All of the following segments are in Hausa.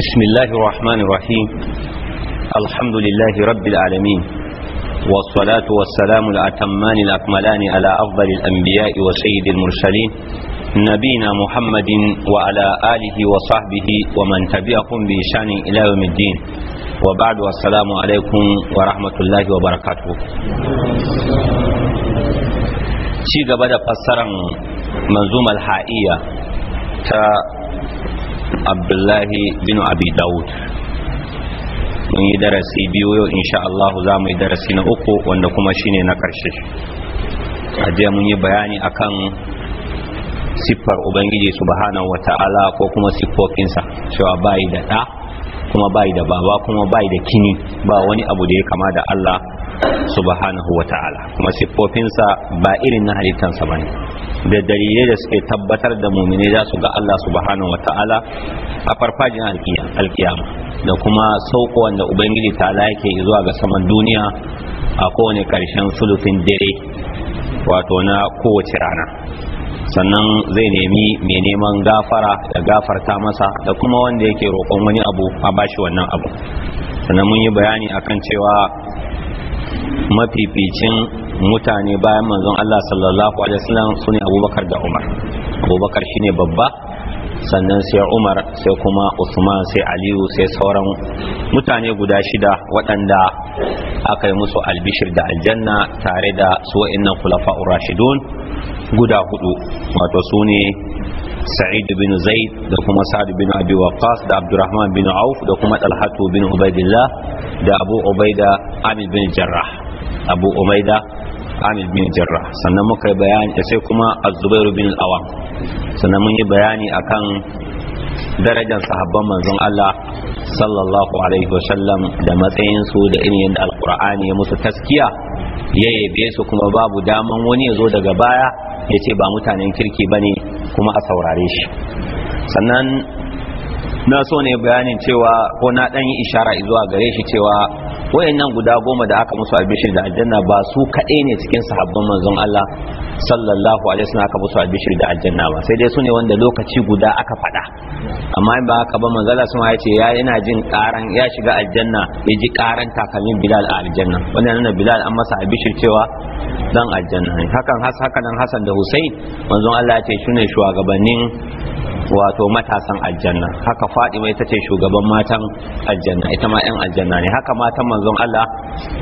بسم الله الرحمن الرحيم الحمد لله رب العالمين والصلاة والسلام الأتمان الأكملان على أفضل الأنبياء وسيد المرسلين نبينا محمد وعلى آله وصحبه ومن تبعهم بإشان إلى يوم الدين وبعد والسلام عليكم ورحمة الله وبركاته شيء بدأ فسرا منظومة الحائية ta abdullahi bin abi daud mun yi darasi biyu yau insha Allah za mu yi darasi na uku wanda kuma shine na karshe a jiya mun yi bayani akan siffar ubangiji subhanahu wata'ala ko kuma siffofinsa cewa bayi da ɗa kuma bayi da baba kuma bayi da kini ba wani abu da ya kama da Allah subhanahu wa ta'ala kuma siffofinsa ba irin na halittansa ba ne da dalilai da suke tabbatar da mumine za su ga Allah subhanahu wa ta'ala a farfajin alkiyama da kuma sauko wanda ubangiji ta'ala yake zuwa ga saman duniya a kowane karshen sulufin dare wato na kowace rana sannan zai nemi mai neman gafara da gafarta masa da kuma wanda yake roƙon wani abu a bashi wannan abu sannan mun yi bayani akan cewa mafificin mutane bayan manzon Allah sallallahu alaihi wasallam sune Abubakar da Umar Abubakar shine babba sannan sai Umar sai kuma Usman sai Aliyu sai sauran mutane guda shida waɗanda aka yi musu albishir da aljanna tare da su wa'annan khulafa'ur rashidun guda hudu wato sune sa'id bin zaid da kuma sa'ad bin abi da abdurrahman bin auf da kuma talhatu bin ubaidillah da abu ubaida amir bin jarrah abu ubaida amir bin jarrah sannan muka bayani sai kuma a Zubairu bin al sannan mun yi bayani akan darajar sahabban manzon Allah sallallahu alaihi wa sallam da matsayin su da irin yadda alqur'ani ya musu taskiya ya yabe su kuma babu daman wani ya zo daga baya ya ce ba mutanen kirki bane kuma a saurare shi sannan na so ne bayanin cewa ko na dan yi ishara zuwa gare shi cewa wayannan guda goma da aka musu albishir da aljanna ba su kaɗai ne cikin sahabban manzon Allah sallallahu alaihi wasallam aka musu albishir da aljanna ba sai dai su ne wanda lokaci guda aka faɗa amma in ba aka ba manzon Allah ya ce ya yana jin karan ya shiga aljanna ya ji karan takalmin Bilal a aljanna wannan nuna Bilal an masa albishir cewa dan aljanna ne hakan hakan Hassan da Hussein manzon Allah ya ce shine shugabannin wato matasan aljanna haka fadima ita ce shugaban matan aljanna ita ma yan aljanna ne haka matan manzon Allah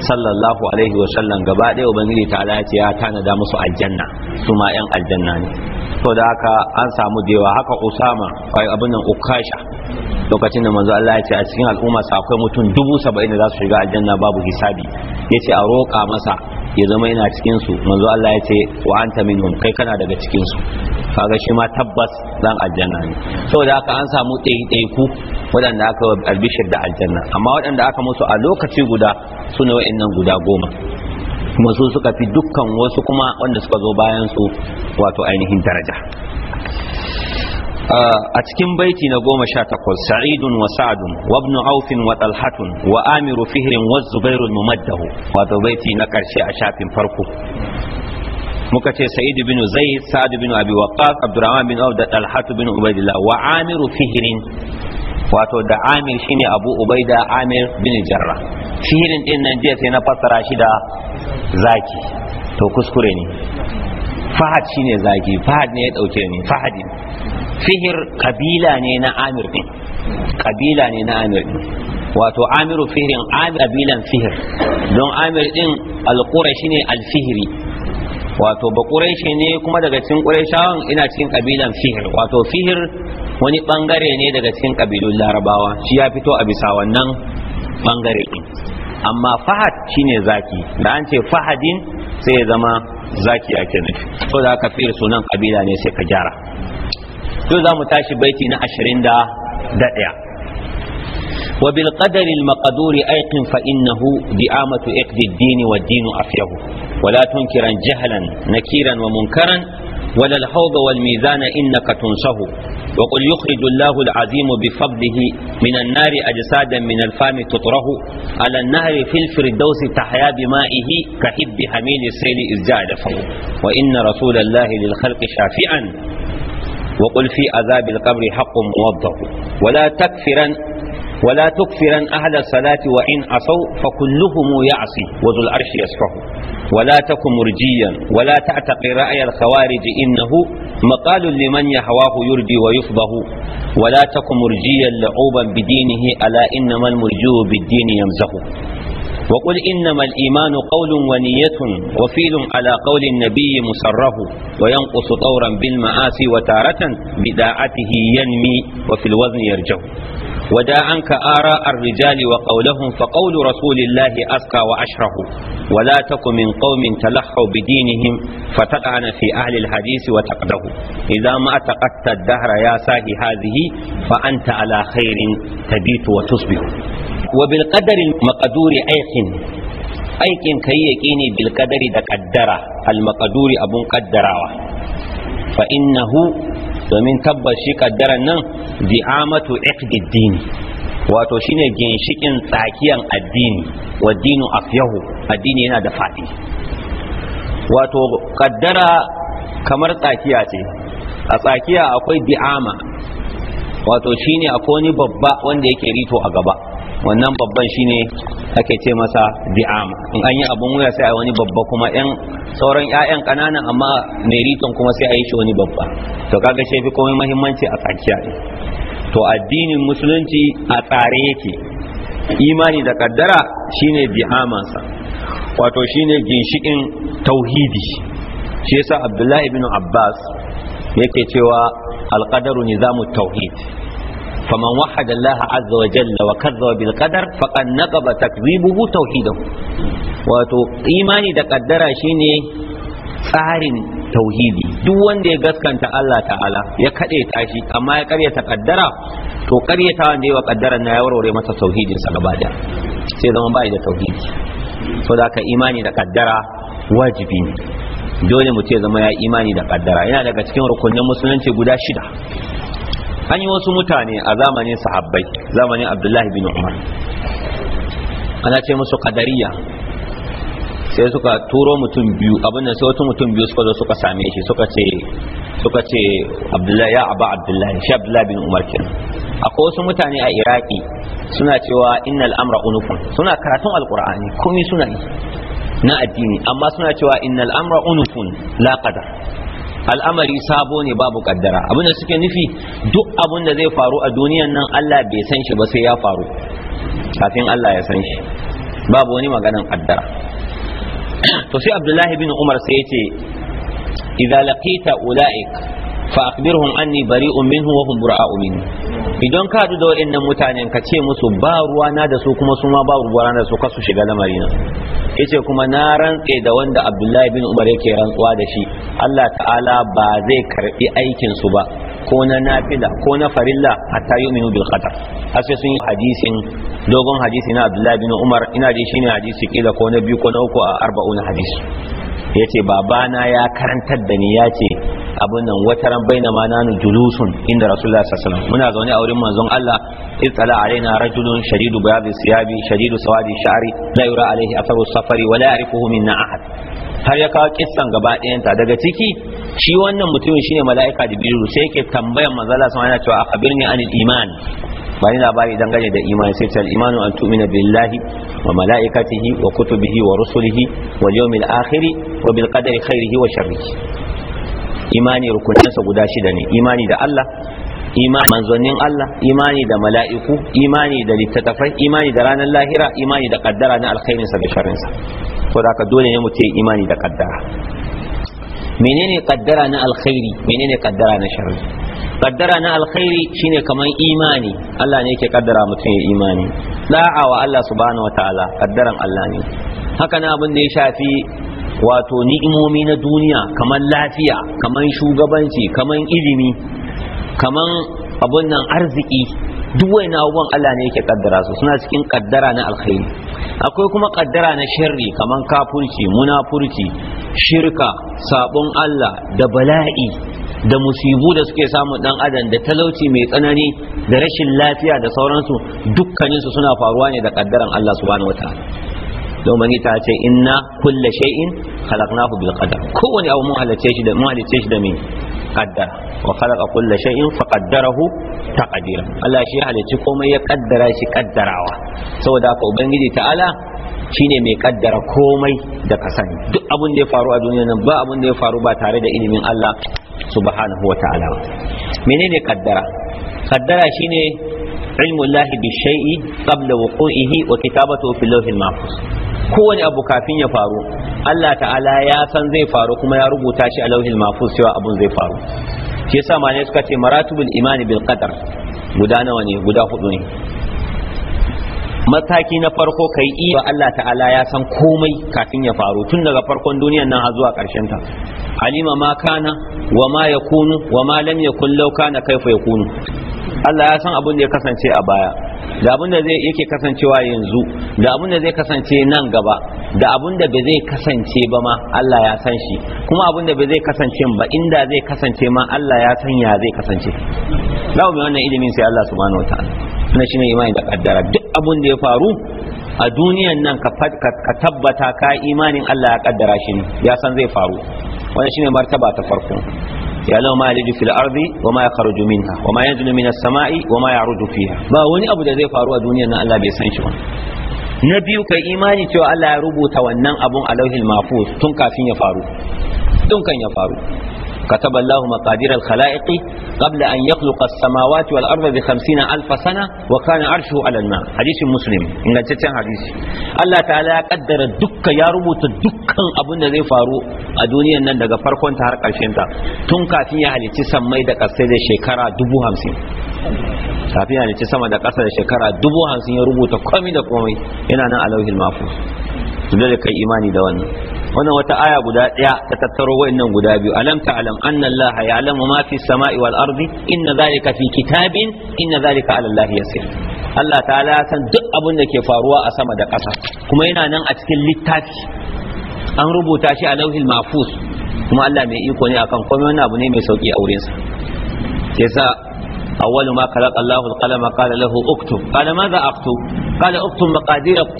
sallallahu alaihi wa sallam gaba ɗaya ubangiji ta Allah ya tanada musu aljanna su ma yan aljanna ne to da haka an samu dewa haka Usama ai abin nan Ukasha lokacin da manzo Allah ya ce a cikin al'umma akwai mutum dubu saba'in da za su shiga aljanna babu hisabi ya ce a roƙa masa ya zama yana cikin su manzo Allah ya ce wa anta minhum kai kana daga cikin su kaga shi ma tabbas dan aljanna tunani saboda haka an samu ɗaiɗaiku waɗanda aka albishir da aljanna amma waɗanda aka musu a lokaci guda su ne wa'annan guda goma kuma su suka fi dukkan wasu kuma wanda suka zo bayan su wato ainihin daraja a cikin baiti na goma sha takwas sa'idun wa sa'adun wa ibn aufin wa talhatun wa amiru fihrin wa zubairun mumaddahu wato baiti na ƙarshe a shafin farko muka ce sa'id bin zaid sa'ad bin abi waqqas abdurrahman bin awd da talhat bin ubaidillah wa amir fihrin wato da amir shine abu ubaida amir bin jarra fihrin din nan jiya sai na fassara shi da zaki to kuskure ne fahad shine zaki fahad ne ya dauke ni fahad fihir kabila ne na amir din kabila ne na amir din wato amiru fihirin amir kabilan fihir don amir din ne shine alfihiri wato ba ƙureshi ne kuma daga cikin ƙureshawan ina cikin ƙabilan fihir wato fihir wani ɓangare ne daga cikin ƙabilun larabawa shi ya fito a bisa wannan ɓangare ɗin amma fahad shine zaki da an ce fahadin sai ya zama zaki ake nufi so da aka fihir sunan ƙabila ne sai ka gyara to za mu tashi baiti na ashirin da ɗaya وبالقدر المقدور أيقن فإنه دعامة إقد الدين والدين أفيه ولا تنكرا جهلا نكيرا ومنكرا ولا الحوض والميزان إنك تنصه وقل يخرج الله العظيم بفضله من النار أجسادا من الفم تطره على النهر في الفردوس تحيا بمائه كحب حميل السيل إذ جاء فوق وإن رسول الله للخلق شافعا وقل في عذاب القبر حق موضع ولا تكفرا ولا تكفرن أهل الصلاة وإن عصوا فكلهم يعصي وذو العرش يسفه ولا تكن مرجيا ولا تعتقي رأي الخوارج إنه مقال لمن يهواه يرجي ويفضه ولا تكن مرجيا لعوبا بدينه ألا إنما المرجو بالدين يمزه وقل إنما الإيمان قول ونية وفيل على قول النبي مسره وينقص طورا بالمعاصي وتارة بداعته ينمي وفي الوزن يرجو ودا عنك آراء الرجال وقولهم فقول رسول الله أسقى وأشرح ولا تك من قوم تلحوا بدينهم فتطعن في أهل الحديث وتقده إذا ما أتقدت الدهر يا ساهي هذه فأنت على خير تبيت وتصبح وبالقدر المقدور أيقن أيقن كي يقيني بالقدر تقدر المقدور أبو قدراوه fa innahu domin tabbas shi kaddaran nan di'amatu iqdid dini wato shine ginshikin tsakiyan addini wa dinu afyahu addini yana da fadi wato kaddara kamar tsakiya ce a tsakiya akwai di'ama wato shine akwai wani babba wanda yake rito a gaba wannan babban shine ake ce masa di'am in an yi abun wuya sai a wani babba kuma yan sauran ƴaƴan kananan amma mai riton kuma sai a yi shi wani babba to kaga shi fi komai muhimmanci a tsakiya to addinin musulunci a tsare yake imani da kaddara shine bi'amansa wato shine ginshikin tauhidi shi yasa abdullahi bin abbas yake cewa alqadaru nizamu tauhid faman wahada الله azza wa jalla wa فقد نقب تكذيبه faqad wato imani da kaddara shine tsarin tauhidi duk wanda ya gaskanta Allah ta'ala ya kade tashi amma ya karyata kaddara to karyata wanda ya kaddara na ya warware masa tauhidin sa gaba da sai zama bai da tauhidi so da ka imani da kaddara wajibi ne dole mu ce zama ya imani da kaddara yana daga cikin rukunin musulunci guda shida an yi wasu mutane a zamanin sahabbai zamanin abdullahi bin umar ana ce musu kadariya sai suka turo mutum biyu abinda sai wata mutum biyu suka zo suka same shi suka ce suka ce abdullahi ya aba abdullahi shi abdullahi bin umar kenan akwai wasu mutane a iraki suna cewa innal amra unufun suna karatun alqur'ani komai suna na addini amma suna cewa innal amra unufun la qadar al'amari sabo ne babu kaddara abinda suke nufi duk abin da zai faru a duniyan nan Allah bai san shi ba sai ya faru kafin Allah ya san shi babu wani maganan kaddara to sai Abdullahi bin Umar sai ya ce idza laqita ulaik fa akhbirhum anni bari'un minhu wa hum bura'u minni idan ka da waɗannan mutanen ka ce musu ba ruwa na da su kuma su ma ba ruwa na da su kasu shiga lamari na yace kuma na rantse da wanda Abdullahi bin Umar yake rantsuwa da shi Allah ta'ala ba zai karbi aikin su ba ko na nafila ko na farilla hatta yu'minu bil qadar asai sun yi hadisin dogon hadisi na Abdullahi bin Umar ina ji shine hadisi kila ko na biyu ko na uku a arba'una hadisi ya ce babana ya karantar da ni ya ce abin nan wataran baina ma nanu julusun inda rasulullah sallallahu muna zaune a wurin manzon Allah alai na rajulun shadidu bayadi siyabi shadidu sawadi sha'ri la yura alaihi atharu safari wa la ya'rifuhu minna ahad har ya kawo kissan gaba ɗayanta daga ciki shi wannan mutumin shine mala'ika jibril sai yake tambayan manzon Allah sallallahu alaihi wasallam yana cewa akhbirni anil iman bani labari dangane da imani sai tal imanu an tu'mina billahi wa mala'ikatihi wa kutubihi wa rusulihi wa yawmil akhir wa bil qadari khairihi wa sharrihi imani sa guda shida ne imani da Allah imani manzonin Allah imani da mala'iku imani da littattafai imani da ranar lahira imani da kaddara na sa da sa to da ka dole ne mu ce imani da kaddara menene kaddara na alkhairi menene kaddara na sharri kaddara na alkhairi shine kaman imani Allah ne yake kaddara mutum ya imani da'a wa Allah subhanahu wataala kaddaran Allah ne haka na abin da ya shafi wato ni'imomi na duniya kaman lafiya kaman shugabanci kaman ilimi kaman abun nan arziki duk wani abubuwan Allah ne yake kaddara su suna cikin kaddara na alkhairi akwai kuma kaddara na sharri kaman kafurci munafurci shirka sabon Allah da bala'i da musibu da suke samun dan adam da talauci mai tsanani da rashin lafiya da sauransu dukkaninsu suna faruwa ne da kaddaran Allah subhanahu wataala domin ita ce inna kulla shay'in khalaqnahu bil qadar kowani abu mun halice shi da mun halice shi da me qaddar wa khalaqa kulle shay'in fa qaddarahu taqdira Allah shi halice komai ya kaddara shi kaddarawa saboda haka ubangiji ta'ala shine mai kaddara komai da kasani duk abin da ya faru a duniya nan ba abin da ya faru ba tare da ilimin Allah subhanahu wa ta'ala menene kaddara kaddara shine علم الله بالشيء قبل وقوعه وكتابته في اللوح المحفوظ kowane abu kafin ya faru Allah ta'ala ya san zai faru kuma ya rubuta shi a lauhin mahfuz cewa abun zai faru Ke sa ma suka ce maratibul imani bil qadar guda nawa ne guda hudu ne mataki na farko kai iya Allah ta'ala ya san komai kafin ya faru tun daga farkon duniyan nan har zuwa karshen ta alima ma kana wa ma yakunu wa ma lam yakun law kana kaifa yakunu Allah ya san abin da ya kasance a baya da abin da zai yake kasancewa yanzu da abin da zai kasance nan gaba da abin da ba zai kasance ba ma Allah ya san shi kuma abin da ba zai kasance ba inda zai kasance ma Allah ya san ya zai kasance za mai wannan ilimin sai Allah subhanahu wataala na shine imani da kaddara duk abin da ya faru a duniyan nan ka tabbata ka imanin Allah ya kaddara shi ne ya san zai faru wannan shine martaba ta farko ya'lamu ma yaliju fil ardi wa ma yakhruju minha wa ma yanzilu minas sama'i wa ma ya'ruju fiha ba wani abu da zai faru a duniyar nan Allah bai san shi ba na biyu kai imani cewa Allah ya rubuta wannan abun a lauhil mahfuz tun kafin ya faru tun kan ya faru كتب الله مقادير الخلائق قبل أن يخلق السماوات والأرض بخمسين ألف سنة وكان عرشه على الماء حديث مسلم إن حديث الله تعالى قدر الدك يا ربط تدك أبونا ذي فارو أدوني أن ندق فرقون تهرق الشنطة تنكا فيها لتي سمي دق السيد شكرا دبو همسين kafin halicci sama da ƙasa da shekara dubu hamsin ya rubuta komai da komai yana nan alauhil mafu su da kai imani da wannan wannan wata aya guda ɗaya ta tattaro wa'annan guda biyu alam ta'lam anna allaha ya'lamu ma fi samai wal ardi inna zalika fi kitabin inna zalika ala allah yasir Allah ta'ala ya san duk abin da ke faruwa a sama da ƙasa kuma yana nan a cikin littafi an rubuta shi a lauhil mahfuz kuma Allah mai iko ne akan komai wani abu ne mai sauki a wurinsa yasa awwalu ma khalaqa Allahu al-qalama qala lahu uktub qala madha aktub qala uktub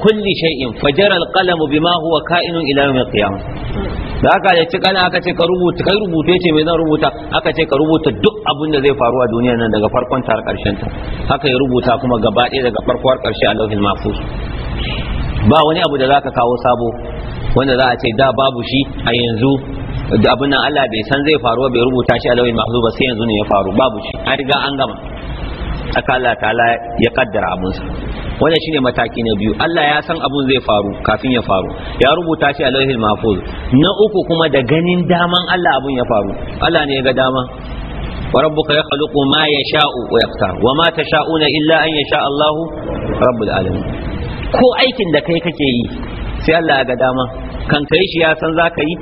kulli shay'in fajara al-qalam bima huwa ka'inun ila yawm da aka ya ci kana aka ce ka rubuta kai rubuta ce me zan rubuta aka ce ka rubuta duk abin da zai faru a duniyar nan daga farkon ta karshen ta haka ya rubuta kuma gaba ɗaya daga farko karshe a lauhin mahfuz ba wani abu da zaka kawo sabo wanda za a ce da babu shi a yanzu da abin nan Allah bai san zai faru bai rubuta shi a lauyin mahzu ba sai yanzu ne ya faru babu shi an riga an gama aka Allah ta'ala ya kaddara sa wannan shine mataki na biyu Allah ya san abun zai faru kafin ya faru ya rubuta shi a lauhin mahfuz na uku kuma da ganin daman Allah abun ya faru Allah ne ya ga dama wa rabbuka yakhluqu ma yasha'u wa yaqtar wa ma tasha'una illa an yasha Allahu rabbul alamin ko aikin da kai kake yi sai Allah ya ga dama yi shi ya san za ka yi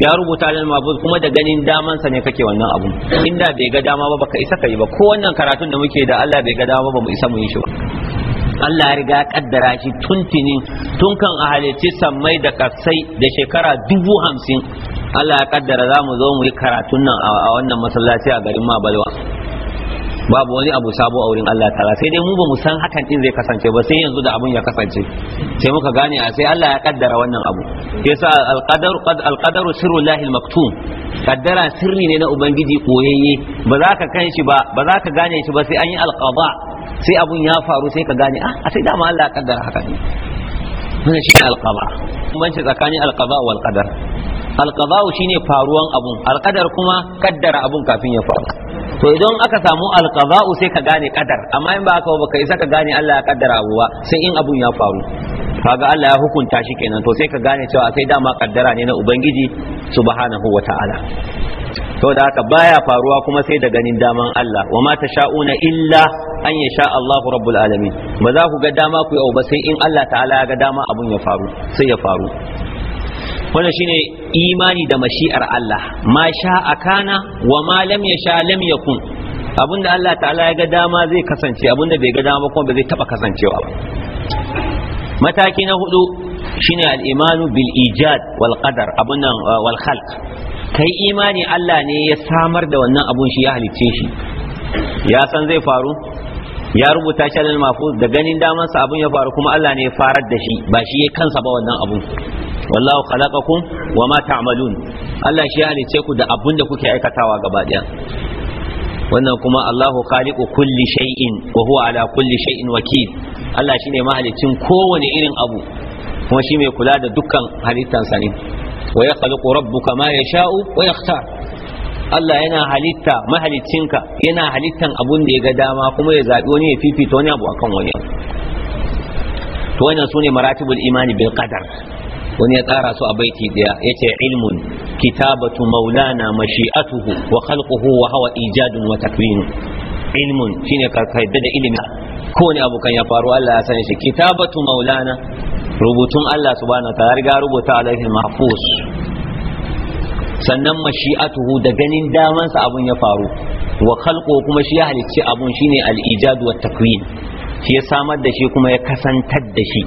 ya rubuta lil mabud kuma da ganin daman sa ne kake wannan abun inda bai ga dama ba baka isa ka yi ba ko wannan karatun da muke da Allah bai ga dama ba mu isa mu yi shi ba Allah ya riga kaddara shi tuntini tun kan a halicci sammai da kasai da shekara dubu hamsin Allah ya kaddara za mu zo mu yi karatun nan a wannan masallaci a garin Mabalwa babu wani abu sabo a wurin Allah ta'ala sai dai mu ba mu san hakan din zai kasance ba sai yanzu da abun ya kasance sai muka gane a sai Allah ya kaddara wannan abu yasa alqadar qad alqadaru sirru lahil maktum kaddara sirri ne na ubangiji koyayye ba za ka kan shi ba ba za ka gane shi ba sai an yi alqada sai abun ya faru sai ka gane ah sai dama Allah ya kaddara haka ne wannan shi alqada bambanci tsakanin alqada wal qadar alqada shine faruwan abun alqadar kuma kaddara abun kafin ya faru to idan aka samu alqaza'u sai ka gane kadar amma in ba ka ba kai saka gane Allah ya kaddara abu ba sai in abun ya faru kaga Allah ya hukunta shi kenan to sai ka gane cewa sai dama kaddara ne na ubangiji subhanahu wataala to da haka baya faruwa kuma sai da ganin daman Allah wa ma tasha'una illa an yasha Allah rabbul alamin ba za ku ga dama ku yau ba sai in Allah ta'ala ya ga dama abun ya faru sai ya faru wannan shine imani da mashi'ar Allah ma a kana wa ma lam yasha lam yakun abinda Allah ta'ala ya ga dama zai kasance abinda bai ga dama kuma ba zai taba kasancewa ba mataki na hudu shine al-imanu bil ijad wal qadar abunan uh, wal khalq kai imani Allah ne ya samar da wannan abun shi ya halicce shi ya san zai faru ya rubuta shi al da ganin damansa abun ya faru kuma Allah ne ya farar da shi ba shi kansa ba wannan abun wallahu khalaqakum wama ta'malun Allah shi ya halice ku da abun da kuke aikatawa gaba daya wannan kuma Allahu khaliqu kulli shay'in wa huwa ala kulli shay'in wakil Allah shine mahalicin kowane irin abu kuma shi mai kula da dukkan halittansa ne wa ya khaliqu rabbuka ma yasha'u wa yakhtar Allah yana halitta mahalicinka yana halittan abun da ya ga dama kuma ya zabi wani ya fifita wani abu akan wani to wannan sune maratibul imani bil qadar wani ya tsara su a baiti daya ce ilmun kitabatu maulana mashi'atuhu wa khalquhu wa hawa ijadun wa takwinu ilmun shine karkaida da ilimi kowane abu kan ya faru Allah ya san shi kitabatu maulana rubutun Allah subhanahu ta riga rubuta alaihi mahfuz sannan mashi'atuhu da ganin damansa abun ya faru wa khalqu kuma shi ya halicci abun shine al-ijad wa takwin shi ya samar da shi kuma ya kasantar da shi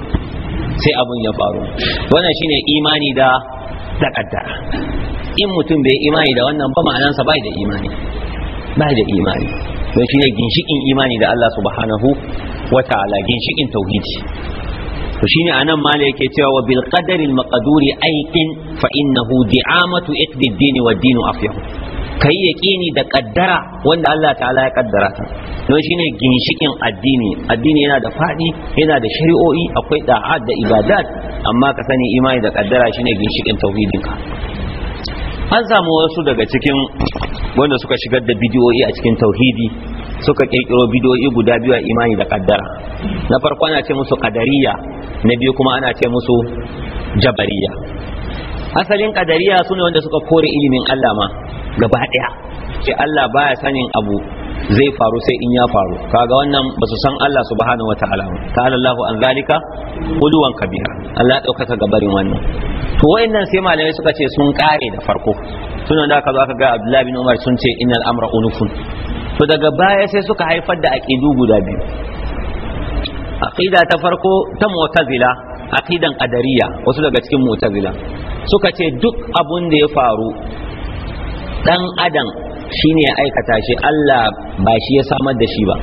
sai abun ya faru wannan shine imani da da in mutum bai imani da wannan ba ma'anansa bai da imani bai da imani don shine ginshikin imani da Allah subhanahu wa ta'ala ginshikin tauhidi to shine anan mala yake cewa wa bil qadari al maqduri aiqin fa innahu di'amatu iqdi din wa din afyahu ka yi yaƙini da ƙaddara wanda Allah ta'ala ya ƙaddara ta don shi ne ginshikin addini addini yana da faɗi yana da shari'o'i akwai da'ad da ibadat amma ka sani imani da ƙaddara shi ne ginshikin tauhidinka an samu wasu daga cikin wanda suka shigar da bidiyoyi a cikin tauhidi suka kirkiro bidiyoyi guda biyu a imani da ƙaddara na farko ana ce musu ƙadariya na biyu kuma ana ce musu jabariya asalin ƙadariya su ne wanda suka kore ilimin Allah ma gaba daya ce Allah baya sanin abu zai faru sai in ya faru kaga wannan ba su san Allah subhanahu wataala ba ta Allahu an zalika quduwan kabira Allah ya dauka gabarin wannan to wayannan sai malamai suka ce sun kare da farko tunan da aka zo aka ga Abdullahi bin Umar sun ce innal amra unufun to daga baya sai suka haifar da aqidu guda biyu aqida ta farko ta mu'tazila aqidan adariya wasu daga cikin mu'tazila suka ce duk abun da ya faru dan adam shine ya aikata shi Allah ba shi ya samar da shi ba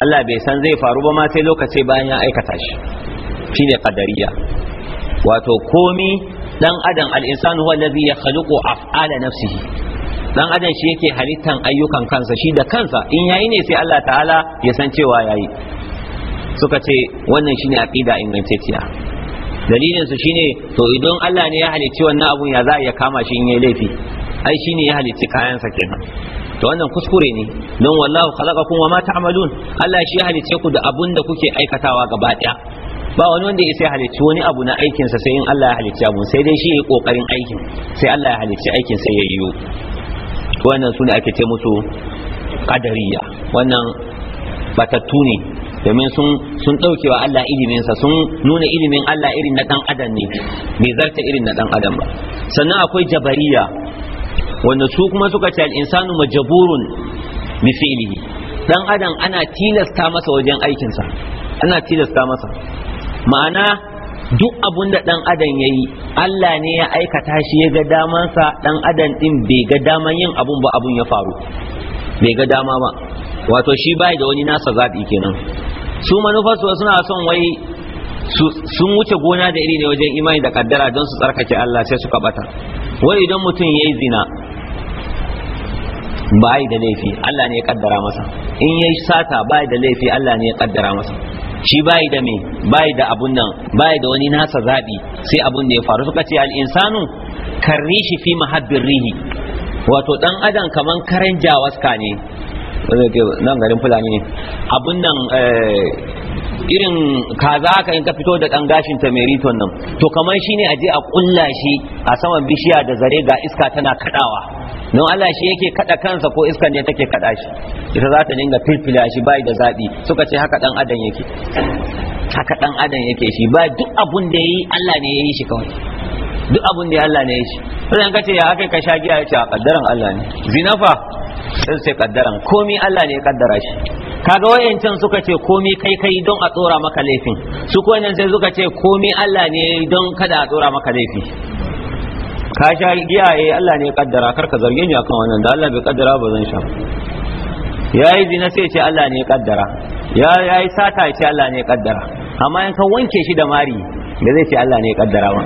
Allah bai san zai faru ba ma sai lokaci bayan ya aikata shi shine qadariya wato komi dan adam al-insanu huwa allazi yakhluqu af'ala nafsihi dan adam shi yake halittan ayyukan kansa shi da kansa in yayi ne sai Allah ta'ala ya san cewa yayi suka ce wannan shine aqida ingantacciya dalilin su shine to idan Allah ne ya halicci wannan abun ya za ya kama shi in yayi laifi ai ne ya halicci kayansa kenan to wannan kuskure ne don wallahu khalaqakum wa ma ta'malun Allah shi ya halicce ku da abun da kuke aikatawa gaba daya ba wani wanda ya sai halicci wani abu na aikinsa sai in Allah ya halicci abun sai dai shi ya yi kokarin aikin sai Allah ya halicci aikin sai ya yiwu wannan sune ake ce musu kadariya wannan batattu ne domin sun sun dauke wa Allah sa sun nuna ilimin Allah irin na dan adam ne bai zarta irin na dan adam ba sannan akwai jabariya wanda su kuma suka ce al-insanu majburun bi fi'lihi dan adam ana tilasta masa wajen aikinsa ana tilasta masa ma'ana duk abun da dan adam yayi Allah ne ya aikata shi ya ga damansa dan adam din bai ga daman yin abun ba abun ya faru bai ga dama ba wato shi bai da wani nasa zaɓi kenan su manufarsu suna son wai sun wuce gona da iri ne wajen imani da kaddara don su tsarkake Allah sai suka bata wai idan mutum yayi zina bai da laifi Allah ne ya kaddara masa in yayi sata bai da laifi Allah ne ya kaddara masa shi bai da me bai da abun nan bai da wani nasa zabi sai abun da ya faru suka ce al insanu karrishi fi mahabbir rihi wato dan adam kaman karen jawaska ne nan garin fulani ne abun nan eh, irin kaza ka in ka fito da ɗan gashin ta meriton nan to kamar shine aje a kulla shi a saman bishiya da zare ga iska tana kaɗawa. don Allah shi yake kaɗa kansa ko iska ne take kada shi ita za ta dinga filfila shi bai da zabi suka ce haka dan adam yake haka dan adam yake shi ba duk abun da yayi Allah ne ya yi shi kawai duk abun da Allah ne ya shi sai ka ce ya aka ka sha giya ya ce a kaddaran Allah ne zinafa sai sai kaddaran komi Allah ne ya kaddara shi kaga wayancan suka ce komi kai kai don a tsora maka laifin su ko nan sai suka ce komi Allah ne don kada a tsora maka laifi ka sha giya eh Allah ne ya kaddara kar ka zargin ya kan wannan da Allah bai kaddara ba zan sha yayi zina sai ce Allah ne ya kaddara ya yayi sata ce Allah ne ya kaddara amma in ka wanke shi da mari da zai ce Allah ne ya kaddara ma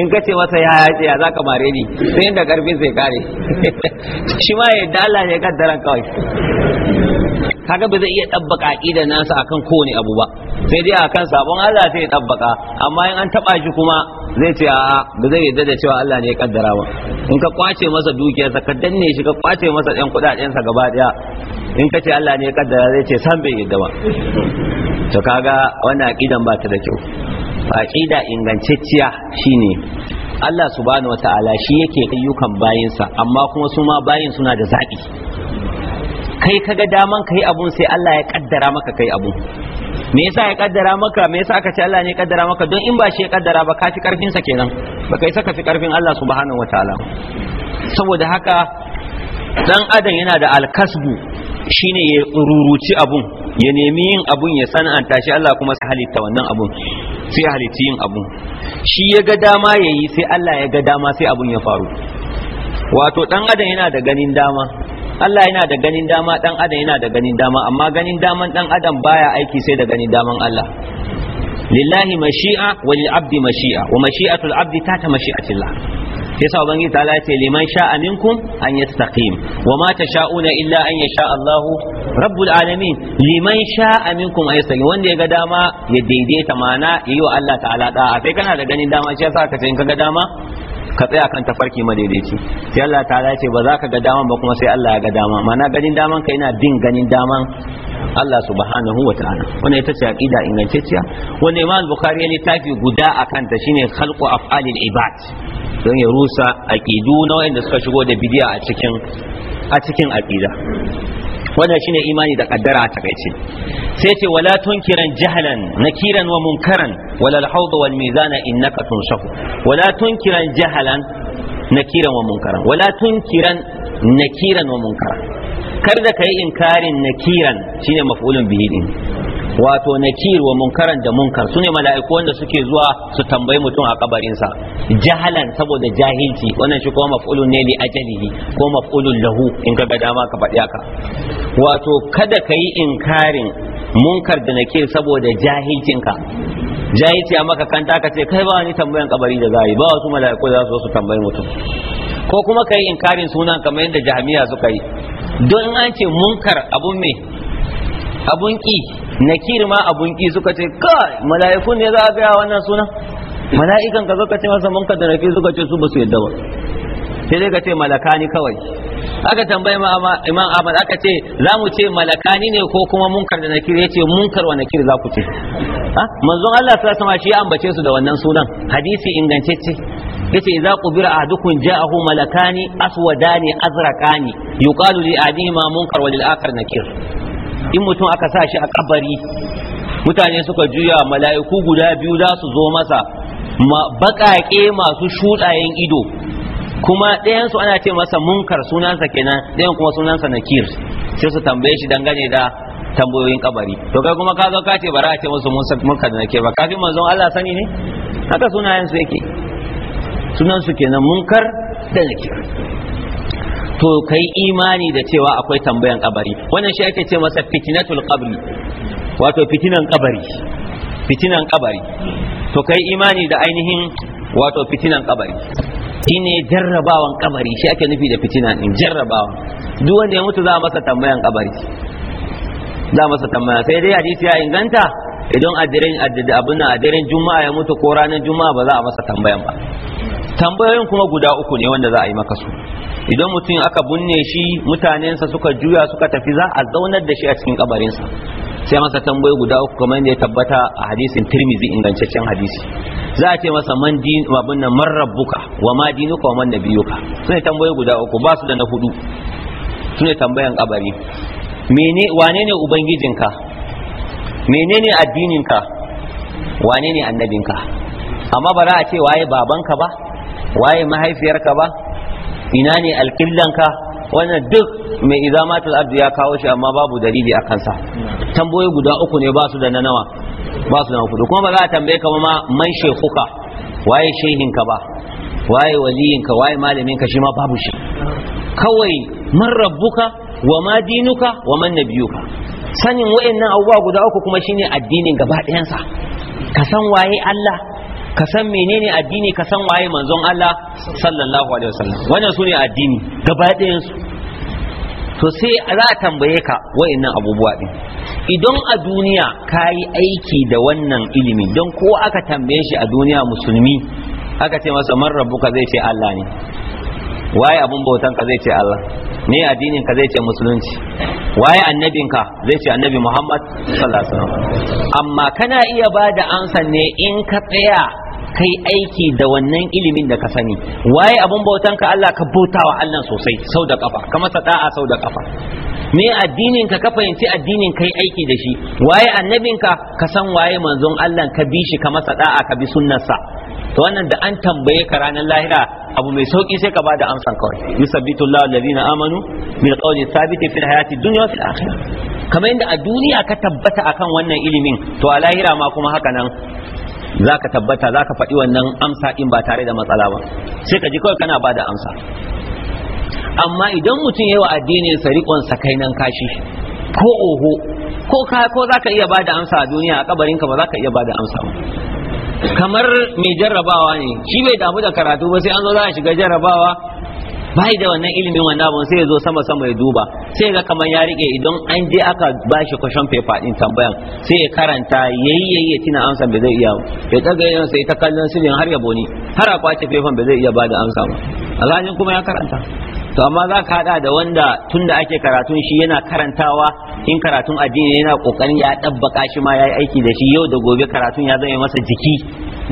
in ka ce masa ya ya ce ya zaka mare ni sai inda karfin sai kare shi ma ya Allah ne ya kaddara kawai kaga ba zai iya dabbaka aqidar nasa akan kowane abu ba sai dai akan sabon Allah sai ya dabbaka amma in an taba shi kuma zai ce a'a ba zai yarda da cewa Allah ne ya kaddara ba in ka kwace masa dukiyarsa ka danne shi ka kwace masa ɗan kudaden sa gaba daya in ka ce Allah ne ya kaddara zai ce san bai yarda ba to kaga wannan aqidan ba ta da kyau aqida ingantacciya shine Allah subhanahu wataala shi yake ayyukan bayinsa amma kuma su ma bayin suna da zaɓi kai kaga daman kai abun sai Allah ya kaddara maka kai abun me yasa ya kaddara maka me yasa aka ce Allah ne ya kaddara maka don in ba shi ya kaddara ba ka fi karfin sa kenan ba kai saka fi karfin Allah subhanahu wataala saboda haka dan adam yana da alkasbu shine ya ruruci abun ya nemi yin abun ya sana'anta shi Allah kuma sai halitta wannan abun sai halitta yin abun shi ya ga dama yayi sai Allah ya ga dama sai abun ya faru wato dan adam yana da ganin dama Allah yana da ganin dama dan adam yana da ganin dama amma ganin daman dan adam baya aiki sai da ganin daman Allah lillahi mashi'a wa lil abdi mashi'a wa mashi'atul abdi tata mashi'atillah yasa ubangiji ya ce liman sha'a minkum an yastaqim wa ma tasha'una illa an yasha Allah rabbul alamin liman sha'a minkum an yastaqim wanda ya ga dama ya daidaita mana yayi wa Allah ta'ala da'a kai kana da ganin dama shi yasa ka ce in ka ga dama ka tsaya kan tafarki madaidaici sai Allah ya ce ba za ka ga daman ba kuma sai Allah ya ga dama mana ganin daman ka yana bin ganin daman Allah subhanahu wa ta'ala wanda ita ce aqida ingantacciya wanda Imam Bukhari ne tafi guda akan ta shine khalqu af'alil ibad don ya rusa aqidu na wanda suka shigo da bidiya a cikin a cikin aqida wannan shine imani da kaddara a takaice sai ce wala tunkiran jahlan nakiran wa munkaran wala al-hawd wal mizana innaka tunsahu wala tunkiran jahlan nakiran wa munkaran wala tunkiran nakiran wa munkaran kar da kai inkarin nakiran shine maf'ulun bihi din wato nakir wa munkaran da munkar ne mala'iku wanda suke zuwa su tambayi mutum a kabarinsa jahalan saboda jahilci wannan shi kuma maf'ulun ne li ajalihi ko maf'ulun lahu in ka ga dama ka faɗi haka wato kada ka yi inkarin munkar da nakir saboda jahilcinka jahilci a maka kanta ka ce kai ba wani tambayan kabari da zai ba wasu mala'iku za su zo su tambayi mutum ko kuma ka yi inkarin sunan kamar yadda jahamiya suka yi don an ce munkar abun me abun ki nakir ma abun ki suka ce kai mala'ikun ne za a gaya wannan suna mala'ikan ka ka ce masa munka da nafi suka ce su ba su yadda ba sai dai ka ce malakani kawai aka tambaye imam ahmad aka ce za mu ce malakani ne ko kuma munkar da nakir ce munkar wa nakir za ku ce ah, manzon Allah ta Sama shi ya ambace su da wannan sunan hadisi ce yace idza qubira ahadukum ja'ahu malakani aswadani azraqani yuqalu li adihima munkar wa lil akhar nakir in mutum aka sa shi a kabari mutane suka juya mala'iku guda biyu za su zo masa baƙaƙe masu shuɗayen ido kuma ɗayansu ana ce masa munkar sunansa kenan ɗayan kuma sunansa nakir sai su tambaye shi dangane da tambayoyin kabari to kai kuma ka zo ka ce bara a ce musu munkar da nakir ba kafin manzon Allah sani ne haka sunayen su yake sunan su kenan munkar da nakir to kai imani da cewa akwai tambayan kabari wannan shi ake ce masa fitnatul qabri wato fitinan kabari fitinan kabari to kai imani da ainihin wato fitinan kabari shine jarrabawan kabari shi ake nufi da fitina din jarrabawan duk wanda ya mutu za a masa tambayan kabari za a masa tambaya sai dai hadisi ya inganta idan adirin abin adirin juma'a ya mutu ko ranar juma'a ba za a masa tambayan ba tambayoyin kuma guda uku ne wanda za a yi maka su idan mutum aka binne shi mutanensa suka juya suka tafi za a zaunar da shi a cikin kabarinsa sai masa tambayi guda uku kamar yadda ya tabbata a hadisin tirmizi ingantaccen hadisi za a ce masa man din abin nan man rabbuka wa ma dinuka wa man nabiyuka sune tambayi guda uku ba su da na hudu sune tambayan kabari mene wane ne ubangijinka menene addininka wane ne annabinka amma ba za a ce waye babanka ba waye mahaifiyarka ba ina ne alƙillanka wannan duk mai izamatul ardu ya kawo shi amma babu dalili a kansa tamboyi guda uku ne ba su da na nawa ba su da hukudu kuma ba za a tambaye ka ma man shekuka waye shehinka ba waye waliyinka waye malaminka shi ma babu shi kawai man rabbuka wa ma dinuka wa man nabiyuka sanin wa'annan abubuwa guda uku kuma shine addinin gaba ɗayansa ka san waye Allah ka san menene addini ka san waye manzon Allah sallallahu alaihi wasallam wannan sune addini gaba ɗayansu to sai za a tambaye ka wa'annan abubuwa din idan a duniya ka yi aiki da wannan ilimi don ko aka tambaye shi a duniya musulmi aka ce masa man rabbuka zai ce Allah ne waye abun bautan ka zai ce Allah me addinin ka zai ce musulunci waye annabin ka zai ce annabi Muhammad sallallahu alaihi wasallam amma kana iya ba da ansa ne in ka tsaya kai aiki da wannan ilimin da ka sani waye abun bautan ka Allah ka bauta wa Allah sosai sau da kafa ka masa sau da kafa me addinin ka ka fahimci addinin kai aiki da shi waye annabin ka ka san waye manzon Allah ka bi shi ka masa ka bi sunnarsa to wannan da an tambaye ka ranar lahira abu mai sauki sai ka bada amsan kawai yusabbitu Allah amanu min qawli thabit fil hayati dunya wa fil akhirah kamar yadda a duniya ka tabbata akan wannan ilimin to a lahira ma kuma haka nan za tabbata za ka faɗi wannan amsa in ba tare da matsala ba sai ka ji kawai kana bada amsa amma idan mutum yayi wa addinin sa riƙon sa kai nan kashi ko oho ko ka ko za iya bada amsa a duniya a kabarin ka ba zaka ka iya bada amsa ba kamar mai jarrabawa ne shi bai damu da karatu ba sai an zo za a shiga jarrabawa bai da wannan ilimin wannan abun sai ya zo sama sama ya duba sai ga kamar ya rike idan an je aka ba shi kwashon fefa din tambayan sai ya karanta yayi yayi ya tina amsa bai zai iya ya daga yayin sai ta kallon sirrin har ya boni har a kwace fefan bai zai iya ba da amsa ba alhalin kuma ya karanta to amma za ka hada da wanda tunda ake karatun shi yana karantawa in karatun addini yana kokarin ya dabbaka shi ma yayi aiki da shi yau da gobe karatun ya zama masa jiki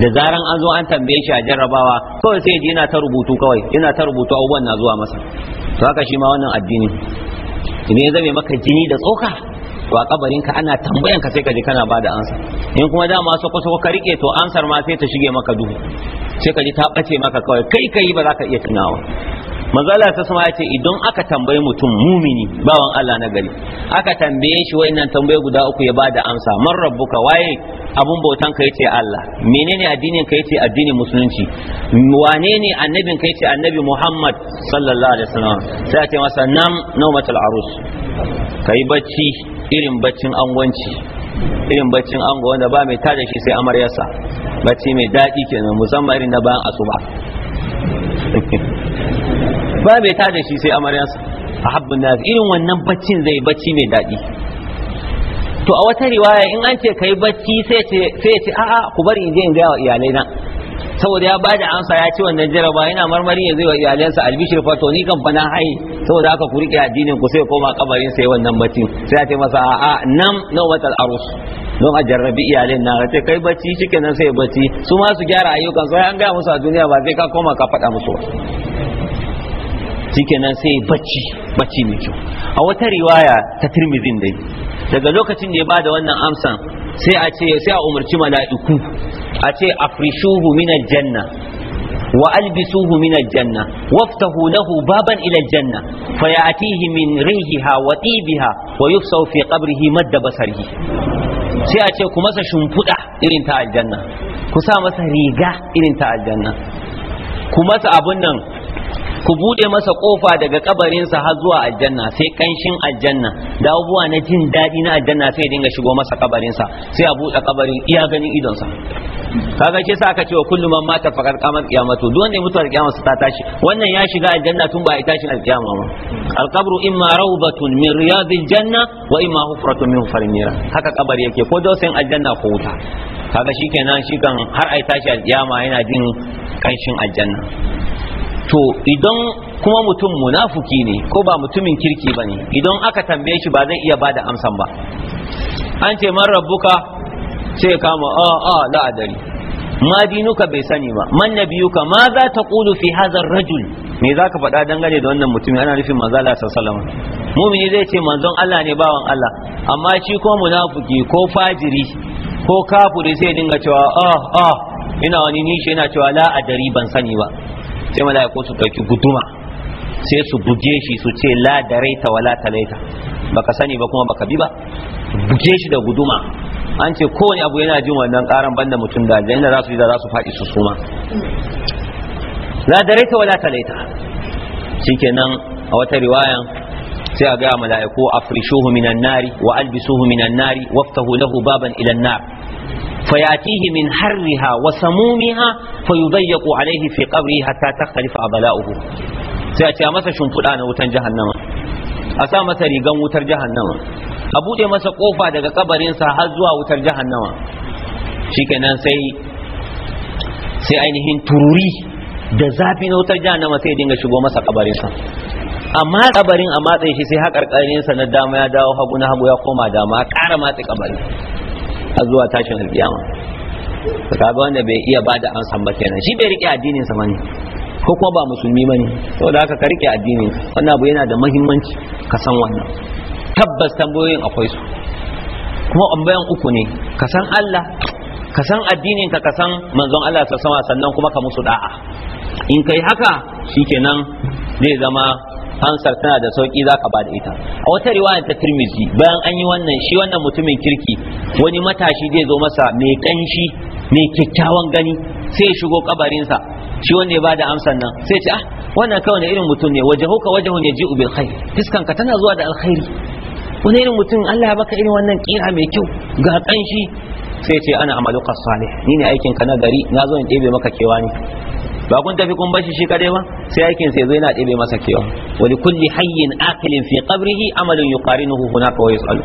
da zaran an zo an tambaye shi a jarrabawa kawai sai yana ta rubutu kawai yana ta rubutu abubuwan na zuwa masa to haka shi ma wannan addini idan ya zame maka jini da tsoka to a kabarin ka ana tambayan ka sai ka je kana da ansa in kuma dama sako ko ka rike to ansar ma sai ta shige maka duhu sai ka ji ta bace maka kawai kai kai ba za ka iya tunawa manzala ta sama ya ce idan aka tambaye mutum mumini bawan Allah na gari aka tambaye shi wayannan tambaye guda uku ya bada amsa man rabbuka waye abun bautan ka yace Allah menene addinin ka yace addinin musulunci wane ne annabin ka yace annabi Muhammad sallallahu alaihi wasallam sai ya masa nam nawmatul arus kai bacci irin baccin angwanci irin baccin ango wanda ba mai tada shi sai amaryarsa bacci mai daɗi kenan musamman irin na bayan asuba ba mai da shi sai amaryansa a habbin nazi irin wannan baccin zai bacci mai daɗi to a wata riwaya in an ce kai bacci sai ya ce a'a ku bari in je in gaya wa iyalai na saboda ya ba da amsa ya ci wannan jaraba yana marmari ya zai wa iyalansa albishir fato ni kan fana hai saboda haka ku rike addinin ku sai koma kabarin sai wannan bacci sai ya ce masa a'a nam nawatal arus don a jarrabi iyalin na ce kai bacci shikenan sai bacci su ma su gyara ayyukan sai an ga musu a duniya ba sai ka koma ka faɗa musu shikenan sai bacci bacci mai kyau a wata riwaya ta tirmidhin dai daga lokacin da ya bada wannan amsan sai a ce sai a umarci mala'iku a ce afrishuhu minal janna wa albisuhu minal janna waftahu lahu baban ila janna fayatihi min rihiha wa tibiha wa yufsau fi qabrihi madda basarihi sai a ce ku masa shimfuda irin ta aljanna ku sa masa riga irin ta aljanna ku masa abun nan ku bude masa kofa daga kabarinsa har zuwa aljanna sai kanshin aljanna da abubuwa na jin daɗi na aljanna sai dinga shigo masa kabarinsa sai a buɗe kabarin iya ganin idonsa kaga ke sa aka cewa kullum man mata faqad qamat qiyamatu duk wanda ya mutu ta tashi wannan ya shiga aljanna tun ba a tashi alqiyama ba alqabru imma rawbatun min riyadil janna wa imma hufratun min farnira haka kabari yake ko dausayin aljanna ko wuta kaga shikenan shi kan har ai tashi alqiyama yana jin kanshin aljanna to idan kuma mutum munafuki ne ko ba mutumin kirki ba ne idan aka tambaye shi ba zai iya ba da amsan ba an ce man rabbuka sai ya kama a ah, a ah, la'adari ma dinuka bai sani ba man nabiyuka ma za ta kulu fi hazar rajul me za ka faɗa dangane da wannan mutumin ana nufin manzo Allah sallallahu alaihi mumini zai ce manzon Allah ne bawan Allah amma shi ko munafuki ko fajiri ko kafuri sai dinga cewa a ah, a ina wani nishi yana cewa la adari ban sani ba sai mala'iku su ɗauki guduma sai su buge shi su ce la da wala talaita baka sani ba kuma baka bi ba buge shi da guduma an ce kowane abu yana jin wannan karan banda mutum da aljanna za su yi da za su faɗi su suma la da raita wala talaita shikenan a wata riwayan sai a ga mala'iku afrishuhu minan nari wa albisuhu minan nari waftahu lahu baban ila nar فياتيه من حرها وسمومها فيضيق عليه في قبره حتى تختلف أبلاؤه سيأتي مسا شنفلان وتن جهنم اسا مسا ريغان وتر جهنم أبو دي مسا قوفا قبرين سا إنسا هزوا وتر جهنم شكنا سي سي أينهن تروري da zafi na wutar jahannama sai dinga shigo masa kabarin sa amma kabarin a matsayin shi sai haƙarƙarinsa na dama ya dawo hagu na hagu ya koma dama ƙara matse kabarin a zuwa tashin alkiyama kaga wanda bai iya bada an san ba kenan shi bai rike addinin sa bane ko kuma ba musulmi bane saboda haka ka rike addinin wannan abu yana da muhimmanci ka san wannan tabbas tambayoyin akwai su kuma ambayan uku ne ka san Allah ka san addinin ka ka san manzon Allah sa sannan kuma ka musu da'a in kai haka shikenan zai zama hansar tana da sauki zaka ba da ita a wata riwaya ta tirmizi bayan an yi wannan shi wannan mutumin kirki wani matashi zai zo masa mai kanshi mai kyakkyawan gani sai shigo kabarinsa shi wanda ya bada amsan nan sai ce ah wannan kawai ne irin mutum ne wajahuka wajahun yaji'u bil khair fiskanka tana zuwa da alkhairi wani irin mutum Allah ya baka irin wannan kira mai kyau ga kanshi sai ce ana amalu salih ni ne aikin ka na gari na zo in ɗebe maka kewa ne ba kun tafi kun bashi shi kadai ba sai aikin sai zai na ɗebe masa kewa wani kulli hayyin akilin fi qabrihi amalin yuqarinuhu hunaka wa yusalu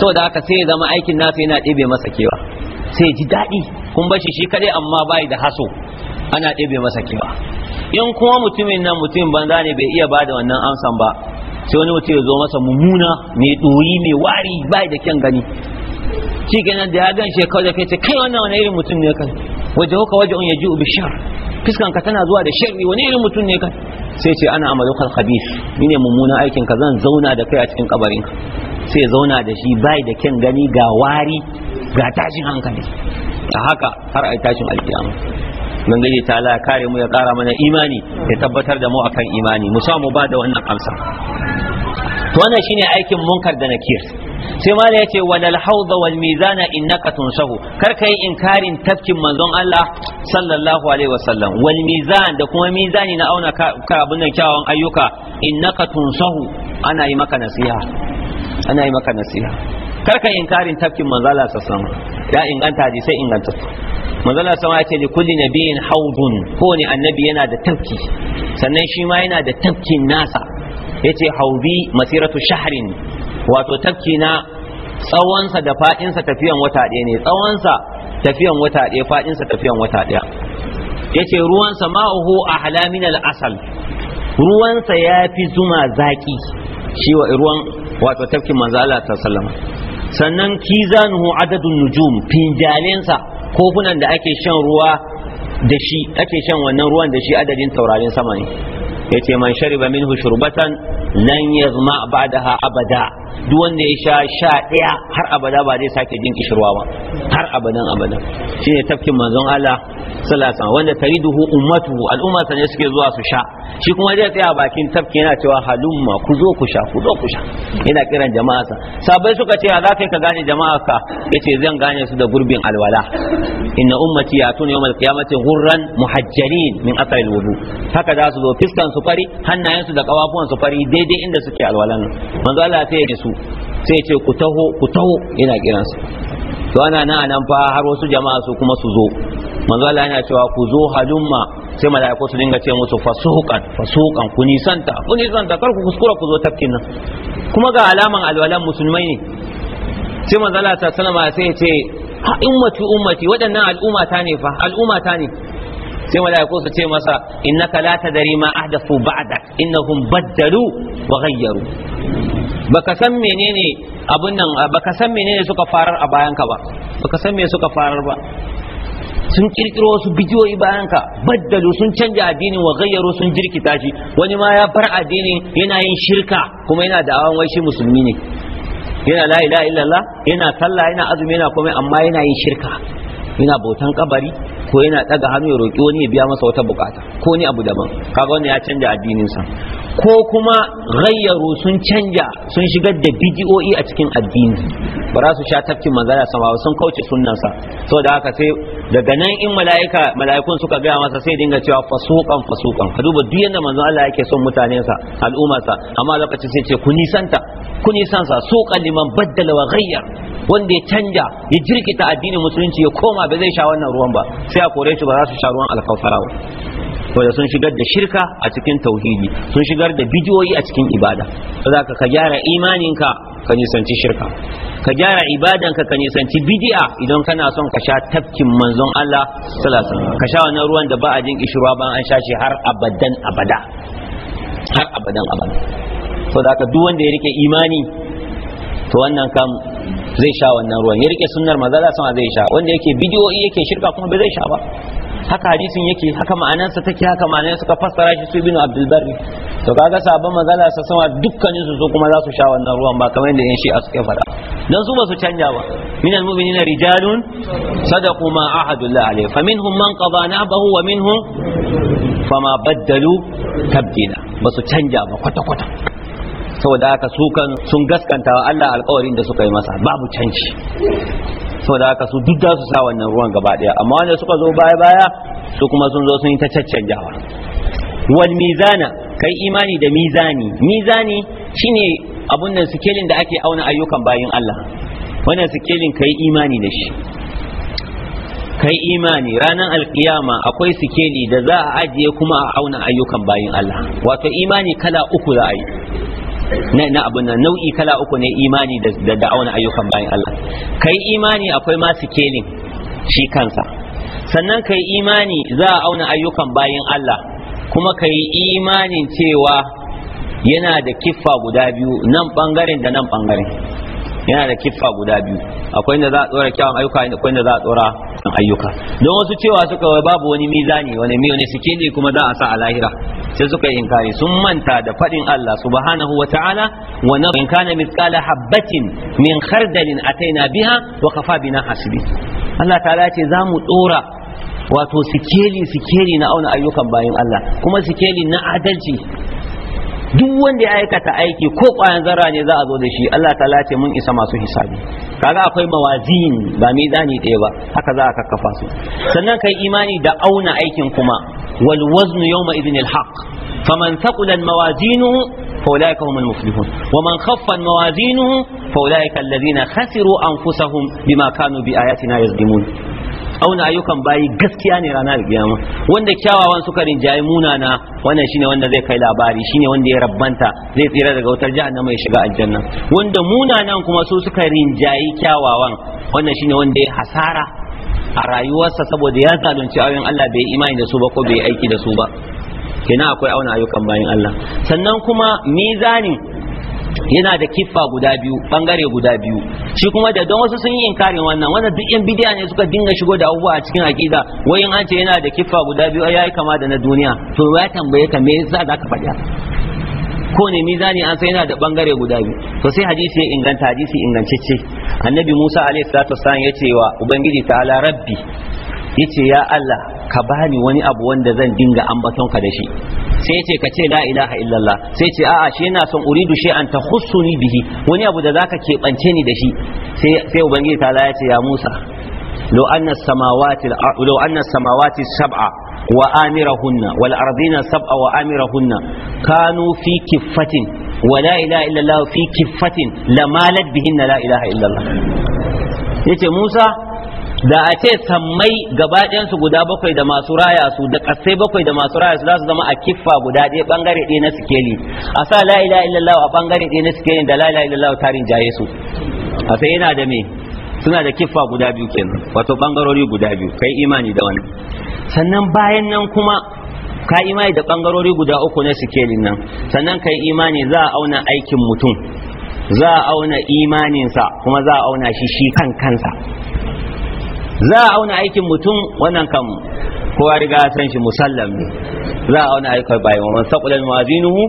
saboda haka sai ya zama aikin na sai yana ɗebe masa kewa sai ji daɗi kun bashi shi kadai amma bai da haso ana ɗebe masa kewa in kuma mutumin nan mutum banza ne bai iya bada wannan amsan ba sai wani mutum ya zo masa mummuna mai doyi mai wari bai da kyan gani shi kenan da ya gan shi kawai da kai ce kai wannan wani irin mutum ne kai waje ka waje yaji ubi shar fiskan ka tana zuwa da sharri wani irin mutum ne kai. sai ce ana amalu kal khabis ni ne mummunan aikin ka zan zauna da kai a cikin kabarin ka sai zauna da shi bai da kyan gani ga wari ga tashin hankali a haka har ai tashin alkiyama ubangiji ta Allah kare mu ya kara mana imani ya tabbatar da mu akan imani mu samu ba da wannan amsa to wannan shine aikin munkar da nakir sai mala ya ce walal hawda wal mizana innaka tunsahu kar kai inkarin tafkin manzon Allah sallallahu alaihi wasallam wal mizan da kuma mizani na auna ka abun nan kyawun ayyuka innaka tunsahu ana yi maka nasiha ana yi maka nasiha kar kai inkarin tafkin manzon Allah sallallahu alaihi wasallam ya inganta sai inganta manzala sama ya ce li kulli nabiyin haudun kowane annabi yana da tafki sannan shi ma yana da tafkin nasa Yace ce masiratu shahrin wato tafki na tsawonsa da fadinsa tafiyan wata ɗaya ne tsawonsa tafiyan wata ɗaya fadinsa tafiyan wata ɗaya yace ruwansa ma'uhu ahla a al-asal ruwansa ya fi zuma zaki shi wa ruwan wato tafkin manzo ta sallama sannan kizanuhu adadun nujum finjalensa kofunan da ake shan ruwa da shi ake shan wannan ruwan da shi adadin taurarin sama ne yace man shariba minhu shurbatan lan yazma ba'daha abada duk wanda ya sha sha ɗaya har abada ba zai sake jin kishirwa ba har abadan abadan ne tafkin manzon Allah sallallahu alaihi wanda duhu ummatu al'umma ne suke zuwa su sha shi kuma zai tsaya bakin tafki yana cewa halumma ku zo ku sha ku zo ku sha yana kiran jama'a sa sabai suka ce za kai ka gane jama'a ka yace zan gane su da gurbin alwala inna ummati yatun yawmal qiyamati ghurran muhajjalin min asalin alwudu haka za su zo fiskan su fari hannayen su da kafafuwan su fari daidai inda suke alwalan manzo Allah sai ya su su sai ce ku taho ku taho ina kiransu to ana nan nan fa har wasu jama'a su kuma su zo manzo Allah yana cewa ku zo halumma sai malaiku su dinga ce musu fasuqan fasuqan ku nisanta ku nisanta kar ku kuskura ku zo tafkin nan kuma ga alaman alwalan musulmai ne sai manzo Allah ta sallama sai ya ce ha ummati ummati waɗannan al'umma ta ne fa al'umma ta ne sai mala'iku su ce masa innaka la tadri ma ahdathu ba'dak innahum baddalu wa ghayyaru baka san menene abun nan baka san menene suka farar a bayan ka ba baka san me suka farar ba sun kirkiro wasu bidiyoyi bayan ka baddalu sun canja addinin wa ghayyaru sun jirkita shi wani ma ya bar addinin yana yin shirka kuma yana da awan shi musulmi ne yana la ilaha illallah yana sallah yana azumi yana komai amma yana yin shirka yana bautan kabari ko yana daga hannu ya roki wani ya biya masa wata bukata ko ni abu daban kaga wannan ya canja addinin sa ko kuma ghayyaru sun canja sun shigar da bidiyoyi a cikin addini ba za su sha tafkin manzara sama ba sun kauce sunnan sa saboda haka sai daga nan in mala'ika mala'ikun suka gaya masa sai dinga cewa fasukan fasukan ka duba duk yanda manzon Allah yake son mutanen sa al'umma sa amma lokacin sai ce ku nisanta ku nisanta suqan liman baddala wa ghayyar wanda ya canja ya jirkita addinin musulunci ya koma ba zai sha wannan ruwan ba sai a kore su ba za su sha ruwan alkawfara ba saboda sun shigar da shirka a cikin tauhidi sun shigar da bidiyoyi a cikin ibada za ka gyara imaninka ka nisanci shirka ka gyara ibadanka ka nisanci bid'a idan kana son ka sha tafkin manzon Allah sallallahu alaihi ka sha wannan ruwan da ba a jin kishirwa ba an sha shi har abadan abada har abadan abada saboda ka duk wanda ya rike imani to wannan kam zai sha wannan ruwan ya rike sunnar manzo Allah sama zai sha wanda yake bidiyoyi yake shirka kuma ba zai sha ba haka hadisin yake haka ma'anarsa take haka ma'anar suka fassara shi su ibnu abdul barri to kaga sabon manzo Allah sama dukkanin su kuma za su sha wannan ruwan ba kamar yadda yan shi'a suke faɗa dan su ba su canja ba minal mu'minina rijalun sadaqu ma ahadullah alayhi faminhum man qada nabahu wa minhum fama baddalu tabdila ba su canja ba kwata-kwata saboda haka su kan sun gaskanta wa Allah alƙawarin da suka yi masa babu canci saboda haka su duk da su sa wannan ruwan gaba daya amma wanda suka zo baya baya su kuma sun zo sun yi ta caccanjawa wal mizana kai imani da mizani mizani shine abun nan sikelin da ake auna ayyukan bayin Allah wannan sikelin kai imani da shi kai imani ranar alkiyama akwai sikeli da za a ajiye kuma a auna ayyukan bayin Allah wato imani kala uku za a yi na abun nan nau'i kala uku ne imani da auna ayyukan bayan Allah kai imani akwai ma sikelin shi kansa sannan kai imani za a auna ayyukan bayan Allah kuma kai imanin cewa yana da kiffa guda biyu nan bangaren da nan bangaren yana da kiffa guda biyu akwai inda za a tsora kyawun ayyuka akwai inda za a tsora ayyuka don wasu cewa suka babu wani mizani wani miyo ne suke ne kuma za a sa a lahira sai suka yi inkari sun manta da fadin Allah subhanahu wa ta'ala wa na in kana mithqala habatin min khardalin ataina biha wa kafa bina hasibi Allah ta'ala ce za mu wato sikeli sikeli na auna ayyukan bayan Allah kuma sikeli na adalci duk wanda ya aikata aiki ko ƙwayan zarra ne za a zo da shi Allah ta lace mun isa masu hisabi kaga akwai mawazin ba mizani ɗaya ba haka za a kakkafa su sannan kai imani da auna aikin kuma wal waznu yawma idhin al haqq faman thaqulan mawazinuhu فأولئك هم المفلحون ومن خف موازينه alladhina khasiru anfusahum bima kanu bi ayatina yazdimun auna ayyukan bayi gaskiya ne ranar kiyama wanda kyawawan suka rinjayi munana wannan shine wanda zai kai labari shine wanda ya rabbanta zai tsira daga wutar jahannama mai shiga aljanna wanda munanan kuma su suka rinjayi kyawawan wannan shine wanda ya hasara a rayuwarsa saboda ya zalunci ayoyin Allah bai imani da su ba ko bai aiki da su ba kenan akwai auna ayyukan bayin Allah sannan kuma mizani. yana da kifa guda biyu bangare guda biyu shi kuma da don wasu sun yi inkarin wannan wannan duk yan bidiya ne suka dinga shigo da abubuwa a cikin akida wai an ce yana da kifa guda biyu ai yayi kama da na duniya to ya tambaye ka me yasa zaka faɗa ko ne mizani an sai yana da bangare guda biyu to sai hadisi ya inganta hadisi ingantacce annabi Musa alaihi salatu wasallam ya ce wa ubangiji ta'ala rabbi yace ya Allah ka bani wani abu wanda zan dinga ambatonka da shi sai yace ka ce la ilaha illallah sai ce a'a shi yana son uridu shay'an takhussuni bihi wani abu da zaka keɓance ni da shi sai sai ubangiji ta ya ce ya Musa samawati أن السماوات لو أن السماوات السبع وآمرهن والأرضين السبع وآمرهن كانوا في كفة ولا إله إلا الله في كفة لمالت بهن لا إله إلا الله yace Musa da a ce sammai gabaɗansu guda bakwai da masu raya su da ƙasai bakwai da masu raya su za su zama a kiffa guda ɗaya ɓangare ɗaya na sikeli a sa la ilaha illallah a ɓangare ɗaya na sikeli da la ilaha illallah tarin jaye su a sai yana da me suna da kiffa guda biyu kenan wato ɓangarori guda biyu kai imani da wani sannan bayan nan kuma ka imani da ɓangarori guda uku na sikelin nan sannan kai imani za a auna aikin mutum za a auna imaninsa kuma za a auna shi shi kan kansa za a auna aikin mutum wannan kam kowa riga san shi musallam ne za a auna aikin bayan wa man saqulan mawazinuhu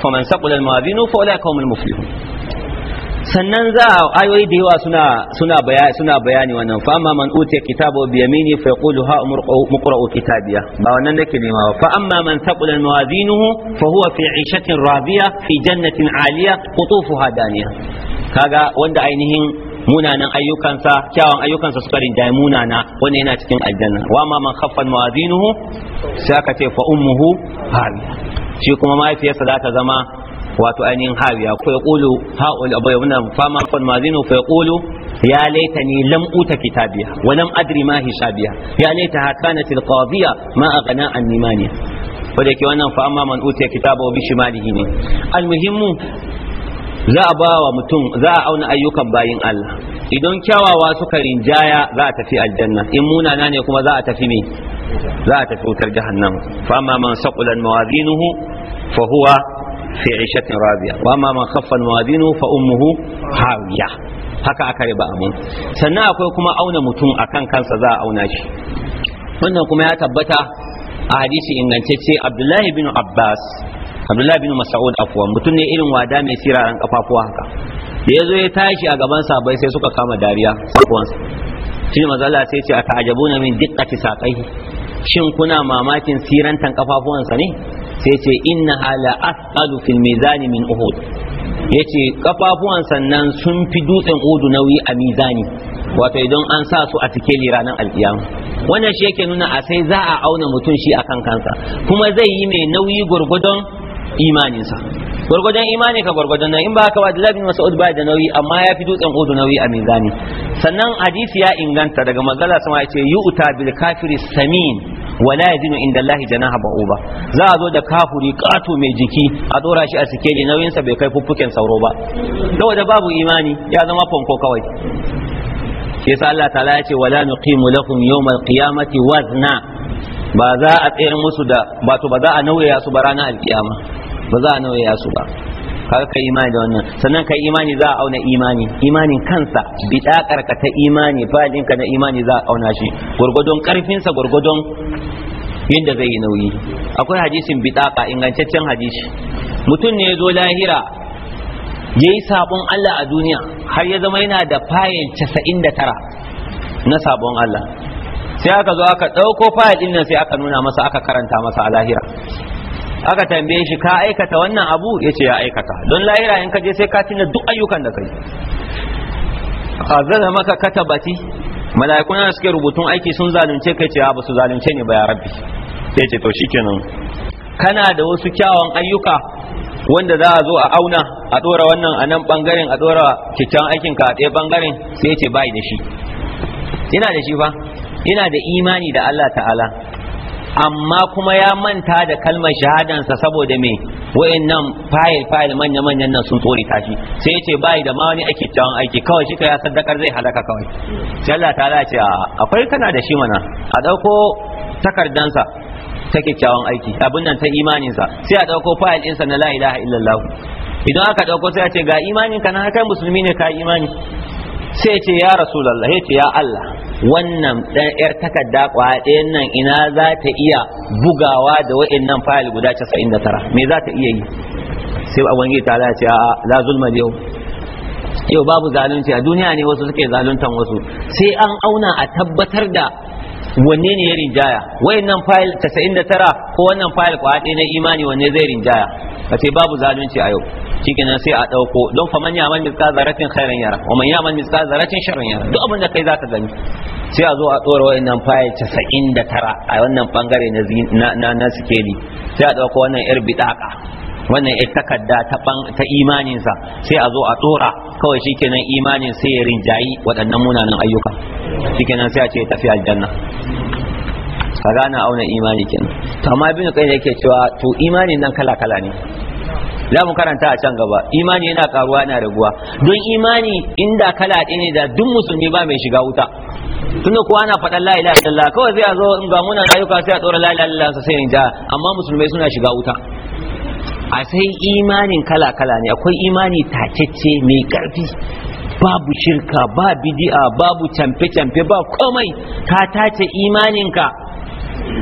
fa man saqulan mawazinu fa ulai kaumul muflihun sannan za a ayoyi da yawa suna suna bayani suna bayani wannan fa amma man utiya kitabu bi yamini fa yaqulu ha umqra'u kitabiya ba wannan nake nema ba fa amma man saqulan mawazinuhu fa huwa fi 'ishatin radiya fi jannatin 'aliya qutufuha daniya kaga wanda ainihin munanan ayyukansa kyawun ayyukansa suka rinjaye munana wanda yana cikin aljanna wa ma man khaffat mawazinuhu sai aka ce fa ummuhu hawiya shi kuma mahaifiyarsa za ta zama wato ainihin hawiya ko ya kulu ha'ul abai wannan fama khaffat mawazinuhu fa ya kulu ya laitani lam uta kitabiya wa lam adri ma hisabiya ya laitaha kanat alqadiya ma aghna anni maniya wanda ke wannan fa amma man utiya kitabahu bi shimalihi ne almuhimmu za a bawa mutum za a auna ayyukan bayin Allah idan kyawawa suka rinjaya za a tafi aljanna in munana ne kuma za a tafi me za a tafi wutar jahannam fa amma man saqulan mawazinuhu fa huwa fi 'ishatin rabiya wa amma man khaffan mawazinuhu fa ummuhu hawiya haka aka riba abun sannan akwai kuma auna mutum akan kansa za a auna shi wannan kuma ya tabbata a hadisi ingantacce Abdullahi bin Abbas Abdullahi bin mas'ud afwa mutum ne irin wada mai siraran kafafuwa haka da yazo ya tashi a gaban sabai sai suka kama dariya kafafuwansa shi manzo Allah sai ce ata'ajabuna min diqqati saqaihi shin kuna mamakin sirantan kafafuwansa ne sai ce inna ala asqalu fil mizani min uhud yace kafafuwan sannan sun fi dutsen udu nauyi a mizani wato idan an sa su a cikin ranar alkiyama wannan shi yake nuna a sai za a auna mutum shi akan kansa kuma zai yi mai nauyi gwargwadon. imaninsa gwargwajen imani ka gwargwajen nan in ba ka ba labin wasu ba da nauyi amma ya fi dutsen Udu nauyi a mizani sannan hadisi ya inganta daga magana sama ya ce yu'ta bil kafiri samin wala yadinu inda Allah janaha ba'uba za a zo da kafuri kato mai jiki a dora shi a sikeli nauyin sa bai kai fuffuken sauro ba saboda babu imani ya zama fanko kawai yasa Allah ta'ala ya ce wala nuqimu lakum yawmal qiyamati wazna ba za a tsayar musu da wato ba za a nauyaya su ba ranar alkiyama ba za a nauyaya su ba kaga kai imani da wannan sannan kai imani za a auna imani imanin kansa biɗakarka ta imani fadin ka na imani za a auna shi gurgudun karfin sa gurgudun yadda zai yi nauyi akwai hadisin bidaka ingantaccen hadisi mutum ne ya zo lahira ya yi sabon Allah a duniya har ya zama yana da da 99 na sabon Allah sai aka zo aka ɗauko fayil ɗin nan sai aka nuna masa aka karanta masa a lahira aka tambaye shi ka aikata wannan abu ya ce ya aikata don lahira in ka je sai ka tuna duk ayyukan da kai azana maka katabati mala'ikun na suke rubutun aiki sun zalunce kai ce ba su zalunce ne ba ya rabbi sai ce to shikenan kana da wasu kyawun ayyuka wanda za a zo a auna a dora wannan a nan bangaren a dora kyakkyawan aikin ka a ɗaya bangaren sai ce bai da shi ina da shi fa Ina da imani da Allah ta'ala amma kuma ya manta da kalmar shahadansa saboda me wayannan fayil fayil manya manyan nan sun tsori tashi sai ya yace bai da ma wani ake tawon aiki kawai shi ka ya sadakar zai halaka kawai sai Allah ta ce akwai kana da shi mana a dauko takardansa ta kyakkyawan aiki abin nan ta imaninsa sai a dauko fayil ɗinsa na la ilaha illallah idan aka dauko sai a ce ga imanin ka na kai musulmi ne ka imani sai ce ya rasulallah ya ce ya Allah wannan dan yar takarda kwaya ɗayan nan ina za ta iya bugawa da wa'annan fayil guda 99 me za ta iya yi sai ubangiji ta ce a la zulma yau yau babu zalunci a duniya ne wasu suke zaluntan wasu sai an auna a tabbatar da wanne ne ya rinjaya wayannan fayil 99 ko wannan fayil kwaya ɗaya na imani wanne zai rinjaya kace babu zalunci a yau shikenan sai a dauko don fa man yaman miska zaratin khairan yara wa man yaman miska zaratin sharran yara duk abin da kai zaka gani sai a zo a tsora wayannan fayil 99 a wannan bangare na na na sikeli sai a dauko wannan yar bidaka wannan yar takarda ta ta imaninsa sai a zo a tsora kawai shikenan imanin sai ya rinjayi waɗannan munanan ayyuka shikenan sai a ce tafi aljanna ka na auna imani kenan to amma bin kai yake cewa to imanin nan kala kala ne za mu karanta a can gaba imani yana karuwa yana raguwa don imani inda kala ɗaya ne da duk musulmi ba mai shiga wuta da kuwa na faɗan la ilaha illallah kawai sai a zo in ga munan ayyuka sai a ɗora la ilaha illallah sai in ja amma musulmai suna shiga wuta a sai imanin kala kala ne akwai imani tacece mai karfi babu shirka ba bidi'a babu camfe-camfe ba komai ka tace imaninka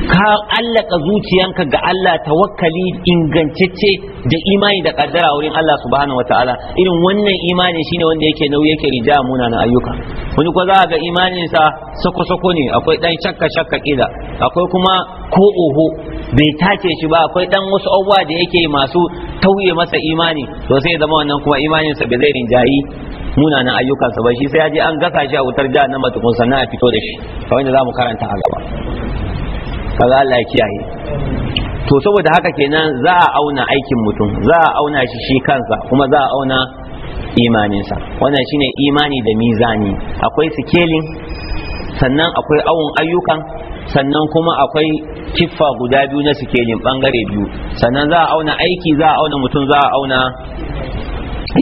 ka allaka zuciyanka ga Allah tawakkali ingantacce da imani da kaddara wurin Allah subhanahu wataala irin wannan imani shine wanda yake nauyi yake rija muna na ayyuka wani ko za ga imanin sa sako sako ne akwai dan shakka shakka kida akwai kuma ko oho bai tace shi ba akwai dan wasu abubuwa da yake masu tauye masa imani to sai zama wannan kuma imanin sa bai zai rinjayi munanan ayyukansa ba shi sai ya je an gasa shi a wutar jahannama tukun sannan a fito da shi kawai da za karanta a gaba kaza Allah ya kiyaye to saboda haka kenan za a auna aikin mutum za a auna shi shi kansa kuma za a auna imaninsa wannan shine imani da mizani akwai sikelin sannan akwai awon ayyukan sannan kuma akwai kiffa guda biyu na sikelin bangare biyu sannan za a auna aiki za a auna mutum za a auna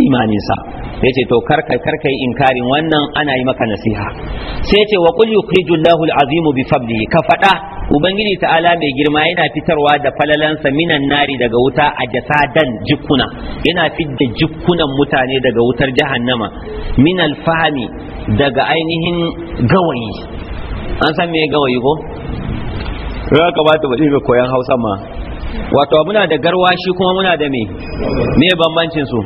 imaninsa ya ce to karka karka inkarin wannan ana yi maka nasiha sai ce wa qul yukhrijullahu al bi fadlihi ka fada ubangiji ta'ala mai girma yana fitarwa da falalansa minan nari daga wuta a jasadan jikuna yana fidda jikunan mutane daga wutar jahannama min alfahami daga ainihin gawayi an san me gawayi ko ya kamata baɗi mai koyan hausa ma wato muna da garwashi kuma muna da me me bambancin su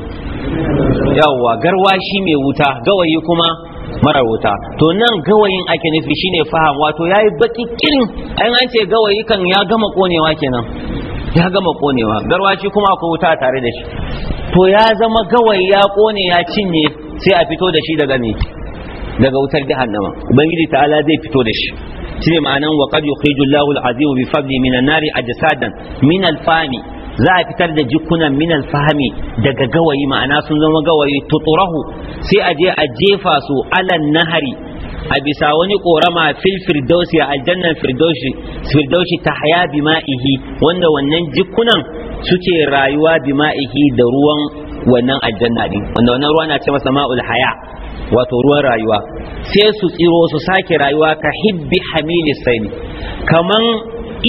yawwa garwashi mai wuta gawayi kuma marar wuta to nan gawayin ake nufi shine faham wato yayi baki kirin an an ce gawayi kan ya gama konewa kenan ya gama konewa garwaci kuma ko wuta tare da shi to ya zama gawayi ya kone ya cinye sai a fito da shi daga ne daga wutar jahannama ubangiji ta'ala zai fito da shi shine ma'anan wa qad yukhrijullahu al-azim bi fadli minan nari ajsadan min al-fami za a fitar da jikunan minal fahami daga gawayi ma'ana sun zama gawayi tuturahu sai a je a jefa su alan nahari a bisa wani korama fil firdausi a aljannan firdausi firdausi ta haya bima'ihi wanda wannan jikunan suke rayuwa bima'ihi da ruwan wannan aljanna din wanda wannan ruwa na ce masa ma'ul haya wato ruwan rayuwa sai su tsiro su sake rayuwa ka hibbi Hamilis saili kaman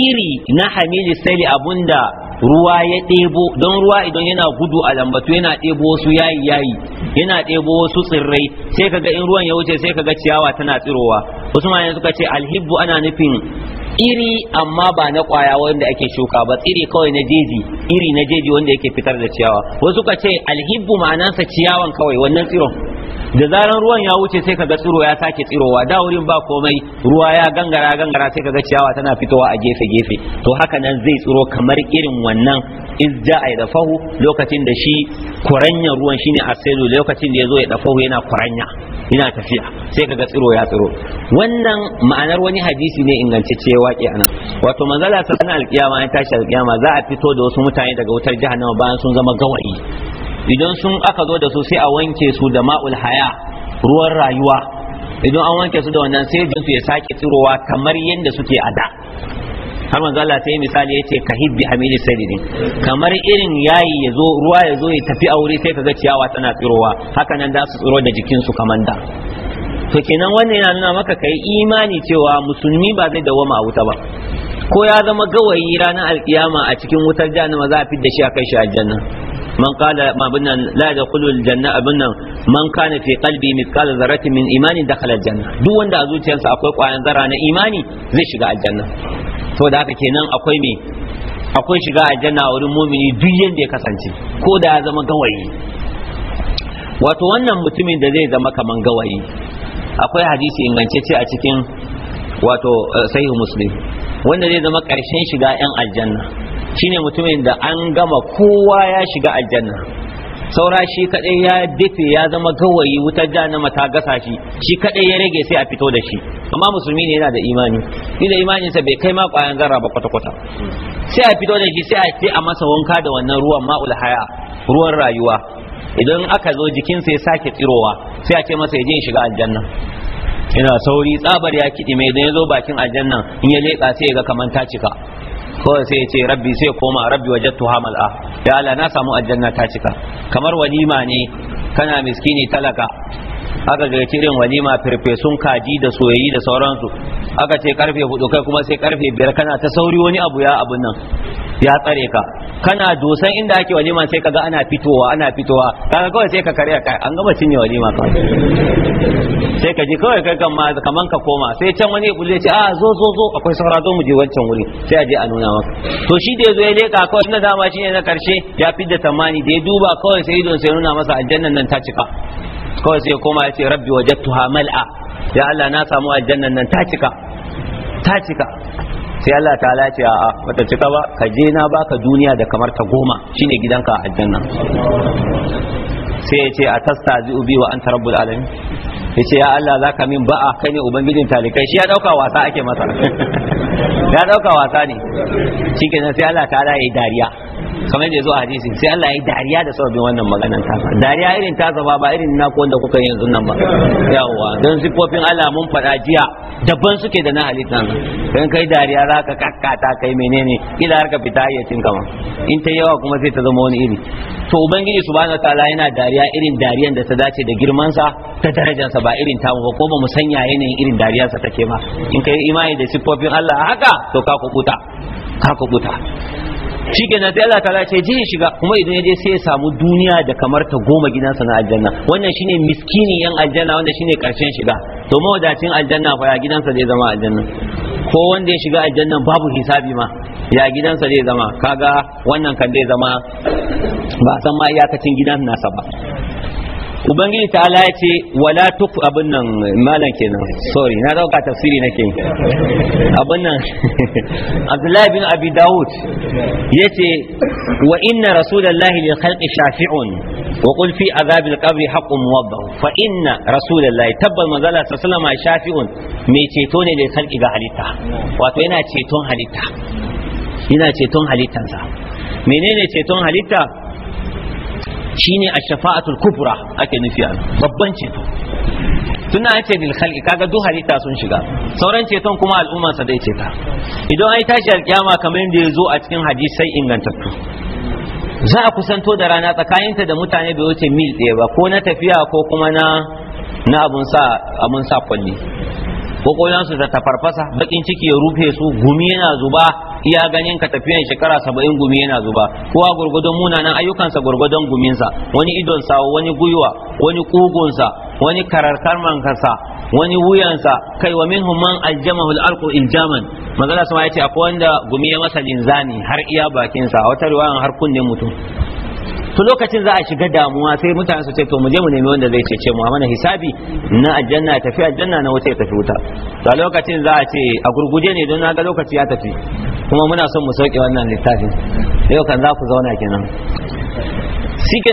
iri na Hamilis saili abunda ruwa ya ɗebo don ruwa idan yana gudu a lambatu yana ɗebo wasu yayi yayi yana ɗebo wasu tsirrai sai kaga in ruwan ya wuce sai kaga ciyawa tana tsirowa wasu ma suka ce alhibbu ana nufin iri amma ba na kwaya wanda ake shuka ba tsiri kawai na jeji iri na jeji wanda yake fitar da ciyawa wasu suka ce alhibbu ma'anansa ciyawan kawai wannan tsiron da zaran ruwan ya wuce sai kaga tsiro ya sake tsirowa da wurin ba komai ruwa ya gangara gangara sai kaga ciyawa tana fitowa a gefe gefe to haka nan zai tsiro kamar irin wannan iz ai da fahu lokacin da shi kuranya ruwan shine asailu lokacin da yazo ya fahu yana kuranya yana tafiya sai kaga tsiro ya tsiro wannan ma'anar wani hadisi ne ingantacce waƙi anan wato manzala sallallahu alaihi wasallam alkiyama ya tashi alkiyama za a fito da wasu mutane daga wutar jahannama bayan sun zama gawayi idan sun aka zo da su sai a wanke su da ma'ul haya ruwan rayuwa idan an wanke su da wannan sai jinsu ya sake tsirowa kamar yadda suke a da har manzo Allah sai misali yace ka hibbi hamili sadidin kamar irin yayi yazo ruwa yazo ya tafi a wuri sai kaga ciyawa tana tsirowa haka nan za su tsiro da jikin su kamar da to kenan wannan yana nuna maka ka yi imani cewa musulmi ba zai dawama a wuta ba ko ya zama gawayi ranar alkiyama a cikin wutar ma za a fidda shi a kai shi aljanna man qala ma bunnan la yadkhulu aljanna bunnan man kana fi qalbi mithqal dharratin min imanin dakhala aljanna duk wanda a zuciyarsa akwai kwayan zara na imani zai shiga aljanna saboda haka kenan akwai me akwai shiga aljanna wurin mumini duk yanda ya kasance ko da ya zama gawayi wato wannan mutumin da zai zama kaman gawayi akwai hadisi ingantacce a cikin wato sahihu muslim wanda zai zama karshen shiga yan aljanna shine mutumin da an gama kowa ya shiga aljanna saura shi kadai ya dafe ya zama gawayi wutar jahannama ta gasa shi shi kadai ya rage sai a fito da shi amma musulmi ne yana da imani ni da imaninsa bai kai ma kwayan zarra ba kwata kwata sai a fito da shi sai a ce a masa wanka da wannan ruwan ma'ul haya ruwan rayuwa idan aka zo jikinsa ya sake tsirowa sai a ce masa ya je shiga aljanna ina sauri tsabar ya kiɗi mai don ya zo bakin aljanna in ya leƙa sai ya ga kamar ta cika kawai sai ya ce rabbi sai koma rabbi wajattu hamal'a ah. ya Allah na samu aljanna ta cika kamar walima ne kana miskini talaka aka ga irin walima farfesun kaji da soyayi da sauransu aka ce karfe hudu kai kuma sai karfe biyar kana ta sauri wani abu ya abun nan ya tsare ka kana dosan inda ake walima sai kaga ana fitowa ana fitowa kaga kawai sai ka karya kai an gama cinye walima ka sai ka ji kawai kai kan ma kaman ka koma sai can wani ya bulle ce a ah, zo zo zo akwai saura zo mu je wancan wuri sai a je a nuna maka to shi da yazo ya leka kawai na dama ne na karshe ya fidda tamani da ya duba kawai sai idon sai nuna masa aljannan nan ta cika kawai sai koma ya ce rabbi wajadtuha mal'a ya Allah na samu aljannan nan ta cika ta cika sai Allah ta ce a'a bata cika ba ka je na baka duniya da kamar ta goma shine gidanka a aljanna sai ya ce a tasta ubi wa anta rabbul alamin ya ce ya Allah za ka min ba'a kai ne ubangijin talikai shi ya dauka wasa ake masa ya dauka wasa ne shi sai Allah ta ya dariya kamar yadda ya zo a hadisi sai Allah ya yi dariya da sababin wannan maganan ta dariya irin ta zaba ba irin naku da kuka yanzu nan ba yawa don sifofin Allah mun faɗa jiya daban suke da na halitta nan don kai dariya za ka kakkata kai menene kila har ka fita hayyacin kama in ta yawa kuma sai ta zama wani iri to ubangiji subhanahu wataala yana dariya irin dariyan da ta dace da girman sa ta darajarsa ba irin ta ba ko ba mu sanya yanayin irin dariyarsa take ba in kai imani da sifofin Allah haka to ka kukuta ka kukuta shi ke sai Allah ta ce je shiga kuma idan ya je sai ya samu duniya da kamar ta goma gidansa na aljanna wannan shine miskini yan aljanna wanda shine karshen shiga to mawadacin aljanna fa ya gidansa zai zama aljanna ko wanda ya shiga aljanna babu hisabi ma ya gidansa zai zama kaga wannan kan zai zama ba san ma iyakacin gidan nasa ba ubangiji ta ala ya ce wala tuk abin nan malam kenan sorry na dauka tafsiri nake abin nan abdullahi bin abi Dawud ya ce wa inna rasulallahi lil khalqi shafi'un wa qul fi azab al qabri haqqun muwaddah fa inna rasulallahi tabbal manzala sallama shafi'un mai ceto ne lil khalqi ga halitta wato yana ceton halitta yana ceton halittansa menene ceton halitta shine a shafaatul kubra ake nufi a babban ceto tunda an ce bil khalqi kaga duk halitta sun shiga sauran ceton kuma al'umman sa dai ceta idan ai tashi alkiyama kamar yadda ya zo a cikin sai ingantattu za a kusanto da rana tsakaninta da mutane bai wuce mil ɗaya ba ko na tafiya ko kuma na na abun sa abun sa kwalli kokoyansu ta tafarfasa bakin ciki ya rufe su gumi yana zuba iya ganin ka tafiya shekara saba'in gumi yana zuba kowa gurgudun munanan ayyukansa gurgudun guminsa wani idon idonsa wani gwiwa wani kugunsa wani kararkarmansa wani wuyansa kai wa minhum man aljamahul alqu iljaman magana sama yace akwai wanda gumi ya masa linzami har iya bakinsa wata riwayan har kunnen mutum to lokacin za a shiga damuwa sai mutane su ce to mu je mu nemi wanda zai cece mu mana hisabi na aljanna tafi aljanna na wuce tafi wuta to a lokacin za a ce a gurguje ne don naga lokaci ya tafi kuma muna son mu sauke wannan littafin yau kan za ku zauna kenan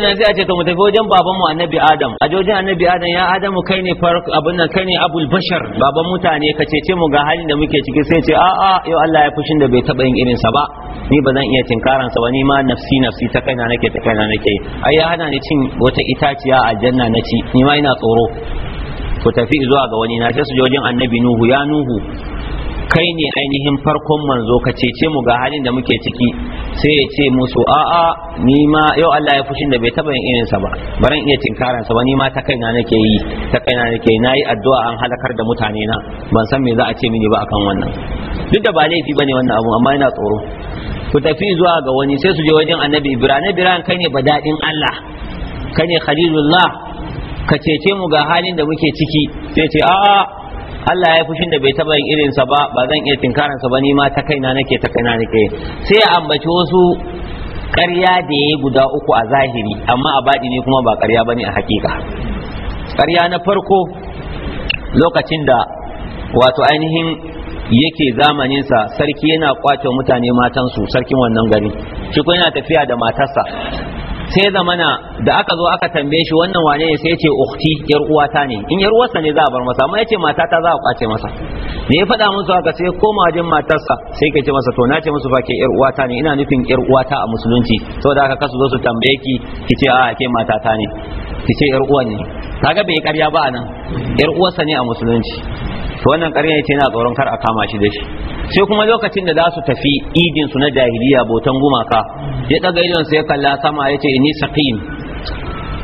nan sai a ce to mu tafi wajen baban mu annabi adam a wajen annabi adam ya adamu kai ne farko abin nan kai ne abul bashar baban mutane ka cece mu ga halin da muke ciki sai ce a'a yau Allah ya fushin da bai taba yin irin sa ba ni ba zan iya tinkaran sa ba ni ma nafsi nafsi ta kaina nake ta kaina nake ai ya hana ni cin wata itaciya a aljanna na ci ni ma ina tsoro ku tafi zuwa ga wani na sai su jojin annabi nuhu ya nuhu kai ne ainihin farkon manzo ka cece mu ga halin da muke ciki sai ya ce musu a'a ni ma yau Allah ya fushin da bai taba yin irinsa ba baran iya tinkaran sa ba ni ma ta kaina nake yi ta kaina nake yi nayi addu'a an halakar da mutane na ban san me za a ce mini ba akan wannan duk da ba laifi bane wannan abu amma ina tsoro ku tafi zuwa ga wani sai su je wajen annabi ibrahim ibrahim kai ne badadin Allah kai ne khalilullah ka cece mu ga halin da muke ciki sai ce a'a Allah ya fushin da bai taba yin irin sa ba ba zan iya tinkaran sa ba ni ma ta kaina nake ta kaina nake sai ya ambaci wasu ƙarya da yayi guda uku a zahiri amma a baɗi ne kuma ba ƙarya bane a hakika ƙarya na farko lokacin da wato ainihin yake zamaninsa sarki yana kwace mutane matansu sarkin wannan gari shi kuma yana tafiya da matarsa sai zamana da aka zo aka tambaye shi wannan wane ne sai ya ce ukhti yar uwata ne in yar uwarsa ne za a bar masa amma yace matata za a kwace masa me ya faɗa musu haka sai koma wajen matarsa sai ka ce masa to na ce musu fa ke yar uwata ne ina nufin yar uwata a musulunci saboda haka kasu zo su tambaye ki ki ce a ke matata ne ki ce yar uwan ne kaga bai karya ba anan yar uwarsa ne a musulunci to wannan ƙarya ce yana tsoron kar a kama shi da shi sai kuma lokacin da za su tafi idin su na jahiliya botan gumaka ya daga idon sai ya kalla sama ya ce ni saqim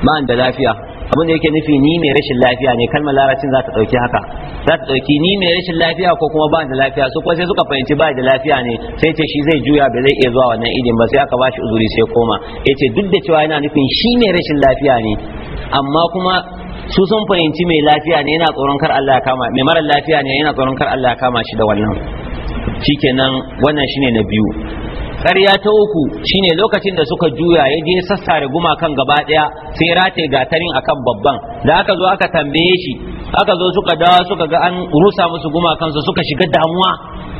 ba da lafiya abin da yake nufi ni mai rashin lafiya ne kalmar larabcin za ta dauki haka za ta dauki ni mai rashin lafiya ko kuma ba da lafiya su kuma sai suka fahimci ba da lafiya ne sai ce shi zai juya ba zai iya zuwa wannan idin ba sai aka ba shi uzuri sai koma yace duk da cewa yana nufin shi mai rashin lafiya ne amma kuma su sun fahimci mai lafiya ne yana tsoron kar Allah kama mai mara lafiya ne yana tsoron kar Allah kama shi da wannan shikenan wannan shine na biyu ƙarya ta uku shine lokacin da suka juya ya je sassare gumakan gaba ɗaya sai rataye gatarin akan babban da aka zo aka tambaye shi aka zo suka dawa suka ga an rusa musu gumakansu suka shiga damuwa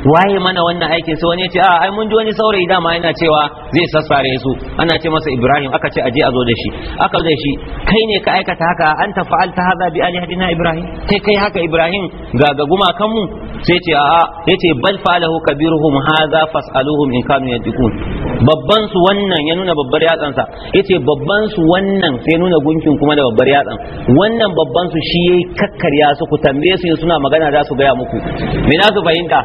waye mana wannan aikin sai wani ya ce a ah, ai mun ji wani saurayi dama yana cewa zai sassare su ana ce masa Ibrahim aka ce aje a zo da shi aka zo da shi kai ne ka aikata haka an ta fa'alta hadha bi Hadina Ibrahim kai kai haka Ibrahim ga ga gumakan mu sai ce a yace bal falahu kabiruhum hadha fas'aluhum in kanu yadikun babban su wannan ya nuna babbar yatsan sa yace babban su wannan sai nuna gunkin kuma da babbar yatsan wannan babban su shi yayi kakka karya su ku tambaye su suna magana za su gaya muku me na su fahimta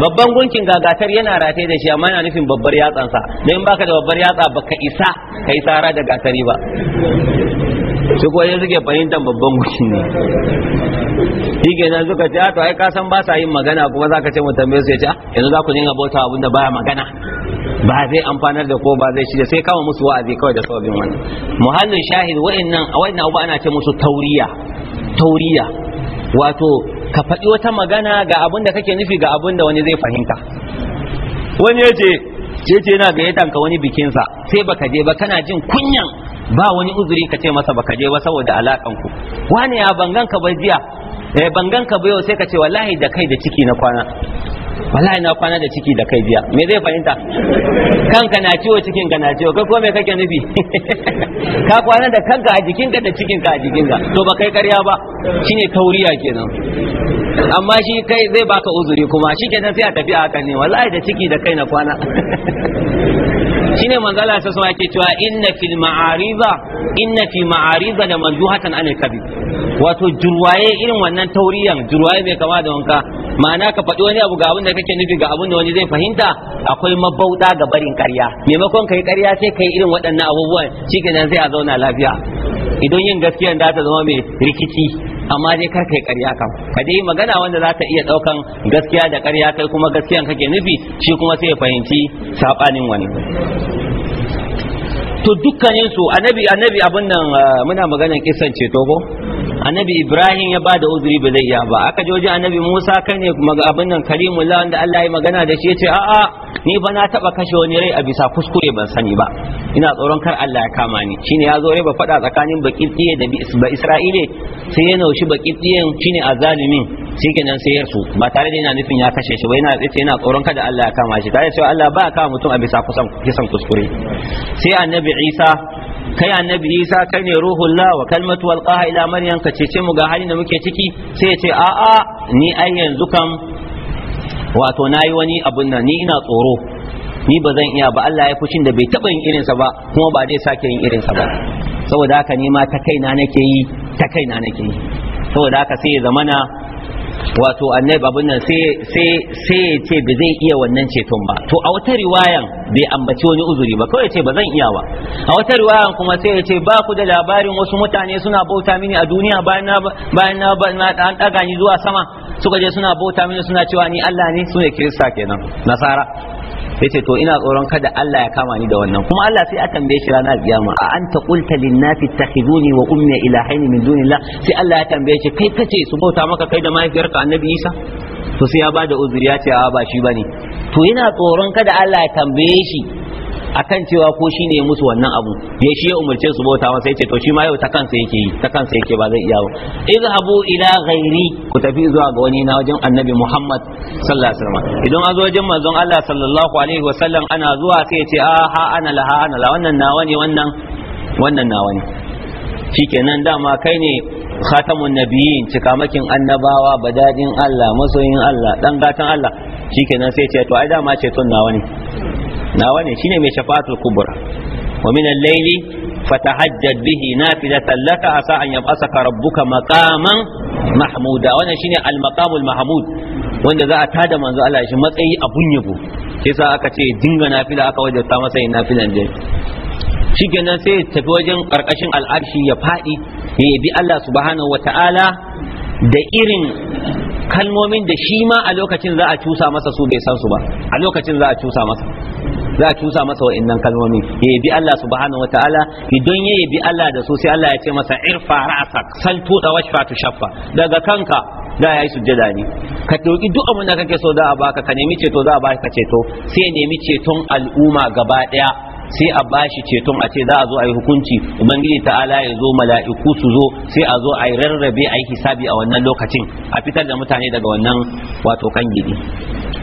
babban gunkin gagatar yana rataye da shi amma yana nufin babbar yatsansa don in baka da babbar yatsa baka isa kai tsara da gatari ba su kuwa yanzu ke fahimtar babban gunkin ne shi kenan suka ce ah, to ai kasan ba sa yin magana kuma zaka ce mu tambaye su ya ce ah, yanzu za ku dinga bauta abin da baya magana ba zai amfanar da ko ba zai shirya sai kama musu wa'azi kawai da sababin wannan muhallin shahid wa'annan wa'annan abu ana ce musu tauriya tauriya wato ka faɗi wata magana ga abin da kake nufi ga abin da wani zai fahimta wani ya ce ce ce na gayyatan ka wani bikinsa sai baka je ba kana jin kunyan ba wani uzuri ka ce masa baka je ba saboda alakan ku wani ya bangan ka bai jiya eh, bangan ka bai sai ka ce wallahi da kai da ciki na kwana wallahi na kwana da ciki da kai biya me zai fahimta kanka na ciwo cikin ka na ciwo kai kome me kake nufi ka kwana da kanka a jikinka da cikinka a jikinka to ba kai karya ba shine tauriya kenan amma shi kai zai baka uzuri kuma shi kenan sai a tafi a ne wallahi da ciki da kai na kwana shine manzala sa sama ke cewa inna fil ma'ariza inna fi ma'ariza da manzuhatan anil kabi wato jurwaye irin wannan tauriyan jurwaye mai kama da wanka ma'ana ka faɗi wani abu ga abin da kake nufi ga abin da wani zai fahimta akwai mabauta ga barin ƙarya maimakon ka yi ƙarya sai ka yi irin waɗannan abubuwan shikenan zai a zauna lafiya idan yin gaskiya da ta zama mai rikici amma dai kar ka yi ƙarya kam ka dai magana wanda za ta iya ɗaukan gaskiya da ƙarya kai kuma gaskiyan kake nufi shi kuma sai ya fahimci saɓanin wani to dukkanin su annabi annabi abin nan ah, muna maganar kisan ceto ko annabi ibrahim ya bada uzuri ba zai iya ba aka je a annabi musa kai ne abin nan karimullah wanda Allah ya magana da shi ya ce a'a ni ba na taba kashe wani rai a bisa kuskure ban sani ba ina tsoron kar Allah ya kama ni shine ya zo rai ba fada tsakanin bakitiye da ba isra'ile sai ya naushi bakitiyen shine azalimin nan sai yarsu ba tare da yana nufin ya kashe shi ba yana tsaye yana tsoron kada Allah ya kama shi tare da cewa Allah ba kama mutum a bisa kusan kisan kuskure sai annabi annabi isa kai annabi isa kai ne ruhullah wa kalmatu qaha ila maryam ka cece mu ga halin da muke ciki sai ya ce a a ni ai yanzu kam wato nayi wani abun nan ni ina tsoro ni ba zan iya ba Allah ya fushin da bai taba yin irinsa ba kuma ba zai sake yin irinsa ba saboda haka ni ma ta kaina nake yi ta kaina nake yi saboda haka sai ya zamana wato annabi abin nan sai sai sai ya ce ba zai iya wannan ceton ba to a wata riwayan bai ambaci wani uzuri ba kawai ya ce ba zan iya ba a wata riwayan kuma sai ya ce ba ku da labarin wasu mutane suna bauta mini a duniya bayan na bayan na an daga ni zuwa sama suka je suna bauta mini suna cewa ni Allah ne sune kirista kenan nasara yace to ina tsoron kada Allah ya kama ni da wannan kuma Allah sai a tambaye shi ranar kiyama a anta qulta lin-nasi takhizuni wa ummi ilahaini min dunillah sai Allah ya tambaye shi kai kace su bauta maka kai da mahaifiyarka annabi Isa to sai ya bada uzuri ya ce a ba shi bane to ina tsoron kada Allah ya tambaye shi akan cewa ko shi ne musu wannan abu ya shi ya umarce su bauta masa yace to shi ma yau ta kansa yake yi ta kansa yake ba zai iya ba izhabu ila ghairi ku tafi zuwa ga wani na wajen annabi Muhammad sallallahu alaihi wasallam idan azo wajen manzon Allah sallallahu alaihi wasallam ana zuwa sai ya ce a ah, ha ana la ha ana la wannan nawa ne wannan wannan nawa ne shikenan dama kai ne khatamun nabiyyin cikamakin annabawa badadin Allah masoyin Allah dan gatan Allah shikenan sai ce to ai dama ce tun nawa ne nawa ne shine mai shafa'atul kubra wa min al-layli fatahajjad bihi nafilatan laka asa an yab'asaka rabbuka maqaman mahmuda wannan shine al-maqamul mahmud wanda za a tada manzo Allah shi matsayi abun yabo sai sa aka ce dinga nafila aka wajabta masa yin nafilan din shikenan sai ya tafi wajen karkashin al'arshi ya fadi ya yabi Allah subhanahu wata'ala da irin kalmomin da shi ma a lokacin za a cusa masa su bai san su ba a lokacin za a cusa masa za a cusa masa wa'annan kalmomi ya bi Allah subhanahu Ta'ala idan ya yabi Allah da su sai Allah ya ce masa irfa ra'sak sal tuda washfa shafa daga kanka da ya yi sujjada ne ka ɗauki duk abin da kake so za a baka ka nemi ceto za a baka ceto sai nemi ceton al'umma gaba ɗaya sai a bashi ceton a ce za a zo a yi hukunci ubangiji ta'ala ya zo mala'iku su zo sai a zo a yi rarrabe a yi hisabi a wannan lokacin a fitar da mutane daga wannan wato kan gidi.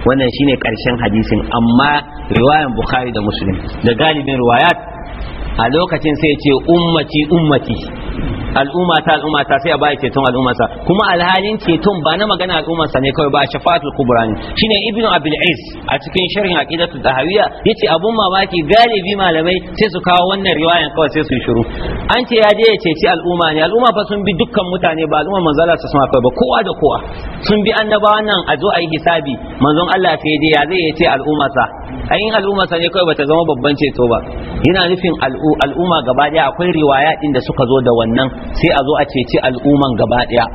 wannan shine karshen hadisin amma riwayan bukhari da muslim da galibin riwayat a lokacin sai ce ummati ummati al'umma ta al'umma ta sai a bai ceton al'umma sa kuma alhalin ceton ba na magana al'umma sa ne kawai ba shafa'atul kubra ne shine ibnu abil is a cikin sharhin aqidatu dahawiyya yace abun mamaki galibi malamai sai su kawo wannan riwayan kawai sai su shiru an ce ya je ya ceci al'umma ne al'umma fa sun bi dukkan mutane ba al'umma manzo Allah sama kai ba kowa da kowa sun bi annabawan nan a zo a yi hisabi manzon Allah sai dai ya zai ce al'umma sa ayin al'umma sa ne kawai ta zama babban ceto ba yana nufin al'umma gaba daya akwai riwaya din suka zo da wani wannan sai a zo a ceci al'umman gaba daya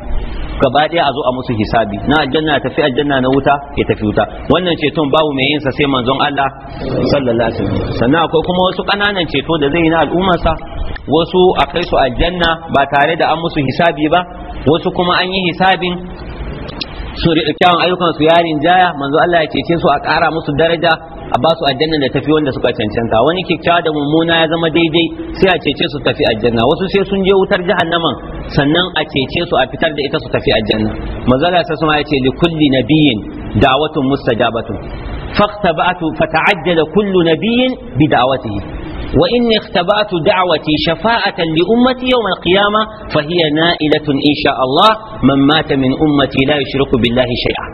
gaba daya a zo a musu hisabi na aljanna tafi aljanna na wuta ya tafi wuta wannan ceton babu mai yin sa sai manzon Allah sallallahu alaihi wasallam sannan akwai kuma wasu kananan ceto da zai yi na al'umma sa wasu a kai su aljanna ba tare da an musu hisabi ba wasu kuma an yi hisabin su da kyawun ayyukan su ya rinjaya manzo Allah ya cece su a ƙara musu daraja a ba su aljanna da tafi wanda suka cancanta wani kyakkyawa da mummuna ya zama daidai sai a cece su tafi aljanna wasu sai sun je wutar jahannaman sannan a cece su a fitar da ita su tafi aljanna manzo Allah sai ya ce li kulli nabiyyin da'watun mustajabatun faqtabatu fata'ajjala kullu nabiyyin bi da'watihi wa inni ikhtabatu da'wati shafa'atan li ummati yawm al-qiyama fa hiya na'ilatun insha Allah man min ummati la yushriku shay'a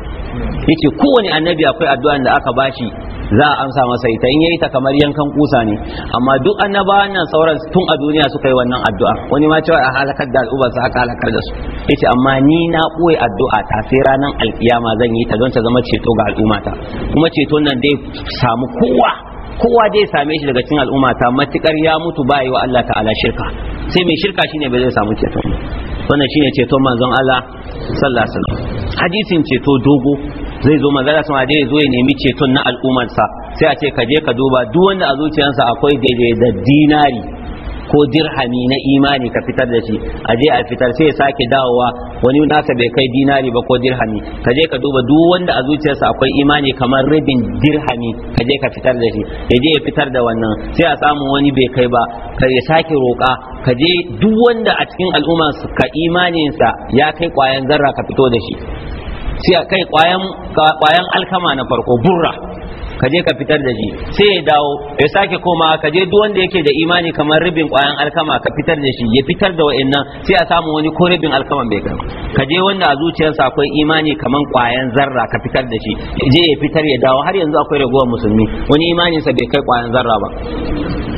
yace kowane annabi akwai addu'an da aka bashi za a amsa masa ita in yayi ta kamar yankan kusa ne amma duk annabawan nan sauran tun a duniya suka yi wannan addu'a wani ma cewa a halakar da al'ummar su aka halakar da su yace amma ni na koyi addu'a ta sai ranar alkiyama zan yi ta don ta zama ceto ga al'ummata kuma ceto nan dai samu kowa kowa zai same shi daga cikin al'umma ta matukar ya mutu ba yi wa Allah ta'ala shirka sai mai shirka shine ba zai samu ceto ba wannan shine ceto manzon Allah sallallahu alaihi wasallam hadisin ceto dogo zai zo Allah sun ya zo ya nemi ceton na al'ummarsa sai a ce ka je ka duba duk wanda a zuciyarsa akwai daidai da dinari ko dirhami na imani ka fitar da shi a je a fitar sai ya sake dawowa wani nasa bai kai dinari ba ko dirhami ka je ka duba duk wanda a zuciyarsa akwai imani kamar rabin dirhami ka je ka fitar da shi ya je ya fitar da wannan sai a samu wani bai kai ba ka ya sake roƙa ka je duk wanda a cikin al'umma ka imaninsa ya kai kwayan zarra ka fito da shi sai a kai kwayan alkama na farko burra ka je ka fitar da shi sai ya dawo ya sake koma ka je duk wanda yake da imani kamar ribin kwayan alkama ka fitar da shi ya fitar da wa'annan sai a samu wani ko ribin alkaman bai kai ka je wanda a zuciyarsa akwai imani kamar kwayan zarra ka fitar da shi je ya fitar ya dawo har yanzu akwai ragowar musulmi wani imaninsa bai kai kwayan zarra ba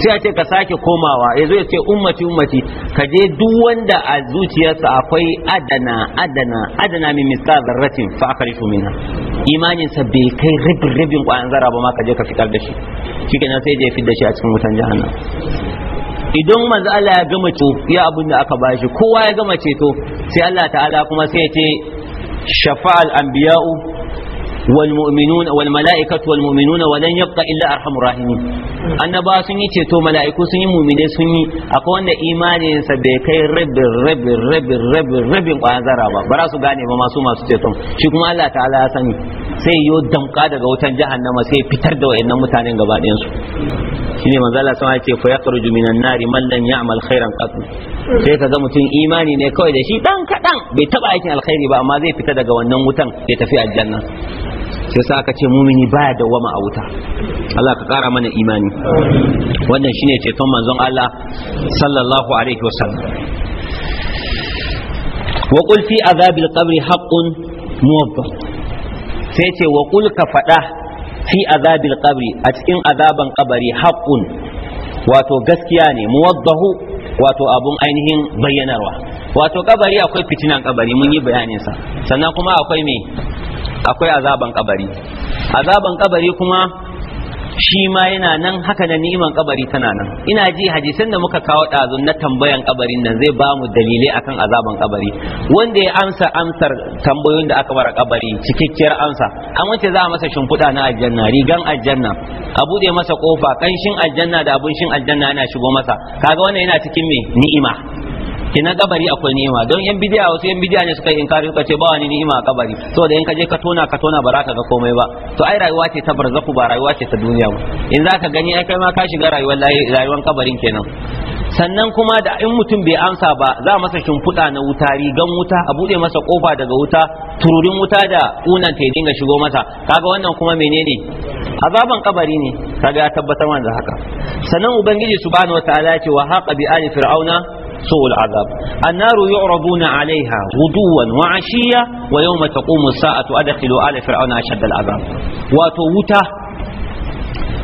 sai a ce ka sake komawa ya zo ya ce ummati ummati ka je duk wanda a zuciyarsa akwai adana adana adana min misal zarratin fa akhrifu minha imaninsa bai kai ribin ribin kwayan zarra ba ma ka je ka fitar da shi kenan sai je fitar da shi a cikin wutan jahannam idan manzo Allah ya gama to ya abin da aka bashi kowa ya gama ceto sai Allah ta'ala kuma sai ya ce shafa'al anbiya'u والمؤمنون والملائكة والمؤمنون ولن يبقى إلا أرحم الراحمين annaba sun yi ceto mala'iku sun yi mumine sun yi akwai imaninsa bai kai rabin rabin rabin rabin rabin kwayan zara ba su gane ba masu masu ceton shi kuma Allah ta'ala ya sani sai yo damka daga wutan jahannama sai fitar da wayannan mutanen gaba ɗayan su shine manzo Allah sama yace fa yakhruju nari man lam ya'mal khairan qat sai kaga mutum imani ne kawai da shi dan kadan bai taba aikin alkhairi ba amma zai fita daga wannan wutan ya tafi aljanna Sai yasa aka ce mumini baya da wama a wuta Allah ka kara mana imani wannan shine ceton manzon Allah sallallahu alaihi wasallam wa qul fi azabil qabri haqqun muwaffaq sai ce wa qul ka fada fi azabil qabri a cikin azaban ƙabari haqqun wato gaskiya ne muwaddahu wato abun ainihin bayyanarwa wato kabari akwai fitinan kabari mun yi bayanin sa sannan kuma akwai me akwai azaban kabari azaban kabari kuma shi ma yana nan haka da ni'iman kabari tana nan ina ji hadisan da muka kawo ɗazun na tambayan kabarin nan zai ba mu dalilai akan azaban kabari wanda ya amsa amsar tambayoyin da aka bara kabari cikakkiyar amsa an wace za a masa shimfiɗa na aljanna rigan aljanna a buɗe masa kofa kanshin aljanna da abun shin aljanna yana shigo masa kaga wannan yana cikin me ni'ima kina kabari akwai ni'ima don yan bidiya wasu yan bidiya ne suka yi inkari suka ce ba wani ni'ima a kabari saboda in ka je ka tona ka tona ba za ka ga komai ba to ai rayuwa ce ta barzaku ba rayuwa ce ta duniya ba in za ka gani ai kai ma ka shiga rayuwar rayuwar kabarin kenan sannan kuma da in mutum bai amsa ba za masa shimfiɗa na wuta rigan wuta a bude masa kofa daga wuta tururin wuta da unan ta dinga shigo masa kaga wannan kuma menene azaban kabari ne kaga ya tabbatar da haka sannan ubangiji subhanahu wataala ya ce wa haqa bi ali fir'auna سوء العذاب النار يعرضون عليها غدوا وعشيا ويوم تقوم الساعة أدخلوا آل فرعون أشد العذاب وتوتا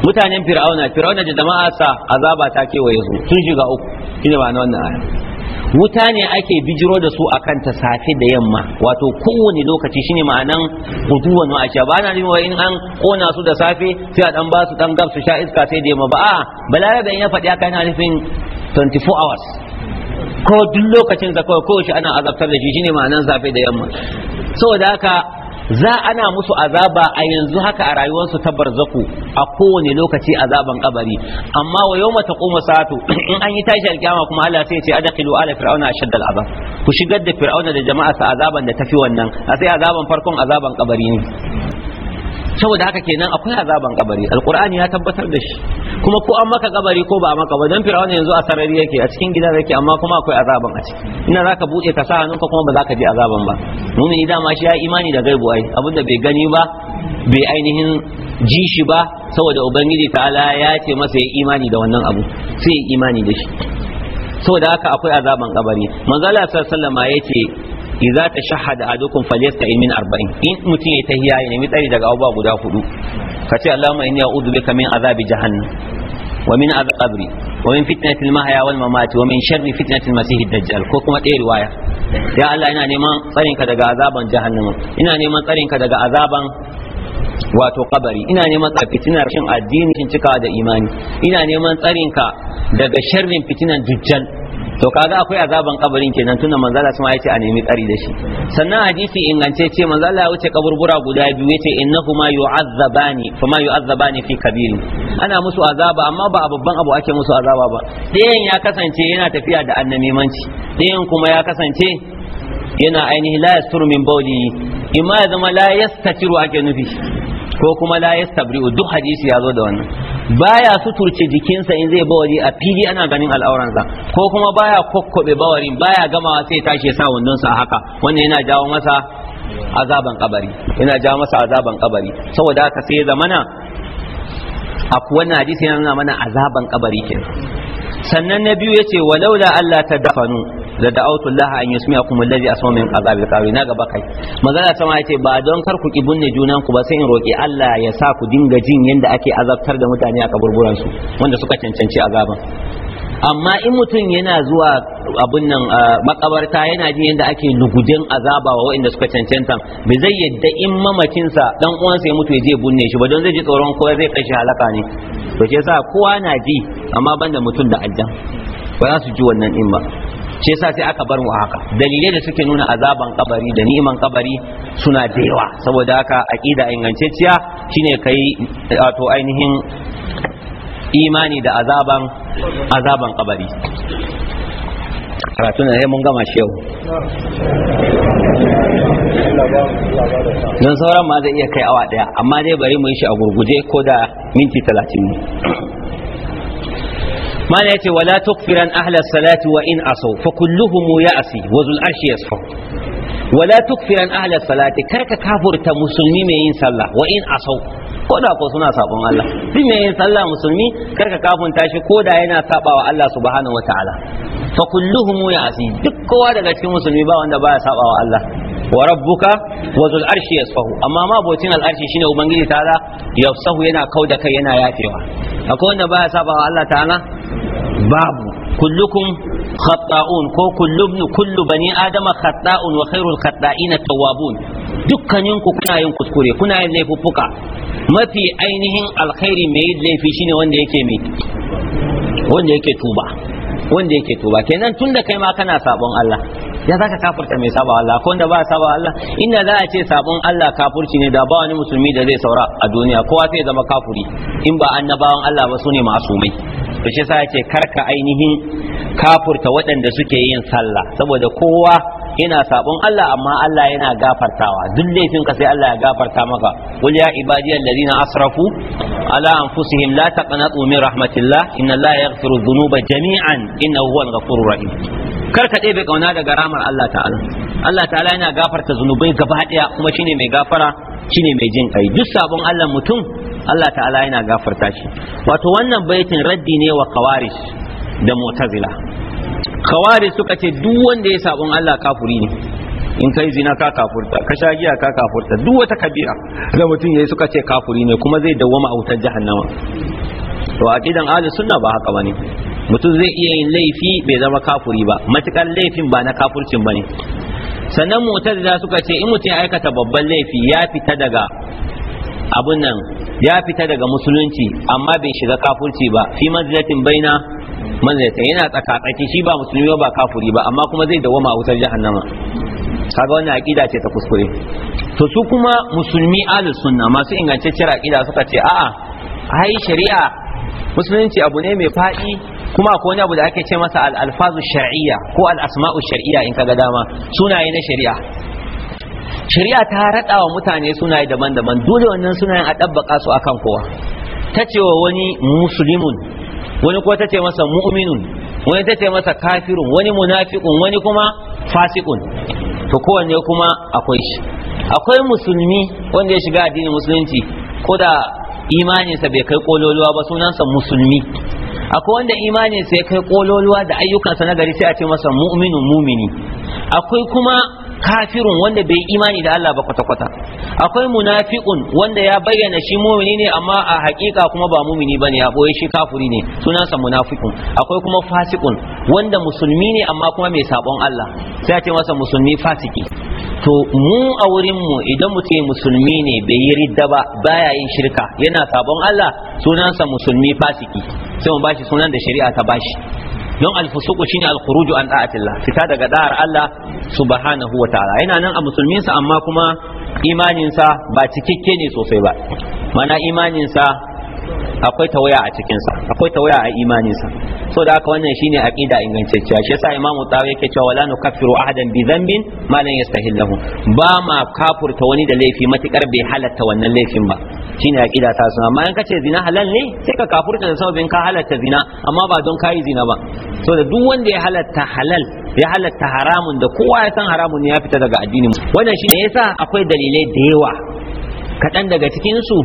mutanen fir'auna fir'auna da jama'arsa azaba ta kewaye su sun shiga uku shine ba na wannan aya wuta ne ake bijiro da su akan ta safe da yamma wato kowane lokaci shine ma'anan guduwan ma'asha ba na nima in an kona su da safe sai a dan ba su dan gab su sha iska sai da yamma ba a da in ya faɗi aka yana nufin 24 hours ko duk lokacin zakwa kawai shi ana azabtar da shi shine ma'anan zafi da yamma saboda haka za ana musu azaba a yanzu haka a rayuwarsu ta barzaku a kowane lokaci azaban kabari amma wa mata taqumu sa'atu in an yi tashi alkiyama kuma Allah sai ya ce adqilu ala fir'auna ashadda al'azab ku shigar da fir'auna da jama'a sa azaban da tafi wannan a sai azaban farkon azaban kabari ne saboda haka kenan akwai azaban kabari alqur'ani ya tabbatar da shi kuma ko an maka kabari ko ba maka ba dan firawuna yanzu a sarari yake a cikin gidan yake amma kuma akwai azaban a ciki ina zaka bude ka sa hannunka kuma ba ka je azaban ba mumin dama ma shi ya imani da gaibu ai abinda bai gani ba bai ainihin ji shi ba saboda ubangiji ta'ala ya ce masa ya imani da wannan abu sai ya imani da shi saboda haka akwai azaban kabari Allah sallallahu alaihi wasallam ce. idza tashahhada ahadukum falyasta'in min arba'in in mutum ya tahiya ya nemi tsari daga abubuwa guda hudu ce allahumma inni a'udhu bika min azabi jahannam wa min azab qabri wa min fitnati al-mahya wal mamati wa min sharri fitnati al-masih ad-dajjal ko kuma ɗaya riwaya ya allah ina neman tsarin ka daga azaban jahannama ina neman tsarin ka daga azaban wato kabari ina neman tsarin fitinar shin addini shin cikawa da imani ina neman tsarin ka daga sharrin fitinan dujjal to kaga akwai azaban kabarin kenan tunda manzo Allah sama yace a nemi tsari da shi sannan hadisi ingance ce manzo Allah ya wuce kaburbura guda biyu yace innahuma yu'azzabani fama yu'azzabani fi kabiri ana musu azaba amma ba a babban abu ake musu azaba ba ɗayan ya kasance yana tafiya da annamimanci ɗayan kuma ya kasance yana ainihi la yasturu min bawli imma ya zama la yastatiru ake nufi ko kuma la yastabri'u duk hadisi ya zo da wannan baya suturce jikinsa in zai bawari a fili ana ganin al'auransa ko kuma baya kokkobe bawarin baya gamawa sai tashi sa wandonsa a haka wannan yana jawo masa azaban kabari yana jawo masa azaban kabari saboda haka sai zamana aku wannan hadisi yana nuna mana azaban kabari kenan sannan na biyu yace walaula Allah ta dafanu da da'awtu laha an yusmi'akum a sama min azabil kawai na gaba kai manzala ya ya ce ba don kar ku ne junan ku ba sai in roƙi Allah ya sa ku dinga jin yadda ake azabtar da mutane a kaburburan su wanda suka cancanci azaban amma in mutum yana zuwa abun nan makabarta yana jin yadda ake lugujen azaba wa waɗanda suka cancanta bai zai yadda in mamacinsa dan uwansa ya mutu ya je bunne shi ba don zai ji tsoron kowa zai kashi halaka ne to shi sa kowa na ji amma banda mutum da aljan ba za su ji wannan in ba shi yasa sai aka bar mu haka dalilai da suke nuna azaban kabari da ni'iman kabari suna da yawa saboda haka aqida ingantacciya shine kai wato ainihin imani da azaban azaban kabari karatu ne mun gama shi yau don sauran ma zai iya kai awa daya amma dai bari mu yi shi a gurguje ko da minti talatin ne mana yace wala tukfiran ahla salati wa in asaw fa kulluhum ya'si wa zul arshi yasfa wala tukfiran ahla salati karka kafurta musulmi mai yin sallah wa in asaw ko da ko suna sabon Allah duk mai yin sallah musulmi karka kafunta shi ko da yana sabawa Allah subhanahu wataala fa duk kowa daga cikin musulmi ba wanda baya sabawa Allah wa rabbuka wa zul arshi yasfahu amma ma botin al arshi shine ubangiji ta'ala yafsahu yana kauda kai yana yafewa akwai wanda baya saba wa Allah ta'ala babu kullukum khata'un ko kullu kullu bani adama khata'un wa khairul khata'ina tawwabun dukkaninku kuna yin kuskure kuna yin laifuffuka mafi ainihin alkhairi mai laifi shine wanda yake mai wanda yake tuba wanda yake tuba kenan da kai ma kana sabon Allah ya zaka kafirta mai sabon Allah ko wanda ba sabon Allah inda za a ce sabon Allah kafurci ne da ba wani musulmi da zai saura a duniya kowa sai zama kafuri in ba annabawan Allah ba su ne masumai to shi yasa ya ce karka ainihin kafurta waɗanda suke yin sallah saboda kowa yana sabon Allah amma Allah yana gafartawa duk laifin ka sai Allah ya gafarta maka qul ya ibadiyal ladina asrafu ala anfusihim la taqnatu min rahmatillah inna Allah yaghfiru dhunuba jami'an innahu huwal ghafurur rahim kar ka ɗebe kauna daga ramar Allah ta'ala Allah ta'ala yana gafarta zunubai gaba daya kuma shine mai gafara shine mai jin kai duk sabon Allah mutum Allah ta'ala yana gafarta shi wato wannan baitin raddi ne wa kawaris da mu'tazila Kawari suka ce duk wanda ya sabon Allah kafuri ne in kai zina ka kafurta ka sha giya ka kafurta duk wata kabira da mutum yayi suka ce kafuri ne kuma zai dawwama a wutar jahannama to aqidan ahli sunna ba haka bane mutum zai iya yin laifi bai zama kafuri ba matukar laifin ba na kafurcin bane sannan mu'tazila suka ce in mutum ya aikata babban laifi ya fita daga abun nan ya fita daga musulunci amma bai shiga kafurci ba fi manzilatin baina manzilata yana tsakatsaki shi ba musulmi ba kafuri ba amma kuma zai dawama a wutar jahannama kaga wannan aqida ce ta kuskure to su kuma musulmi ahlus sunna masu ingantacciyar aqida suka ce a'a ai shari'a musulunci abu ne mai fadi kuma akwai wani abu da ake ce masa al-alfazu shar'iyya ko al-asma'u shar'iyya in kaga dama sunaye na shari'a shari'a ta rada wa mutane sunaye daban-daban dole wannan sunayen a ɗabbaka su akan kowa ta ce wa wani musulmin wani ko ta ce masa mu'minun wani ta ce masa kafirun wani munafikun wani kuma fasikun to kowanne kuma akwai shi akwai musulmi wanda ya shiga addinin musulunci ko da imaninsa bai kai kololuwa ba sunansa musulmi akwai wanda imaninsa ya kai kololuwa da ayyukansa na gari sai a ce masa mu'minun mumini akwai kuma kafirun wanda bai imani da Allah ba kwata-kwata akwai munafiqun wanda ya bayyana shi mumini ne amma a hakika kuma ba mumini bane ya boye shi kafiri ne sunansa munafiqun akwai kuma fasikun wanda musulmi ne amma kuma mai sabon Allah sai a ce masa musulmi fasiki to mu a wurin mu idan mutum musulmi ne bai yi ridda ba baya yin shirka yana sabon Allah sunansa musulmi fasiki sai mu bashi sunan da shari'a ta bashi don alfusuku shine alkhuruju an da'atillah fita daga da'ar Allah subhanahu wa ta'ala yana nan a musulmin sa amma kuma imanin sa ba cikakke ne sosai ba mana imanin sa akwai tawaya a cikinsa akwai tawaya a imaninsa so da haka wannan shine aqida ingantacciya shi yasa imamu tawaye yake cewa wala nukaffiru ahadan bi dhanbin ma lan yastahillahu ba ma kafurta wani da laifi matukar bai halatta wannan laifin ba shine aqida ta suna amma in kace zina halal ne sai ka kafurta da sababin ka halatta zina amma ba don kai zina ba so da duk wanda ya halatta halal ya halatta haramun da kowa ya san haramun ne ya fita daga addinin wannan shine yasa akwai dalilai da yawa kaɗan daga cikinsu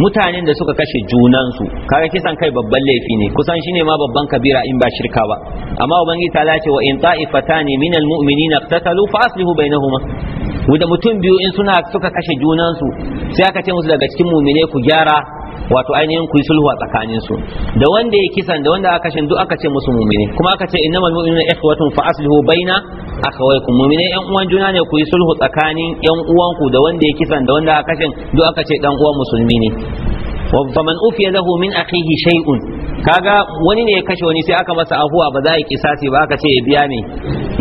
mutanen da suka kashe junansu kaga kisan kai babban laifi ne kusan shine ma babban kabira in ba shirka ba amma ubangiji ta lace wa in ta'ifatani min almu'minina iqtatalu fa aslihu bainahuma da mutum biyu in suna suka kashe junansu sai aka ce musu daga cikin mumine ku gyara wato ainihin ku yi sulhu a tsakanin su da wanda ya kisan da wanda aka shin duk aka ce musu mu'mini kuma aka ce innamal mu'minuna ikhwatun fa aslihu baina akhawaykum mu'mini yan uwan juna ne ku yi sulhu tsakanin yan uwanku da wanda ya kisan da wanda aka shin duk aka ce dan uwan musulmi ne wa faman ufiya lahu min akhihi shay'un kaga wani ne ya kashe wani sai aka masa afuwa ba za a yi kisasi ba aka ce ya biya ne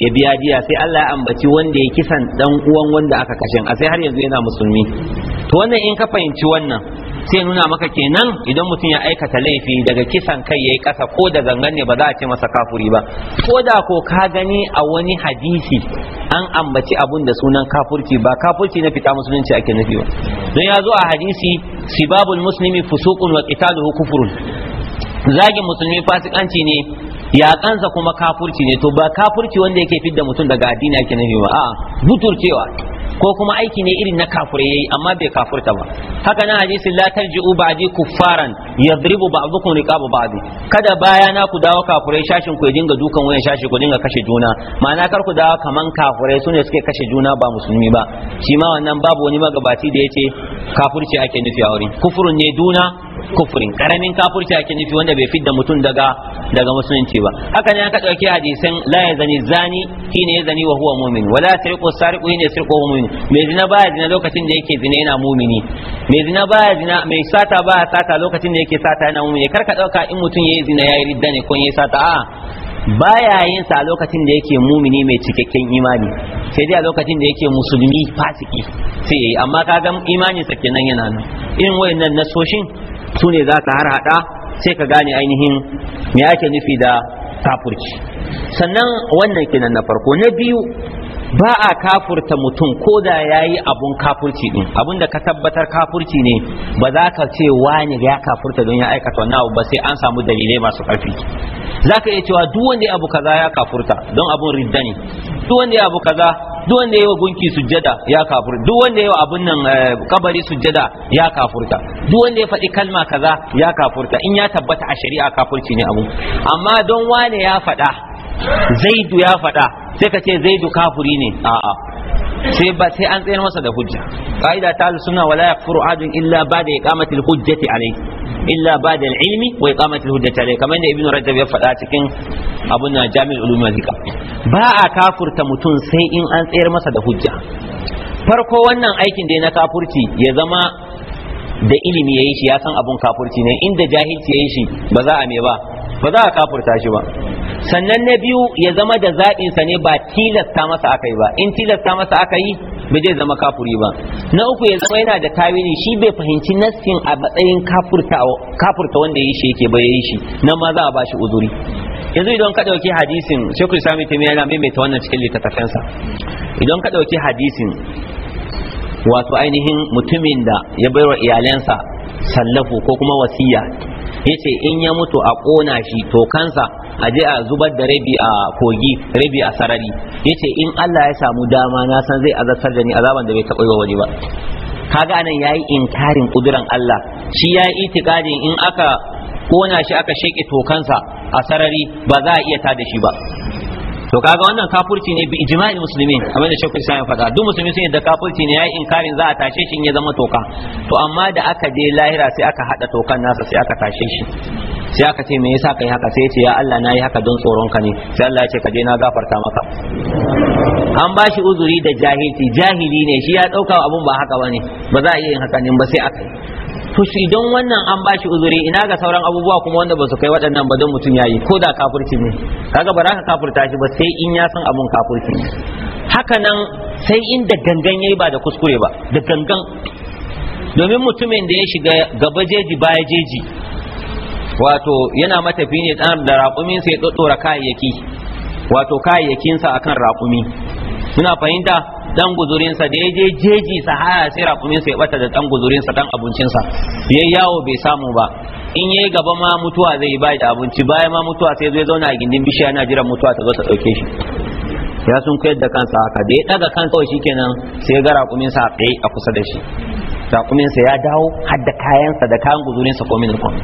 ya biya diya sai Allah ya ambaci wanda ya kisan dan uwan wanda aka kashe a sai har yanzu yana musulmi to wannan in ka fahimci wannan sai nuna maka kenan idan mutum ya aikata laifi daga kisan kai yayi kasa ko da zangan ne ba za a ce masa kafuri ba ko da ko ka gani a wani hadisi an ambaci abun da sunan kafurci ba kafurci na fita musulunci ake nufi ba don ya zo a hadisi sibabul muslimi fusuqun wa qitaluhu kufrun zagin musulmi fasikanci ne ya kansa kuma kafurci ne to ba kafurci wanda yake fidda mutum daga addini ake nufi ba a'a buturcewa ko kuma aiki ne irin na kafure yayi amma bai kafurta ba haka na hadisi la tarji'u ba'di kuffaran yadribu ba'dukum riqaba ba'di kada baya na ku dawo kafure shashin ku dinga dukan wayan shashi ku dinga kashe juna ma'ana kar ku dawo kaman kafure sune suke kashe juna ba musulmi ba shi ma wannan babu wani magabaci da yace kafurci ake nufi a wurin kufurun ne duna Kufurin karamin kafurci ake nufi wanda bai fidda mutum daga daga musulunci ba haka ne aka dauki hadisin la ya zani zani shine ya zani wa huwa mu'min wala sariqu sariqu shine sirqu huwa mu'min mai zina ya zina lokacin da yake zina yana mu'mini mai zina ba ya zina mai sata ya sata lokacin da yake sata yana mu'mini karka dauka in mutum yayi zina yayi ridda ne ko yayi sata a baya yin sa lokacin da yake mumini mai cikakken imani sai dai a lokacin da yake musulmi fasiki sai yayi amma kaga imanin sa kenan yana nan irin wayannan nasoshin su ne za ta har hada sai ka gane ainihin me ake nufi da kafurci sannan wannan kinan na farko na biyu ba a kafurta mutum ko da ya yi abun kafurci din abun da ka tabbatar kafurci ne ba za ka ce wani ya kafurta don ya aikata wannan abu ba sai an samu dalilai masu ƙarfi za ka iya cewa duk wanda abu kaza ya kafurta don abun ridda ne duk wanda abu kaza duk wanda yayi gunki sujjada ya kafurta duk wanda yayi abun nan eh, kabari sujjada ya kafurta duk wanda ya faɗi kalma kaza ya kafurta in ya tabbata a shari'a kafurci ne abu amma don wane ya faɗa zaidu ya faɗa sai ka ce zaidu kafuri ne a'a sai ba sai an tsayar masa da hujja qaida ta suna wala yakfuru ahadun illa ba'da iqamati al-hujjati alayhi illa ba'da al-ilmi wa iqamati al-hujjati alai. kamar da ibnu rajab ya faɗa cikin abun na jami'ul ulum Zika. ba a kafurta mutum sai in an tsayar masa da hujja farko wannan aikin da na kafurci ya zama da ilimi ya yi shi ya san abun kafurci ne inda jahilci ya yi shi ba za a me ba ba za a kafurta shi ba sannan na biyu ya zama da zaɓin sa ne ba tilasta masa aka yi ba in tilasta masa aka yi ba zai zama kafuri ba na uku ya zama yana da tawili shi bai fahimci nassin a matsayin kafurta wanda ya yi shi yake ba ya yi shi nan ma za a bashi uzuri yanzu idan ka ɗauki hadisin shekul sami tumi yana maimaita wannan cikin littattafensa idan ka ɗauki hadisin wato ainihin mutumin da ya baiwa iyalansa sallafu ko kuma wasiya yace in ya mutu a kona shi to kansa a je a zubar da rabi a kogi rabi a sarari yace in Allah ya samu dama na san zai azabtar da ni azaban da bai taɓa yi wa wani ba kaga anan yayi inkarin kuduran Allah shi yayi itikadin in aka kona shi aka sheke tokansa a sarari ba za a iya tada shi ba to kaga wannan kafurci ne bi ijma'i muslimin kamar da shekul sai faɗa duk musulmi sun da kafurci ne yayi inkarin za a tashe shi in ya zama toka to amma da aka je lahira sai aka hada tokan nasa sai aka tashe shi sai aka ce me yasa kai haka sai ya ce ya Allah nayi yi haka don tsoron ka ne sai Allah ya ce ka je na gafarta maka an ba shi uzuri da jahilci jahili ne shi ya dauka abun ba haka bane ba za a iya yin haka ne ba sai aka to shi don wannan an ba shi uzuri ina ga sauran abubuwa kuma wanda ba su kai waɗannan ba don mutum ya yi ko da kafurci ne kaga ba za ka kafurta shi ba sai in ya san abun kafurci haka nan sai in da gangan yayi ba da kuskure ba da gangan domin mutumin da ya shiga gaba jeji baya jeji wato yana matafi ne tsanar da raƙumin sai ya tsotsora kayayyaki wato kayayyakinsa akan raƙumi muna fahimta dan guzurinsa da ya je jeji sahara sai raƙumin sa ya bata da dan guzurinsa dan abincinsa ya yawo bai samu ba in yayi gaba ma mutuwa zai yi bai da abinci baya ma mutuwa sai zai zauna a gindin bishiya yana jiran mutuwa ta zo ta dauke shi ya sun koyar da kansa haka da ya daga kansa kawai shikenan sai ya ga raƙumin sa a tsaye a kusa da shi raƙuminsa ya dawo har da kayansa da kayan guzurinsa komin komin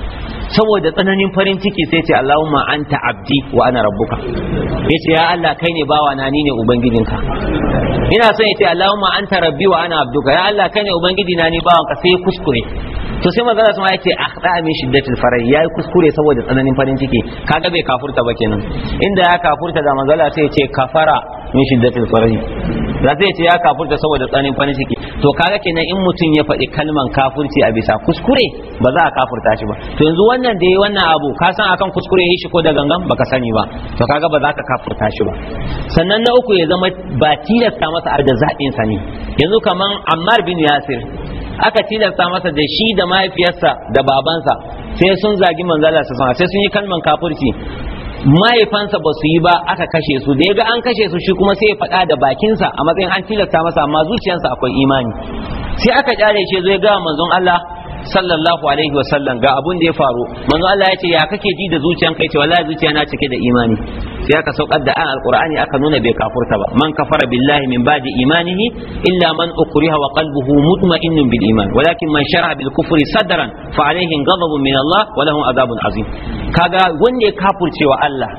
saboda tsananin farin ciki sai ce Allahumma anta abdi wa ana rabbuka yace ya Allah kai ne bawa na ni ne ubangijinka ina son yace Allahumma anta rabbi wa ana abduka ya Allah kai ne ubangiji na ni bawan ka sai kuskure to sai magana sun yace akhta min shiddatil farai yayi kuskure saboda tsananin farin ciki kaga bai kafurta ba kenan inda ya kafurta da manzala sai ce kafara min shiddatil farai da ya ce ya kafurta saboda tsananin farin ciki to kaga kenan in mutum ya faɗi kalman kafurci a bisa kuskure ba za a kafurta shi ba to yanzu wannan da yi wannan abu ka san akan kuskure ya shi ko da gangan baka sani ba to kaga ba za ka kafurta shi ba sannan na uku ya zama ba tilasta masa arda zaɓin ne yanzu kaman Ammar bin Yasir aka tilasta masa da shi da mahaifiyarsa da babansa sai sun zagi manzala sai sun yi kalman kafurci mahaifansa ba su yi ba aka kashe su da ya ga an kashe su shi kuma sai ya faɗa da bakinsa a matsayin an tilasta masa amma zuciyarsa akwai imani sai aka kyale shi zo ya ga manzon Allah sallallahu alaihi wa sallam ga abun da ya faru manzon Allah ya ce ya kake ji da zuciyanka ya ce wallahi zuciya na cike da imani sai aka saukar da ayan alkur'ani aka nuna bai kafurta ba man kafara billahi min ba'di imanihi illa man ukriha wa qalbuhu mutma'innun bil iman walakin man shara'a bil kufri sadran fa alaihim ghadabun min Allah wa lahum adabun azim kaga wanda ya kafurcewa Allah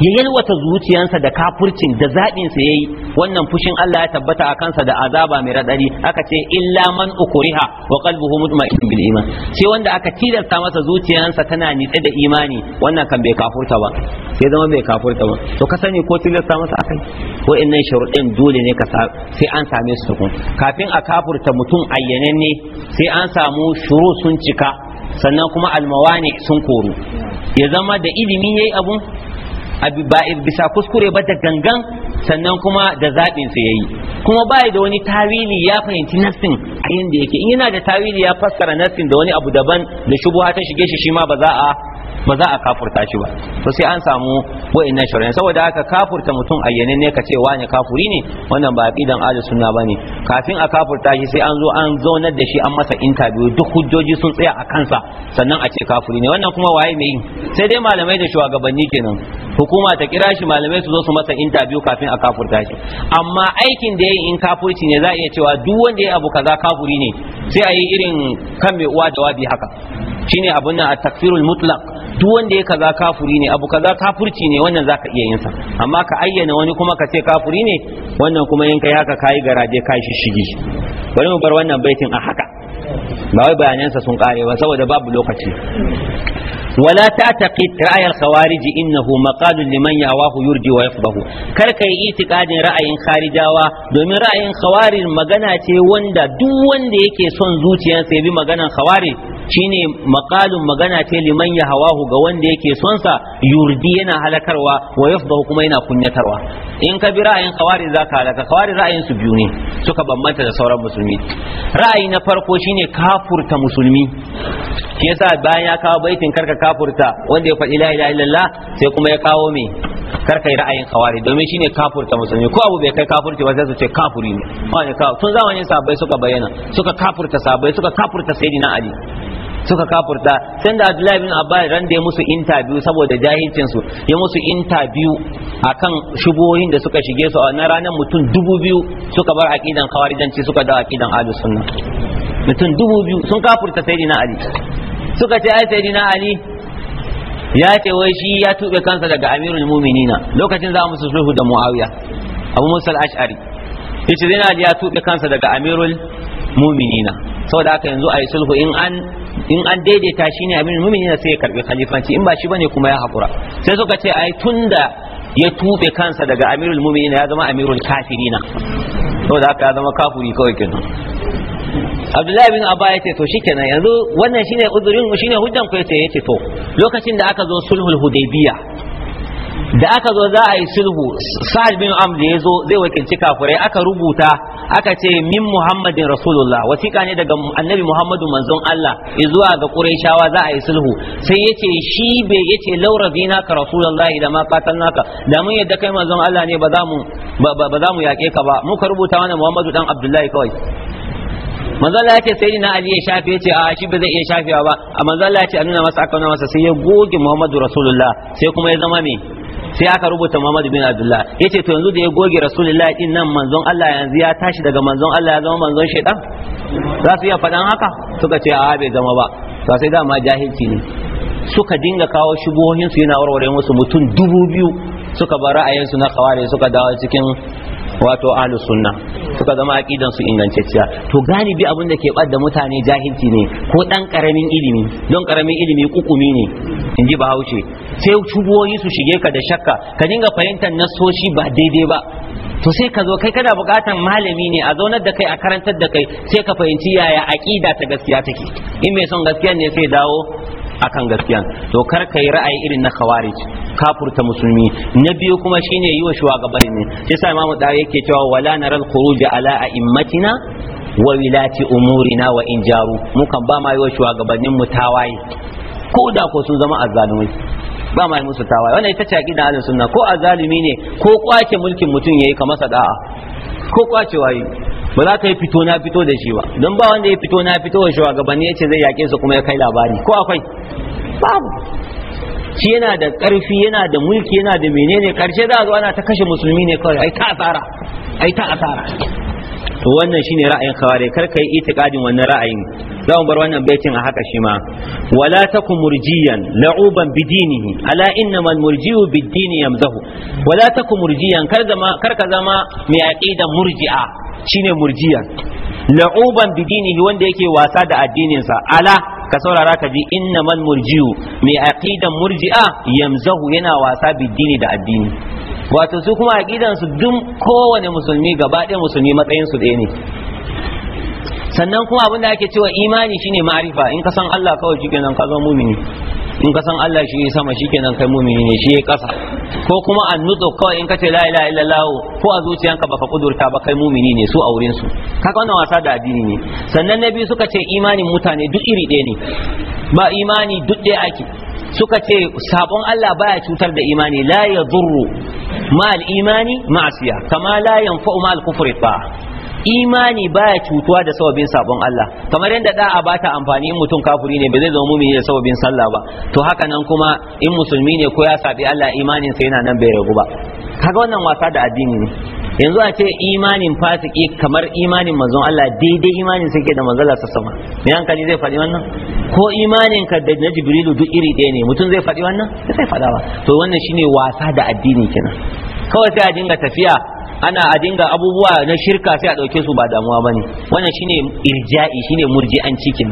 ya yalwata zuciyansa da kafurcin da zaɓinsa ya yi wannan fushin Allah ya tabbata a kansa da azaba mai raɗaɗi aka ce illa man ukuriha wa qalbuhu mutma'in bil iman sai wanda aka tilasta masa zuciyansa tana nitse da imani wannan kan bai kafurta ba sai zama bai kafurta masa ba to ka sani ko tilasta masa akai nan sharuɗin dole ne ka sai an same su tukun kafin a kafurta mutum ayyananne sai an samu shuru sun cika sannan kuma almawani sun koru ya zama da ilimi yayi abun ba bisa kuskure ba da gangan sannan kuma da zaɓin sa yayi kuma ba da wani tawili ya fahimci nassin a yanda yake in yana da tawili ya fassara nassin da wani abu daban da shubuha ta shige shi shi ma ba za a ba za a kafurta shi ba to sai an samu na shari'a saboda haka kafurta mutum ayyane ne ka ce wani kafuri ne wannan ba aqidan ahlus sunna bane kafin a kafurta shi sai an zo an zaunar da shi an masa interview duk hujjoji sun tsaya a kansa sannan a ce kafuri ne wannan kuma waye mai sai dai malamai da shugabanni kenan hukuma ta kira shi malamai su zo su masa interview kafin a kafurta shi amma aikin da yayi in kafurci ne za a iya cewa duk wanda yayi abu kaza kafuri ne sai a yi irin kan mai uwa da wabi haka shine abun nan a takfirul mutlaq duk wanda ya kaza kafuri ne abu kaza kafurci ne wannan zaka iya yin sa amma ka ayyana wani kuma ka ce kafuri ne wannan kuma in kai haka kai garaje kai shi shigi bari mu bar wannan baitin a haka ba wai bayanansa sun kare ba saboda babu lokaci ولا تعتقد رأي الخوارج إنه مقال لمن يواه يرجي ويفضه itikadin ra'ayin رأي domin ra'ayin رأي magana ce wanda duk wanda yake son zuciyarsa ya bi maganan خوارج shine maqalun magana ce liman ya hawahu ga wanda yake son sa yurdi yana halakarwa wa yafdahu kuma yana kunyatarwa in ka bi ra'ayin khawari ka halaka khawari ra'ayin su biyu ne suka bambanta da sauran musulmi ra'ayi na farko shine kafurta musulmi ke yasa bayan ya kawo baitin karka kafurta wanda ya faɗi la ilaha illallah sai kuma ya kawo me karka yi ra'ayin khawari domin shine kafurta musulmi ko abu bai kai kafurci ba sai su ce kafuri ne tun zamanin sabai suka bayyana suka kafurta sabai suka kafurta sayyidina ali suka kafurta sai da Abdullahi bin Abbas ran da ya musu interview saboda jahilcin su ya musu interview akan shubohin da suka shige su a ranar mutum dubu biyu suka bar aqidan khawarijanci suka dawo aqidan ahlus sunna mutum dubu biyu sun kafurta sayyidina Ali suka ce ai sayyidina Ali ya ce wai shi ya tube kansa daga amirul muminina lokacin za mu su sulhu da Muawiya Abu Musa al-Ash'ari yace sayyidina Ali ya tube kansa daga amirul muminina saboda haka yanzu ayi sulhu in an in an daidaita shi ne amin na sai ya karbi khalifanci in ba shi bane kuma ya hakura sai suka ce ai tunda ya tube kansa daga amirul mu'minina ya zama amirul kafirina to da aka zama kafuri kawai kenan abdullahi bin abba ya ce to shikenan yanzu wannan shine uzurin shine hujjan ku yace yace to lokacin da aka zo sulhul hudaybiya da aka zo za a yi sulhu sa'ad bin amr ya zo zai wakilci kafirai aka rubuta aka ce min muhammadin rasulullah wasiƙa ne daga annabi muhammadu manzon allah zuwa ga qurayshawa za a yi sulhu sai yace shi bai yace law radina ka rasulullah da ma da mun yadda kai manzon allah ne ba za mu ba mu ka ba muka rubuta wannan muhammadu dan abdullahi kawai manzala ya ce sai na ali ya shafe ce a shi ba zai iya shafewa ba a manzala ya ce a nuna masa aka nuna masa sai ya goge muhammadu rasulullah sai kuma ya zama mai. sai aka rubuta Muhammad bin Abdullah yace to yanzu da ya goge Rasulullahi din nan manzon Allah yanzu ya tashi daga manzon Allah ya zama manzon shaitan za su iya faɗan haka suka ce a bai zama ba to sai dama jahilci ne suka dinga kawo shubuhohin su yana warware musu mutum dubu biyu suka bar ra'ayin su na kawari suka dawo cikin wato ahlu sunna suka zama aqidan su ingantacciya to galibi abin da ke badda mutane jahilci ne ko dan karamin ilimi don karamin ilimi kukumi ne in ji bahaushe sai cuboyi su shige ka da shakka ka dinga fahimtar nasoshi ba daidai ba to sai ka zo kai kana bukatan malami ne a zaunar da kai a karantar da kai sai ka fahimci yaya aqida ta gaskiya take in mai son gaskiya ne sai dawo akan gaskiya to kar kai ra'ayi irin na khawarij kafurta musulmi na biyu kuma shine yi wa shugabanni ne sai sa imamu da yake cewa wala naral khuruj ala a'immatina wa wilati umurina wa injaru jaru mu kan ba ma yi wa shugabannin mu tawaye ko da ko sun zama azzalumai ba ma yi musu tawaye wannan ita ce aqida ahlus sunna ko azzalumi ne ko kwace mulkin mutum yayi kamar sada'a ko kwace waye. ba za ka yi fito na fito da shi ba don ba wanda ya fito na fito da shugabanni ya ce zai yake su kuma ya kai labari ko akwai babu shi yana da ƙarfi yana da mulki yana da menene karshe za a zo ana ta kashe musulmi ne kawai ai ta asara ai ta asara to wannan shine ra'ayin kaware kar ka yi itikadin wannan ra'ayin za mu bar wannan baitin a haka shi ma wala taku murjiyan la'uban bidinihi ala innamal murjiu bidini yamzahu wala taku murjiyan kar zama kar ka zama mai aqida murji'a shine murjiya la'uban bidinihi wanda yake wasa da addininsa ala ka saurara ka ji innamal murjiu mai aqidan murji'a yamzahu yana wasa bidini da addini wato su kuma aqidan su duk kowane musulmi gaba ɗaya musulmi matsayin su ɗaya ne sannan kuma abin da ake cewa imani shine ma'arifa in ka san Allah kawai shikenan ka zama mumini in ka san Allah shi sama shikenan kai mumini ne shi kasa ko kuma annudu kawai in ka ce la ilaha illallah ko a zuciyanka baka kudurta ba kai mumini ne su a wurin su kaga wannan wasa da addini ne sannan na biyu suka ce imanin mutane duk iri ɗaya ne ba imani duk ɗaya ake suka ce sabon Allah baya cutar da imani la yadurru ma al imani ma'asiya kama la yanfa'u ma al kufri ta'a imani baya cutuwa da sababin sabon Allah kamar yadda da'a ba ta amfani in mutum kafuri ne ba zai zama mumini da sababin sallah ba to haka nan kuma in musulmi ne ko ya sabi Allah imanin sa yana nan bai ragu ba kaga wannan wasa da addini ne yanzu a ce imanin fasiki kamar imanin manzon Allah daidai imanin sa yake da manzon Allah sama me hankali zai faɗi wannan ko imanin ka da na Jibrilu duk iri ɗaya ne mutum zai faɗi wannan sai faɗa ba to wannan shine wasa da addini kenan kawai sai a dinga tafiya ana a dinga abubuwa na shirka sai a ɗauke su ba damuwa ba ne wannan shine irja'i shine murji'an cikin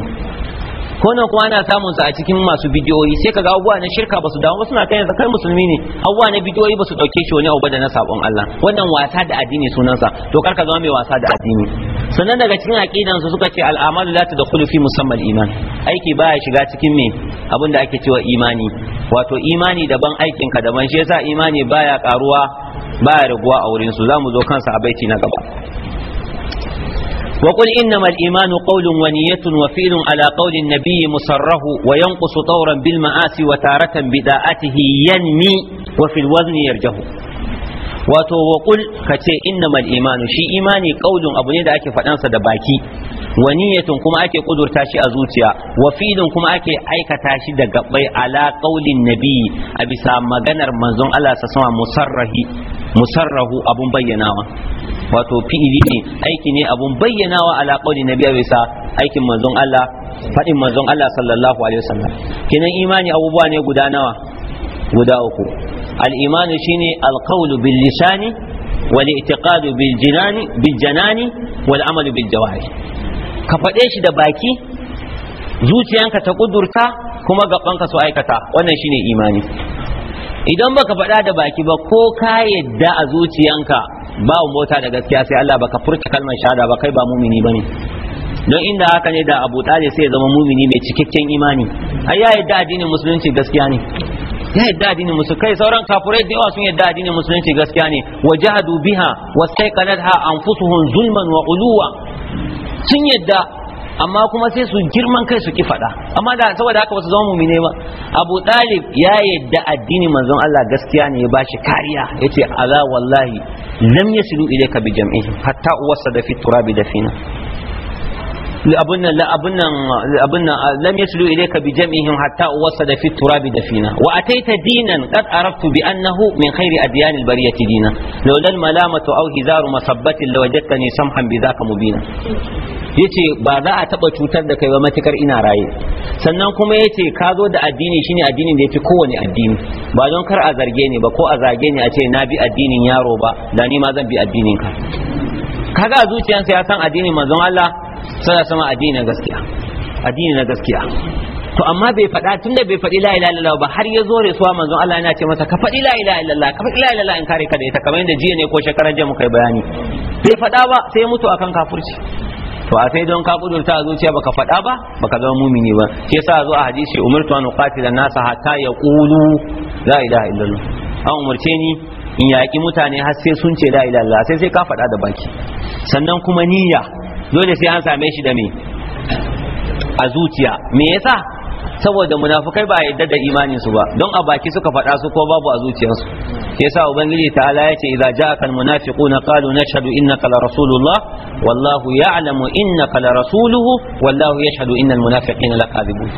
ko nan kuma ana samun su a cikin masu bidiyoyi sai kaga abubuwa na shirka ba su damu ba suna kai yanzu kai musulmi ne abubuwa na bidiyoyi su dauke shi wani abu da na sabon Allah wannan wasa da addini sunansa to karka zama mai wasa da addini sannan daga cikin aqidansu suka ce al'amalu la tadkhulu fi musammal iman aiki baya shiga cikin me abin da ake cewa imani wato imani daban aikin ka daban shi yasa imani baya karuwa baya raguwa a wurin su zamu zo kansa a baiti na gaba وقل إنما الإيمان قول ونية وفيل على قول النبي مصره وينقص طورا بالمآسي وتارة بداءته ينمي وفي الوزن يرجه wato wa qul kace innamal imanu shi imani qaulun abu ne da ake faɗansa da baki wa niyyatun kuma ake kudurta shi a zuciya wa fi'lun kuma ake aikata shi da gabbai ala qaulin nabi a bisa maganar manzon Allah sa sama musarrahi musarrahu abun bayyanawa wato fi'ili ne aiki ne abun bayyanawa ala qaulin nabi a bisa aikin manzon Allah faɗin manzon Allah sallallahu alaihi wasallam kenan imani abubuwa ne guda nawa guda uku al-imanu shine باللسان والاعتقاد bil lisani والعمل بالجوارح bil jinani wal amalu bil ka faɗe shi da baki zuciyanka ta ƙudurta kuma su aikata wannan shine imani idan baka faɗa da baki ba ko ka yadda a zuciyanka ba mota da gaskiya sai Allah baka furta kalmar shahada ba kai ba mumini bane don inda haka ne da Abu Talib sai ya zama mumini mai cikakken imani ai ya yadda addinin musulunci gaskiya ne ya yadda addinin musulunci kai sauran kafurai da yawa sun yadda addinin musulunci gaskiya ne wa jahadu biha wa wastaiqanatha anfusuhum zulman wa uluwa sun yadda amma kuma sai su girman kai su kifada faɗa amma da saboda haka wasu zama mumine ba abu dalib ya yadda addinin manzon Allah gaskiya ne ya bashi kariya yace ala wallahi lam yasilu ilayka bi jam'ihi hatta uwasada da fi turabi da fina abun nan abun nan abun nan lam yaslu ilayka bi jam'ihim hatta wasada fi turab dafina wa ataita dinan qad araftu bi annahu min khairi adyan al bariyati dinan lawla al malamatu aw hizaru masabbati lawajadtani samhan bi dhaka mubina yace ba za a taba cutar da kai ba matukar ina raye sannan kuma yace ka zo da addini shine addinin da yafi kowane addini ba don kar a zarge ni ba ko a zage ni a ce na bi addinin yaro ba da ni ma zan bi addinin ka kaga zuciyarsa ya san addinin manzon Allah suna sama addini na gaskiya addini na gaskiya to amma bai faɗa tun da bai faɗi la ilaha illallah ba har ya zo rasuwa manzon Allah yana ce masa ka faɗi la ilaha illallah ka faɗi la ilaha in kare ka da ita kamar yadda jiya ne ko shekaran jiya muka yi bayani bai faɗa ba sai mutu akan kafirci to a sai don ka kudurta a zuciya baka faɗa ba baka zama mumini ba shi sa zo a hadisi umurtu an uqatila nasa hatta yaqulu la ilaha illallah an umurce ni in yaƙi mutane har sai sun ce la ilaha illallah sai sai ka faɗa da baki sannan kuma niyya dole sai an same shi da me a zuciya me yasa saboda munafukai ba yadda da imanin su ba don a baki suka faɗa su ko babu a zuciyarsu ke sa ubangiji ta'ala ya ce idza ja'aka almunafiquna qalu nashhadu innaka la rasulullah wallahu ya'lamu innaka la rasuluhu wallahu yashhadu innal munafiqina lakadibun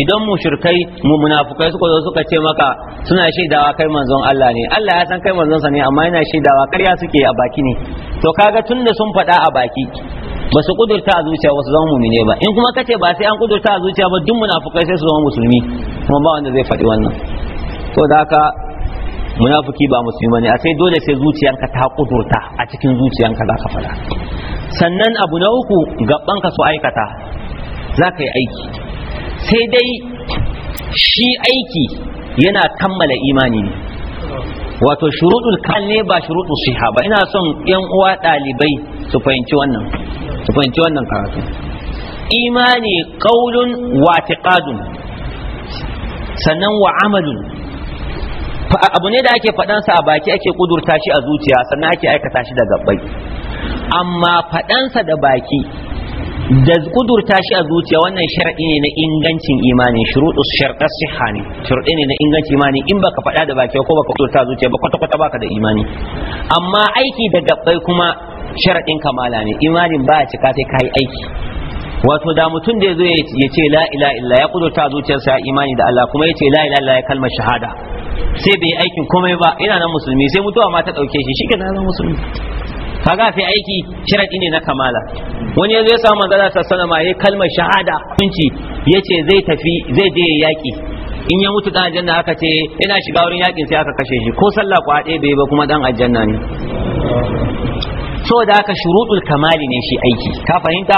idan mushrikai mu munafukai suka zo suka ce maka suna shaidawa kai manzon Allah ne Allah ya san kai manzon sa ne amma yana shaidawa ƙarya suke a baki ne to kaga tunda sun faɗa a baki ba su kudurta a zuciya wasu zama mumine ba in kuma kace ba sai an kudurta a zuciya ba duk munafukai sai su zama musulmi kuma ba wanda zai faɗi wannan to da haka munafuki ba musulmi ne a sai dole sai zuciyanka ta kudurta a cikin zuciyanka za ka faɗa sannan abu na uku gaban ka su aikata za ka yi aiki sai dai shi aiki yana kammala imani ne wato shuruɗul kan ne ba shuruɗul siha ba ina son yan uwa ɗalibai su fahimci wannan ku fahimci wannan karatu imani qaulun wa sannan wa amalun abu ne da ake faɗansa a baki ake kudurta shi a zuciya sannan ake aikata shi da gabbai amma faɗansa da baki da kudurta shi a zuciya wannan sharadi ne na ingancin imani shuruɗu sharɗar siha ne shuruɗi ne na ingancin imani in baka faɗa da baki ko baka kudurta zuciya ba kwata kwata baka da imani amma aiki da gabbai kuma sharaɗin kamala ne imanin ya cika sai ka yi aiki wato da mutum da zo ya ce la ila illa ya kudurta zuciyarsa imani da Allah kuma ya ce la ila illa ya kalmar shahada sai bai aikin komai ba ina nan musulmi sai mutuwa ma ta ɗauke shi shike nan musulmi kaga fi aiki sharaɗi ne na kamala wani ya zo ya samu manzala sallallahu ma ya kalmar shahada kunci ce zai tafi zai je yaƙi in ya mutu dan aljanna aka ce ina shiga wurin yakin sai aka kashe shi ko sallah a ɗaya bai ba kuma dan aljanna ne so da haka shuruɗul kamali ne shi aiki ka fahimta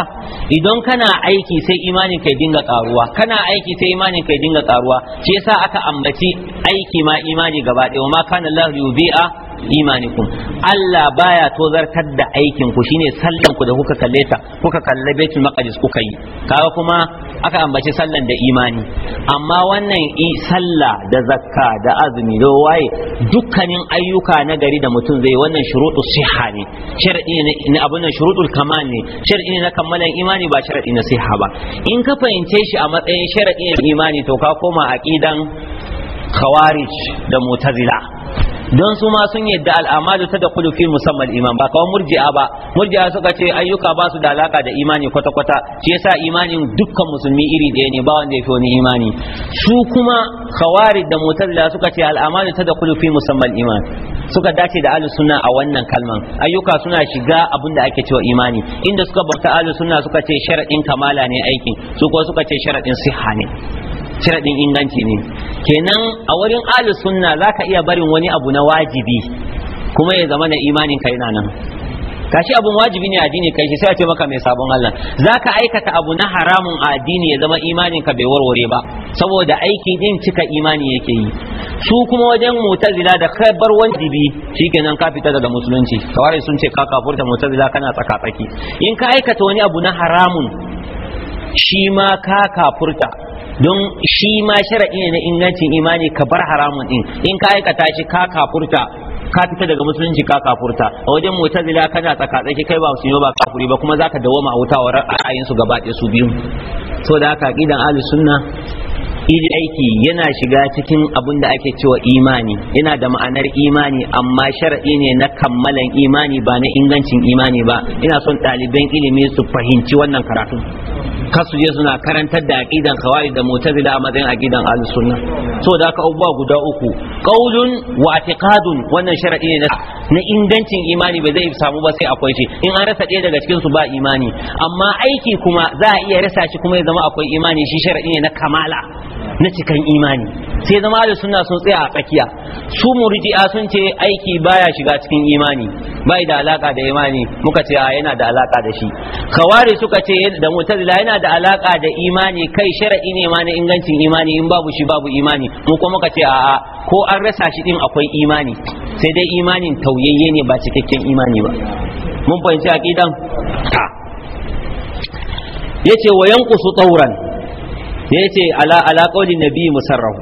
idan kana aiki sai imanin kai dinga karuwa kana aiki sai imanin kai dinga karuwa shi yasa aka ambaci aiki ma imani gaba ɗaya ma kana Allah yubi'a imanikum Allah baya tozartar da aikin ku shine sallan ku da kuka kalle ta kuka kalle baitul maqdis kuka yi kaga kuma aka ambace sallan da imani amma wannan i sallah da zakka da azumi da waye dukkanin ayyuka na gari da mutum zai wannan shurutu siha ne sharadi ne abun nan shurutul kamal ne sharadi ne na kammalan imani ba sharadi na siha ba in ka fahimce shi a matsayin sharadi imani to ka koma aqidan khawarij da mutazila don su ma sun yadda al'amalu ta da fi musamman iman ba kawai murji'a ba murji'a suka ce ayyuka ba su da alaka da imani kwata kwata shi yasa imanin dukkan musulmi iri ɗaya ne ba wanda ya fi wani imani su kuma khawarij da da suka ce al'amalu ta da fi musamman iman suka dace da ahlus sunna a wannan kalman ayyuka suna shiga abinda ake cewa imani inda suka bauta ahlus sunna suka ce sharadin kamala ne aikin su ko suka ce sharadin sihha ne sharadin inganci ne kenan a wurin ahlus sunna zaka iya barin wani abu na wajibi kuma ya zama na imanin kai nan kashi abun wajibi ne addini kai shi sai a ce maka mai sabon Allah zaka aikata abu na haramun addini ya zama imanin ka bai warware ba saboda aiki din cika imani yake yi su kuma wajen mu'tazila da kai bar wajibi shikenan ka fita daga musulunci kawai sun ce ka kafurta mu'tazila kana tsaka tsaki in ka aikata wani abu na haramun shi ma ka kafurta don shi ma sharaɗi ne na ingancin imani ka bar haramun din in ka aikata shi ka kafurta ka fita daga musulunci ka kafurta a wajen mu'tazila kana tsakatsaki kai ba musulmi ba kafuri ba kuma zaka dawoma a wuta wa ra'ayin su gaba ɗaya su biyu so haka aqidan ahlus sunna Ili aiki yana shiga cikin abin da ake cewa imani yana da ma'anar imani amma sharaɗi ne na kammalan imani ba na ingancin imani ba ina son ɗaliban ilimi su fahimci wannan karatu kasu je suna karantar da aqidan khawari da mu'tazila a matsayin aqidan ahlus sunna so da aka abubuwa guda uku qaulun wa i'tiqadun wannan shar'i ne na ingancin imani ba zai samu ba sai akwai shi in an rasa ɗaya daga cikin su ba imani amma aiki kuma za a iya rasa shi kuma ya zama akwai imani shi shar'i ne na kamala na cikin imani sai zama da suna sun tsaya a tsakiya su murji'a sun ce aiki baya shiga cikin imani bai da alaka da imani muka ce a yana da alaka da shi Kawari suka ce da mu'tazila yana da alaka da imani kai shara'i ne ma na ingancin imani in babu shi babu imani mu kuma muka ce a ko an rasa shi din akwai imani sai dai imanin tauyayye ne ba cikakken imani ba mun fahimci aqidan yace wa yanqusu tawran yace ala ala qauli nabi musarraf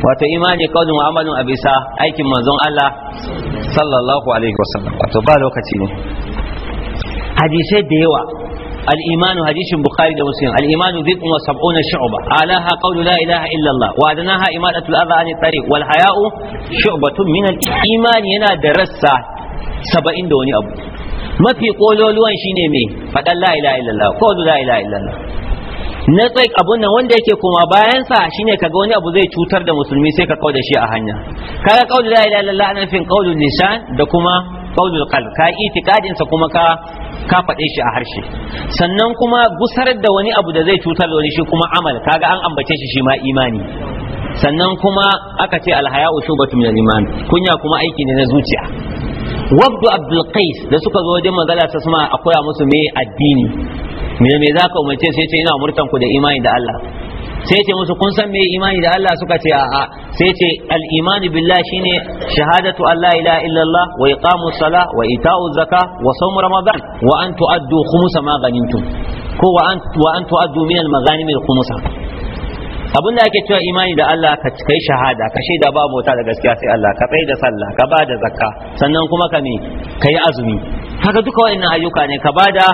wato imani qaulun wa amalun abisa aikin manzon Allah sallallahu alaihi wasallam wato ba lokaci ne hadisai da yawa الإيمان حديث البخاري ومسلم الإيمان بضع وسبعون شعبة أعلاها قول لا إله إلا الله وأدناها إمادة الأذى عن الطريق والحياء شعبة من الإيمان ينا درسة سبعين دوني أبو ما في قولوا لوان شيني مي فقال لا إله إلا الله قولوا لا إله إلا الله na tsaye abun nan wanda yake koma bayansa shine kaga wani abu zai cutar da musulmi sai ka kauda shi a hanya kaga kaudu la ilaha illallah ana fin kaudu nishan da kuma kaudu qalb ka itikadin sa kuma ka ka faɗe shi a harshe sannan kuma gusar da wani abu da zai cutar da wani shi kuma amal kaga an ambace shi shi ma imani sannan kuma aka ce alhaya usubatu min aliman kunya kuma aiki ne na zuciya wabdu abdul qais da suka zo wajen manzala ta suma akwai musu me addini me me zaka umarce sai ce ina murtan ku da imani da Allah sai ce musu kun san me imani da Allah suka ce a'a sai ce al imani billahi shine shahadatu Allah ilaha illallah wa iqamus Sala wa ita'u Zaka wa sawm ramadan wa an tu'addu khumsa ma ghanimtum ko wa an wa an tu'addu min al maghanim al khumsa abin da ake cewa imani da Allah ka kai shahada ka shaida ba mota da gaskiya sai Allah ka tsai da sallah ka ba da zakka sannan kuma ka me kai azumi haka duka wa'annan ayyuka ne ka ba da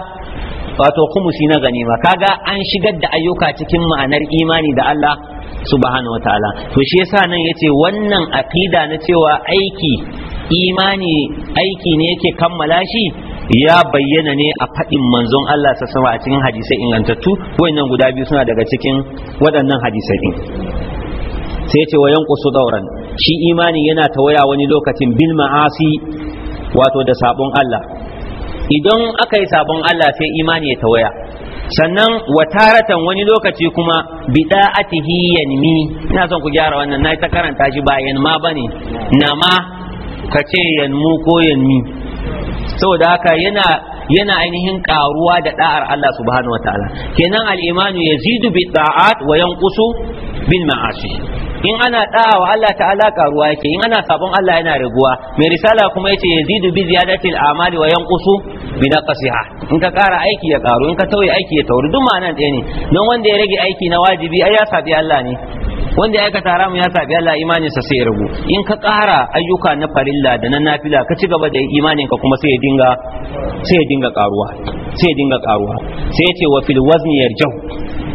wato kumusi na ganima kaga an shigar da ayyuka cikin ma'anar imani da Allah subhanahu wataala to shi yasa nan yace wannan aqida na cewa aiki imani aiki ne yake kammala shi ya bayyana ne a faɗin manzon Allah ta a cikin hadisai ingantattu wayannan guda biyu suna daga cikin waɗannan hadisai din sai yace wa yanqusu dauran shi imani yana tawaya wani lokacin bil ma'asi wato da sabon Allah idan aka yi sabon Allah sai imani ya tawaya sannan wataratan wani lokaci kuma da'atihi yanmi ina son ku gyara wannan na ta karanta shi ba yanma bane nama ka ce yanmu ko yanmi saboda haka yana yana ainihin karuwa da da'ar Allah subhanahu ta'ala kenan al-imanu yazidu bi ta'at wa yanqusu bil ma'asi in ana da'a wa Allah ta'ala karuwa yake in ana sabon Allah yana raguwa mai risala kuma yace yazidu bi ziyadati al-amali wa yanqusu bi naqsiha in ka kara aiki ya karu in ka tauye aiki ya tauri duk ma'anan ɗaya ne don wanda ya rage aiki na wajibi ai ya sabi Allah ne wanda ya aikata haramun ya sabi Allah imanin sa sai ya ragu in ka kara ayyuka na farilla da na nafila ka ci gaba da imanin ka kuma sai ya dinga sai ya dinga karuwa sai ya dinga karuwa sai ya ce wa fil wazni yarjau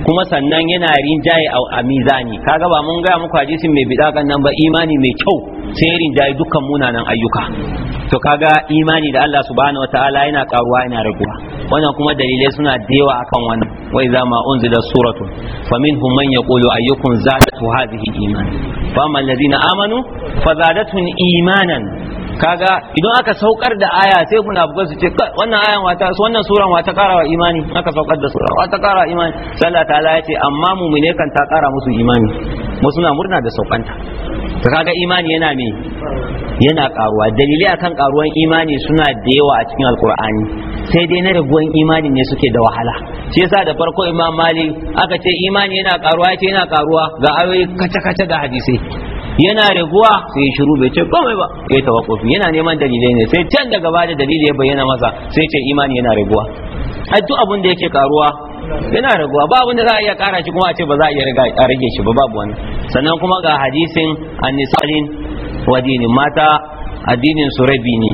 kuma sannan yana rinjaye a mizani kaga ba mun gaya muku hadisin mai bidakan nan ba imani mai kyau sai ya rinjaye dukkan munanan ayyuka to kaga imani da Allah subhanahu wataala yana karuwa yana raguwa wannan kuma dalilai suna da yawa akan wannan wai za ma unzila suratu faminhum man yaqulu ayyukum zadatu hadhihi iman fa man ladina amanu fa zadatuhum imanan kaga idan aka saukar da aya sai kuna bugar su ce wannan ayan wata wannan suran wata kara wa imani aka saukar da sura wata kara imani sallah ta ya ce amma mumine kan ta kara musu imani mu suna murna da saukanta to kaga imani yana me yana karuwa dalilai akan karuwan imani suna da yawa a cikin alkur'ani sai dai na raguwan imani ne suke da wahala shi yasa da farko imam mali aka ce imani yana karuwa yace yana karuwa ga ayoyi kaca kaca ga hadisai yana raguwa sai shiru bai ce komai ba ya tawakkufi yana neman dalilai ne sai can daga da dalili ya bayyana masa sai ce imani yana raguwa a duk abin da yake karuwa yana raguwa ba abin za a iya kara shi kuma a ce ba za a iya rage shi ba babu wani sannan kuma ga hadisin annisalin wadini mata addinin su rabi ne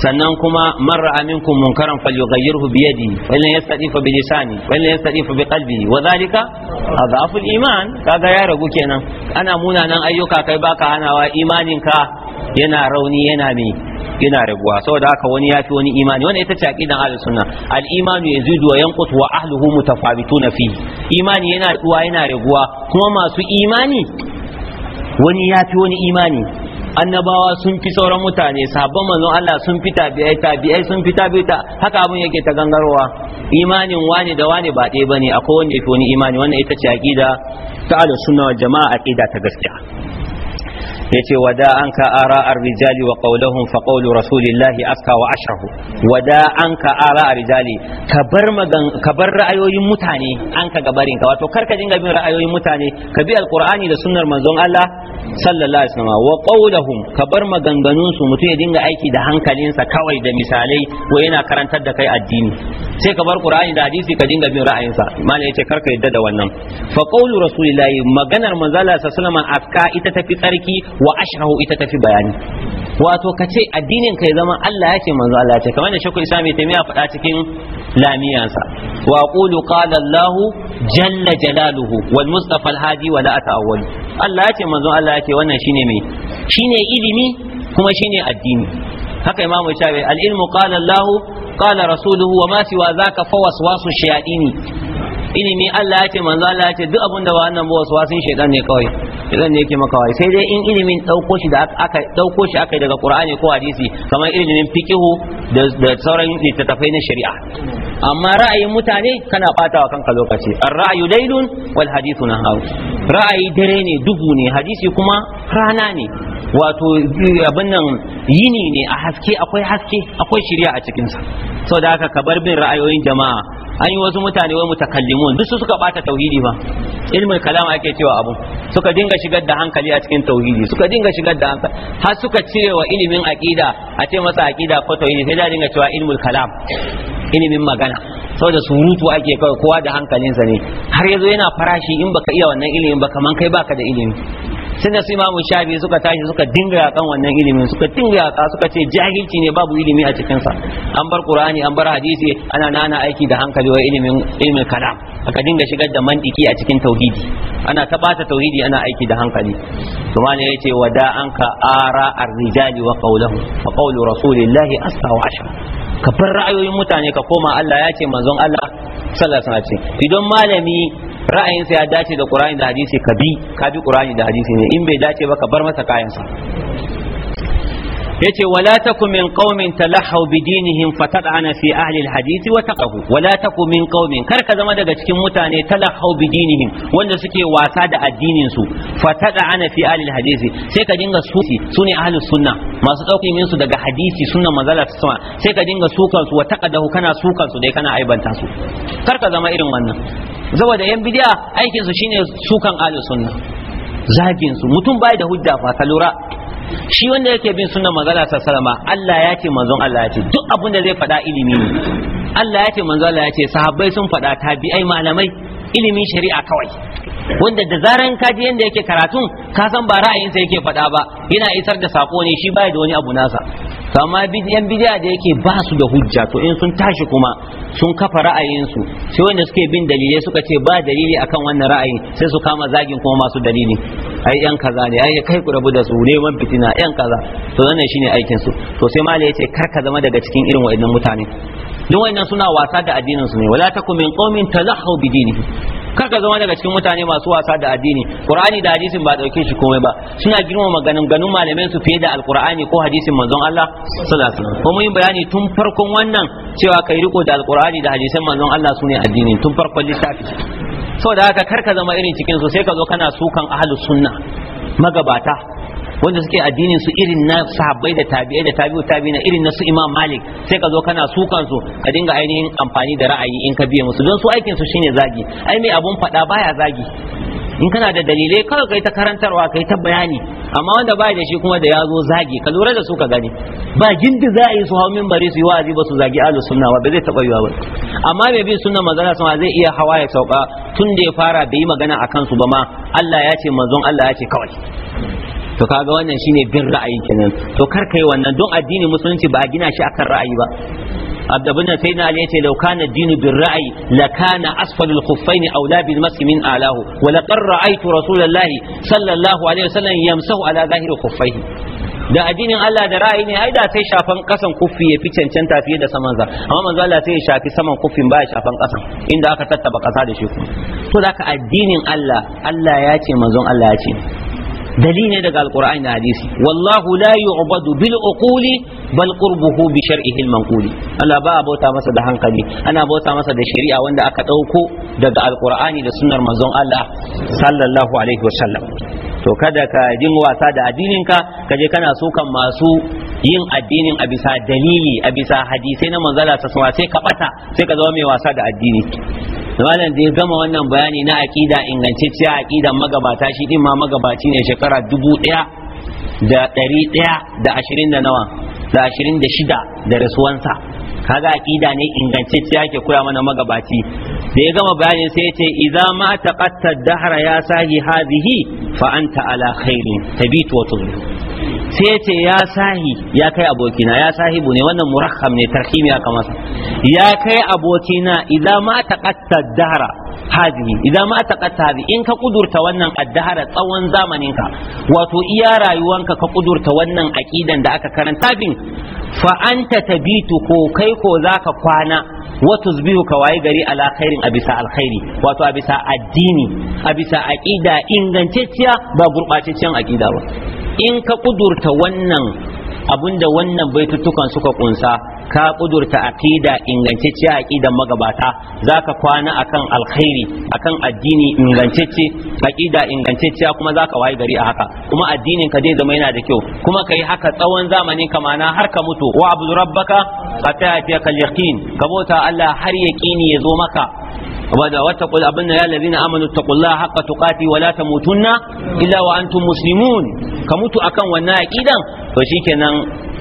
sannan kuma marra aminku munkaran falyughayyirhu bi yadi fa in yastati fa bi lisani wani in yastati fa bi qalbihi wa dhalika adhafu al-iman kaga ya ragu kenan ana munanan ayyuka kai baka hanawa imaninka yana rauni yana me yana raguwa saboda haka wani ya fi wani imani wanda ita ce aqidan ahli sunna al imanu yazidu wa yanqutu wa ahluhu mutafawituna fi imani yana tsuwa yana raguwa kuma masu imani wani ya fi wani imani annabawa sun fi sauran mutane sabon manzo Allah sun fi tabi'ai tabi'ai sun fi tabi'ta haka abun yake ta gangarwa imanin wani da wani ba ɗaya bane akwai wanda ya fi wani imani wannan ita ce aqida ta ahli sunna wa jama'a aqida ta gaskiya yace wada an ka ara arrijali rijali wa qawluhum fa qawlu rasulillahi aska wa ashrahu wada an ka ara arrijali rijali ka bar magan ka bar ra'ayoyin mutane an ka gabarin ka wato karka dinga bin ra'ayoyin mutane ka bi alqur'ani da sunnar manzon Allah sallallahu alaihi wasallam wa qawluhum ka bar maganganun su mutum ya dinga aiki da hankalinsa kawai da misalai ko yana karantar da kai addini sai ka bar qur'ani da hadisi ka dinga bin ra'ayinsa malai yace karka yadda da wannan fa qawlu rasulillahi maganar manzon Allah sallallahu alaihi wasallam aska ita tafi tsarki wa ashrahu ita tafi bayani wato ka ce addinin ka ya zama Allah yake ce manzo Allah ce kamar da shakku isa mai taimiya faɗa cikin lamiyansa wa qulu qala Allah jalla jalaluhu wal mustafa al hadi wa la atawwal Allah ya manzo Allah yake wannan shine mai shine ilimi kuma shine addini haka a shafi al ilmu qala Allah qala rasuluhu wa ma siwa zaka fa waswasu shayadini ilimi Allah ya ce manzo Allah ya ce duk abin da wannan ba wasu wasin shaitan ne kawai shaitan ne yake maka wai sai dai in ilimin dauko shi da aka dauko shi aka daga Qur'ani ko hadisi kamar ilimin fiqihu da sauran littattafai na shari'a amma ra'ayin mutane kana batawa kanka lokaci ar-ra'yu dailun wal hadithu nahar ra'ayi dare ne dubu ne hadisi kuma rana ne wato abin nan yini ne a haske akwai haske akwai shirya a cikinsa sau da haka kabar bin ra'ayoyin jama'a an yi wasu mutane wai mutakallimun duk su suka bata tauhidi ba ilmin kalam ake cewa abu suka dinga shigar da hankali a cikin tauhidi suka dinga shigar da hankali har suka cire wa ilimin aqida a ce masa aqida ko tauhidi sai da dinga cewa ilmul kalam ilimin magana saboda surutu ake kawai kowa da hankalinsa ne har yanzu yana farashi in baka iya wannan ilimin ba kaman kai baka da ilimi Sai da su imamu shafi suka tashi suka dinga kan wannan ilimin suka dinga ka suka ce jahilci ne babu ilimi a cikinsa an bar qur'ani an bar hadisi ana nana aiki da hankali wa ilimin ilimin kalam aka dinga shigar da mantiki a cikin tauhidi ana ta bata tauhidi ana aiki da hankali to malai yace wada anka ara ar-rijali wa qawluhu wa qawlu rasulillahi asfa wa ashra ka bar ra'ayoyin mutane ka koma Allah ya ce manzon Allah sallallahu alaihi wasallam idan malami ra'ayinsa ya dace da qur'ani da hadisi ka bi ka bi qur'ani da hadisi ne in bai dace ba ka bar masa kayansa yace wala taku min qaumin bi dinihim fatad'ana fi ahli alhadith wa taqahu wala taku min qaumin kar ka zama daga cikin mutane bi dinihim wanda suke wasa da addinin su fatad'ana fi ahli alhadith sai ka dinga sufi sune ahli sunna masu daukin su daga hadisi sunna manzala sama sai ka dinga sukan su wa taqadahu kana sukan su dai kana aibanta su kar ka zama irin wannan saboda yan bidiya aikin su shine sukan ahli sunna zagin su mutum bai da hujja fa ka lura shi wanda yake bin sunnan manzala sallama Allah ya ce manzon Allah ya ce duk abin da zai faɗa ilimi ne Allah ya ce manzon Allah ya ce sahabbai sun faɗa tabi'ai malamai ilimin shari'a kawai wanda da zaran ka ji yanda yake karatun ka san ba ra'ayinsa yake faɗa ba yana isar da sako ne shi baya da wani abu nasa amma yan bidiya da yake ba su da hujja to in sun tashi kuma sun kafa ra'ayinsu sai wanda suke bin dalilai suka ce ba dalili akan wannan ra'ayin sai su kama zagin kuma masu dalili ai yan kaza ne ai kai ku rabu da su neman fitina yan kaza to wannan shine aikin su to sai malai yace kar ka zama daga cikin irin waɗannan mutane don wannan suna wasa da addinin su ne wala takum min qaumin talahu bi dinihi kar ka zama daga cikin mutane masu wasa da addini qur'ani da hadisin ba dauke shi komai ba suna girmama ganin ganun su fiye da alqur'ani ko hadisin manzon Allah sallallahu alaihi wasallam kuma yin bayani tun farkon wannan cewa kai riko da alqur'ani da hadisin manzon Allah sune addini tun farkon lissafi saboda haka kar ka zama irin cikin su sai ka zo kana sukan ahlus sunna magabata wanda suke addinin su irin na sahabbai da tabi'ai da tabi'u tabi'ina irin na su Imam Malik sai ka zo kana sukan su ka dinga ainihin amfani da ra'ayi in ka biye musu don su aikin su shine zagi ai mai abun faɗa baya zagi in kana da dalilai kawai kai ta karantarwa kai ta bayani amma wanda ba da shi kuma da ya zo zagi ka lura da su ka gani ba gindi za yi su hau minbari su yi wa'azi ba su zagi ahlus sunna ba zai taba yiwa ba amma mai bin sunna manzon sama zai iya hawa ya sauka tun da ya fara bai yi magana akan su ba ma Allah ya ce manzon Allah ya ce kawai to kaga wannan shine bin ra'ayi kenan to kar kai wannan don addini musulunci ba a gina shi akan ra'ayi ba abdabin na sai na ali yace law kana dinu bir ra'yi la kana asfalul khuffaini aula bil min alahu wa laqad ra'aytu rasulullahi sallallahu alaihi wasallam yamsahu ala zahiri khuffaihi da addinin Allah da ra'ayi ne ai da sai shafan kasan kuffi ya fi cancanta fiye da saman za amma manzo Allah sai ya shafi saman kuffin ba ya shafan kasan inda aka tattaba kasa da shi kuma to da addinin Allah Allah ya ce manzon Allah ya ce dalili ne daga alqur'ani da hadisi wallahu la yu'badu bil uquli bal qurbuhu bi shar'ihi hilman kuli, Allah ba a bauta masa da hankali ana bauta masa da shari'a wanda aka ɗauko daga alqur'ani da sunnar manzon Allah sallallahu alaihi wasallam to kada ka jin wasa da addininka ka je kana sukan masu yin addinin a bisa dalili a bisa hadisai na manzala sai ka ɓata, sai ka zama mai wasa da addini malam da ya gama wannan bayani na aƙida ingantacciya aƙidan magabata shi din ma magabaci ne shekara dubu ɗaya da ɗari ɗaya da ashirin da nawa da ashirin da shida da rasuwansa kaga aqida ne ingantacciya yake koya mana magabaci da ya gama bayani sai ya ce idza ma taqatta dahra ya sahi hadhihi fa anta ala khairin tabitu wa tuzlu sai ya ce ya sahi ya kai abokina ya sahibu ne wannan murakham ne tarhimi aka masa ya kai abokina idza ma taqatta dahra hazihi idan ma taqat in ka kudurta wannan addahara tsawon zamanin ka wato iya rayuwanka ka kudurta wannan aqidan da aka karanta bin fa anta tabitu ko kai ko zaka kwana wa tuzbihu ka waye gari ala khairin abisa alkhairi wato abisa addini abisa aqida ingantacciya ba gurbataccen aqida ba in ka kudurta wannan abinda wannan baitutukan suka kunsa ka kudurta aqida ingantacciya aqidan magabata zaka kwana akan alkhairi akan addini ingantacce aqida ingantacciya kuma zaka wayi gari a haka kuma addinin ka zai zama yana da kyau kuma kai haka tsawon zamanin ka mana har ka mutu wa abu rabbaka hatta yatiyakal yaqin ka bauta Allah har yaqini ya zo maka واتقوا أبنا يا الذين آمنوا اتقوا الله حق تقاتي ولا تموتن إلا وأنتم مسلمون كموتوا أكن ونا أكيدا فشيكنا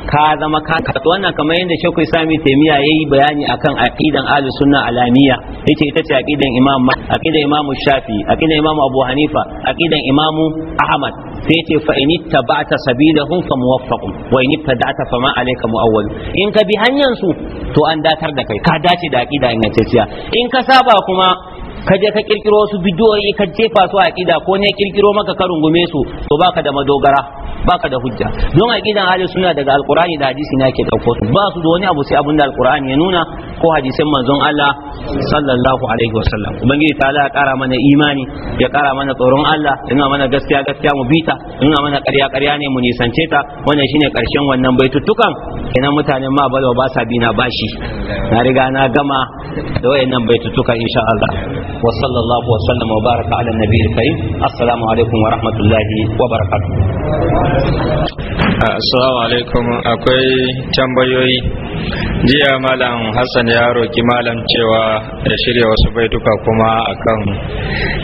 ka zama ka kasu wannan kamar yadda shekul sami taimiya ya yi bayani akan aqidan ahlus sunna alamiya yace ita ce aqidan imam aqidan imam shafi aqidan imam abu hanifa aqidan imam ahmad sai yace fa in ittaba'ta sabilahum fa muwaffaqun wa in ibtada'ta fa ma alayka muawwal in ka bi hanyar su to an datar da kai ka dace da aqida ingantacciya in ka saba kuma ka je ka kirkiro wasu bidiyoyi ka jefa su a aqida ko ne kirkiro maka ka rungume su to baka da madogara baka da hujja don aqidan ahli sunna daga alqur'ani da hadisi ne ake dauko su ba su da wani abu sai abin da alqur'ani ya nuna ko hadisin manzon Allah sallallahu alaihi wasallam ubangiji ta ya kara mana imani ya kara mana tsoron Allah ya mana gaskiya gaskiya mu bita ina mana ƙarya ƙarya ne mu nisance ta wannan shine karshen wannan baitutukan kenan mutanen ma balwa ba sa bina bashi na riga na gama da wayannan baitutukan insha Allah وصلى الله وسلم وبارك على النبي الكريم السلام wa rahmatullahi wa وبركاته Assalamu alaikum akwai tambayoyi jiya malam Hassan ya roki malam cewa ya shirya wasu baituka kuma akan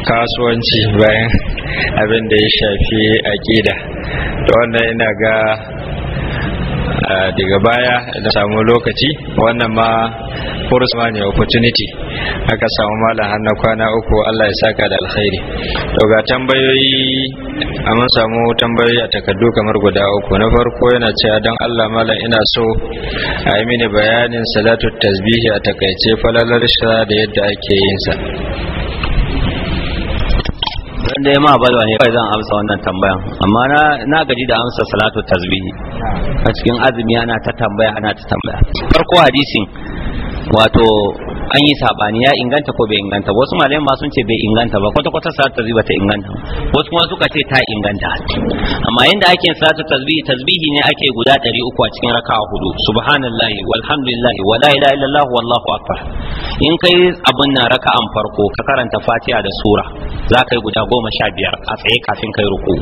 kasuwanci bayan abin da ya shafi aƙida da wannan ina ga daga baya da samu lokaci wannan ma fursa ne opportunity aka samu malam har na kwana uku Allah ya saka da alkhairi to ga tambayoyi mun samu tambayoyi a takardu kamar guda uku na farko yana cewa dan Allah malam ina so a yi mini bayanin salatu tasbihi a takaice falalar shara da yadda ake yin sa da ya ma balwa ne kawai zan amsa wannan tambayan amma na na gaji da amsa salatu tasbihi a cikin azumi ana ta tambaya ana ta tambaya farko hadisin wato an yi sabani ya inganta ko bai inganta wasu malamai ma sun ce bai inganta ba kwata kwata salatu tasbihi bata inganta wasu kuma suka ce ta inganta amma yanda ake salatu tasbihi tasbihi ne ake guda 300 a cikin raka'a hudu subhanallahi walhamdulillahi la ilaha illallah wallahu akbar in kai abun nan raka'an farko ka karanta fatiha da sura za ka yi guda goma sha biyar a tsaye kafin kai ruku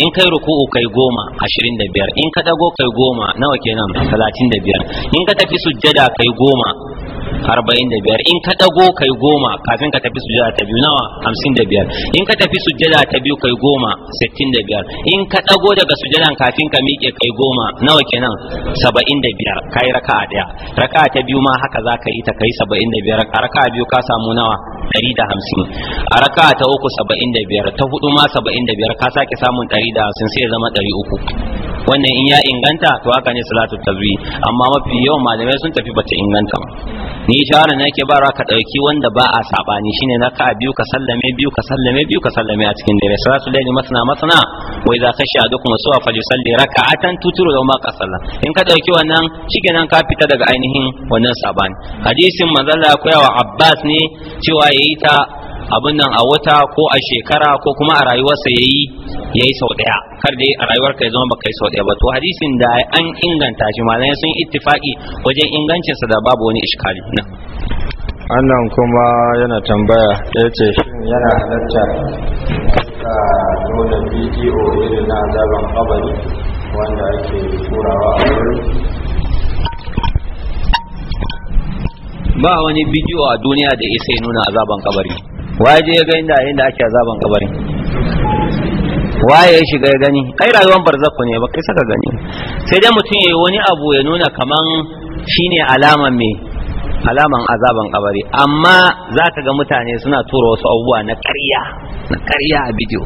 in kai ruku kai goma ashirin da biyar in ka dago kai goma nawa kenan talatin da biyar in ka tafi sujjada kai goma arba'in arba'in da biyar in ka ɗago kai goma kafin ka tafi sujada ta biyu nawa hamsin da biyar in ka tafi sujada ta biyu kai goma sittin da biyar in ka ɗago daga sujadan kafin ka miƙe kai goma nawa kenan saba'in da biyar kai raka'a ɗaya raka'a ta biyu ma haka za ka yi ta kai saba'in da biyar a raka'a biyu ka samu nawa ɗari da hamsin a raka'a ta uku saba'in da biyar ta hudu ma saba'in da biyar ka sake samun ɗari da hamsin sai ya zama ɗari uku wannan in ya inganta to haka ne salatu tazwi amma mafi yawan malamai sun tafi bata inganta ba ni shahara tsarin da yake barwa ka dauki wanda ba a sabani shine na ka biyu ka sallame biyu ka sallame biyu ka sallame a cikin dare salatu layli masna masna za ka khashiya ahadukum suwa raka'atan tuturu da ma qasalla in ka ɗauki wannan shikenan ka fita daga ainihin wannan sabani hadisin manzala koyawa Abbas ne cewa yayi ta abun nan a wata ko a shekara ko kuma a rayuwarsa yayi yayi sau daya kar dai a rayuwar ka ya zama baka yi sau daya ba to hadisin da an inganta shi ma sun ittifaki wajen ingancin sa da babu wani iskali na annan kuma yana tambaya ya ce shin yana halatta ka nuna bidiyo irin na azaban kabari wanda ake turawa a wurin ba wani bidiyo a duniya da ya sai nuna azaban kabari waje ya ga inda inda ake azaban kabari waye ya shiga ya gani kai rayuwar barzakku ne ba kai saka gani sai dai mutum yayi wani abu ya nuna kaman shine alaman me alaman azaban kabari amma za ka ga mutane suna tura wasu abubuwa na ƙarya na ƙarya a bidiyo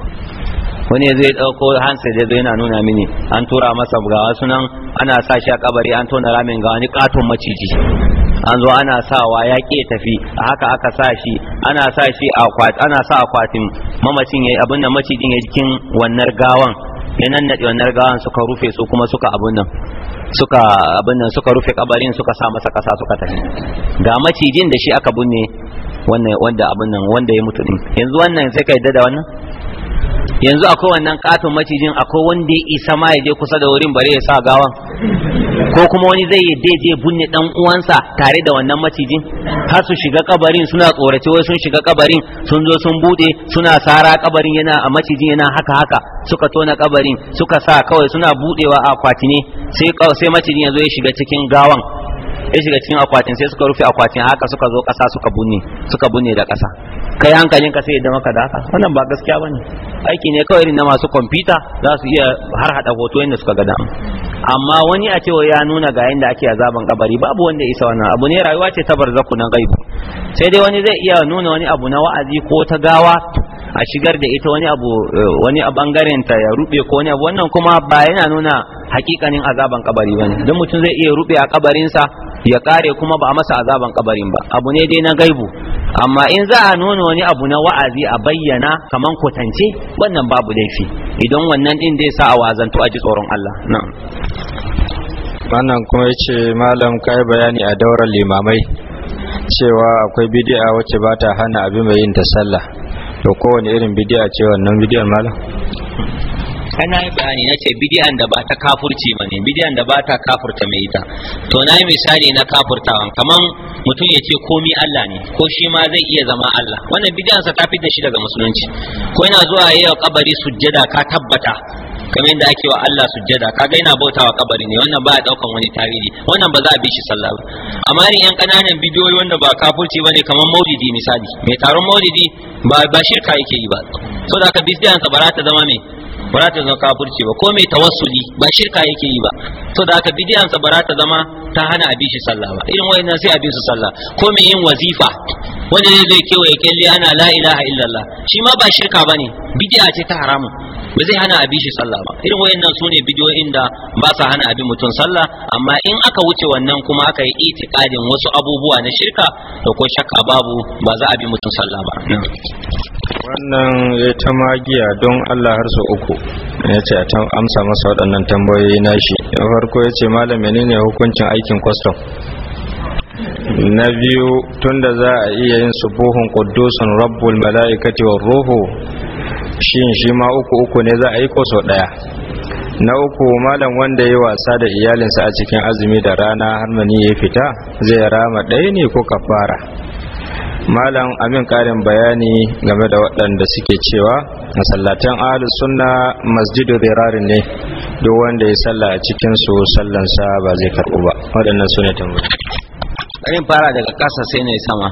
wani zai ɗauko hansa da zai nuna mini an tura masa ga wasu nan ana sa shi a kabari an tona ramin ga wani katon maciji an zo ana sawa ya ke tafi haka aka sa shi ana sa shi ana sa akwatin mamacin yayi abin da macijin ya jikin wannan gawan ya nan nade wannan gawan suka rufe su kuma suka abun nan suka abin nan suka rufe kabarin suka sa masa kasa suka tafi ga macijin da shi aka binne wannan wanda abin nan wanda ya mutu din yanzu wannan sai kai yadda da wannan yanzu akwai wannan katon macijin akwai wanda ya isa ma ya je kusa da wurin bare ya sa gawan ko kuma wani zai yadda je bunne dan uwansa tare da wannan macijin har su shiga kabarin suna tsorace wai sun shiga kabarin sun zo sun bude suna sara kabarin yana a macijin yana haka haka suka tona kabarin suka sa kawai suna budewa a akwati ne sai sai macijin ya zo ya shiga cikin gawan ya shiga cikin akwatin sai suka rufe akwatin haka suka zo kasa suka bunne suka bunne da kasa kai hankalin ka sai ya maka da haka wannan ba gaskiya bane aiki ne kawai irin na masu kwamfuta za su iya har hada hoto yadda suka ga dama amma wani a cewa ya nuna ga yanda ake azaban kabari babu wanda ya isa wannan abu ne rayuwa ce ta barzaku na gaibu sai dai wani zai iya nuna wani abu na wa'azi ko ta gawa a shigar da ita wani abu eh, wani a bangaren ta ya rube ko wani abu wannan kuma ba yana nuna hakikanin azaban kabari ne don mutum zai iya rube a kabarinsa ya kare kuma ba a masa azaban kabarin ba abu ne dai na gaibu amma in za a nuna wani abu na wa'azi a bayyana kaman kwatance wannan babu laifi idan wannan din zai sa a wazantu a ji tsoron Allah na wannan kuma yace malam kai bayani a daurar limamai cewa akwai bidi'a wacce ba ta hana abin mai yin ta sallah to kowane irin bidi'a ce wannan bidiyar malam kana yi bayani na ce bidiyan da ba ta kafurci ba ne bidiyan da ba ta kafurta mai ita to na yi misali na kafurtawan kaman mutum ya ce komi Allah ne ko shi ma zai iya zama Allah wannan bidiyan sa ta da shi daga musulunci ko yana zuwa yi wa kabari sujjada ka tabbata kamar yadda ake wa Allah sujjada kaga yana bautawa kabari ne wannan ba ya daukan wani tarihi wannan ba za a bi shi sallah ba amma ni yan kananan bidiyoyi wanda ba kafurci bane kamar maulidi misali mai taron maulidi ba ba shirka yake yi ba saboda ka bidiyan sa ba za ta zama mai ba ta zama kafirci ba ko mai tawassuli ba shirka yake yi ba to da aka bidiyan sa ba ta zama ta hana abin shi sallah ba irin wayannan sai abin su sallah ko mai yin wazifa wanda zai zai kewaye kalli ana la ilaha illallah shi ma ba shirka bane bidiya ce ta haramun ba zai hana abin shi sallah ba irin wayannan su ne bidiyoyin da ba sa hana abin mutum sallah amma in aka wuce wannan kuma aka yi itikadin wasu abubuwa na shirka to ko shakka babu ba za a bi mutum sallah ba wannan ya ta magiya don Allah har uku ya ce a amsa masa waɗannan tambayoyi shi. Ya farko ya ce malam menene hukuncin aikin kwastam na biyu tun da za a iya yin subuhun kudusun rabbul mala'ikati wa ruhu shin shi ma uku uku ne za a yi koso daya na uku malam wanda ya wasa da iyalinsa a cikin azumi da rana har mani ya fita zai rama ɗaya ne ko kafara malam amin karin bayani game da waɗanda suke cewa masallatan ahlus sunna masjidu zirarin ne duk wanda ya salla a cikin su sallansa ba zai karɓu ba waɗannan su ne tambayi bari fara daga ƙasa sai ne sama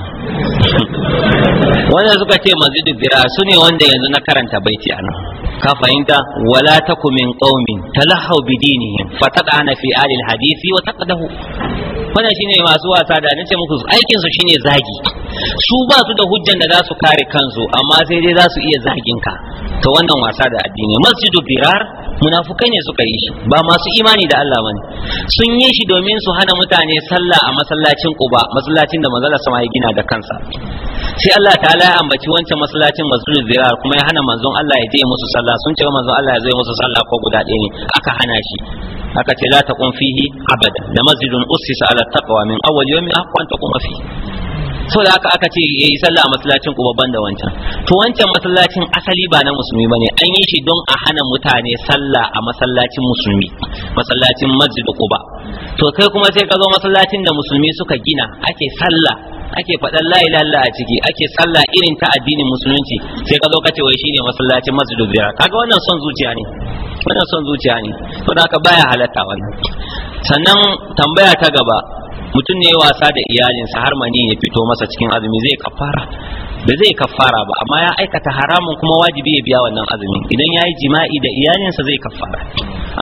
wanda suka ce masjidu zira su ne wanda yanzu na karanta baiti a nan ka fahimta wala taku min qaumin talahu bidinihim fataqana fi alil hadisi wa taqadahu wannan shine masu wasa da nace muku aikin su shine zagi su ba su da hujjan da za su kare kansu amma sai dai za su iya zagin ka to wannan wasa da addini masjidu birar munafukai ne suka yi shi ba masu imani da Allah bane sun yi shi domin su hana mutane sallah a masallacin Quba masallacin da manzala sama ya gina da kansa sai Allah ta'ala ya ambaci wancan masallacin masjidu birar kuma ya hana manzon Allah ya je musu sallah sun ce manzon Allah ya zo musu sallah ko guda ɗaya ne aka hana shi aka ce la taqum fihi abada da masjidun ussisa ala taqwa min awwal yawmin haqqan taquma fi so da aka aka ce ya yi sallah a masallacin ku babban da wancan to wancan masallacin asali ba na musulmi bane an yi shi don a hana mutane sallah a masallacin musulmi masallacin masjid quba to kai kuma sai ka zo masallacin da musulmi suka gina ake sallah ake faɗan la ilaha a ciki ake sallah irin ta addinin musulunci sai ka zo ka ce wai shine masallacin masjid biyar kaga wannan son zuciya ne wannan son zuciya ne to da aka baya halatta wannan sannan tambaya ta gaba mutum ne wasa da iyalinsa har mani ya fito masa cikin azumi zai kafara ba zai kafara ba amma ya aikata haramun kuma wajibi ya biya wannan azumin idan ya yi jima'i da iyalinsa zai kafara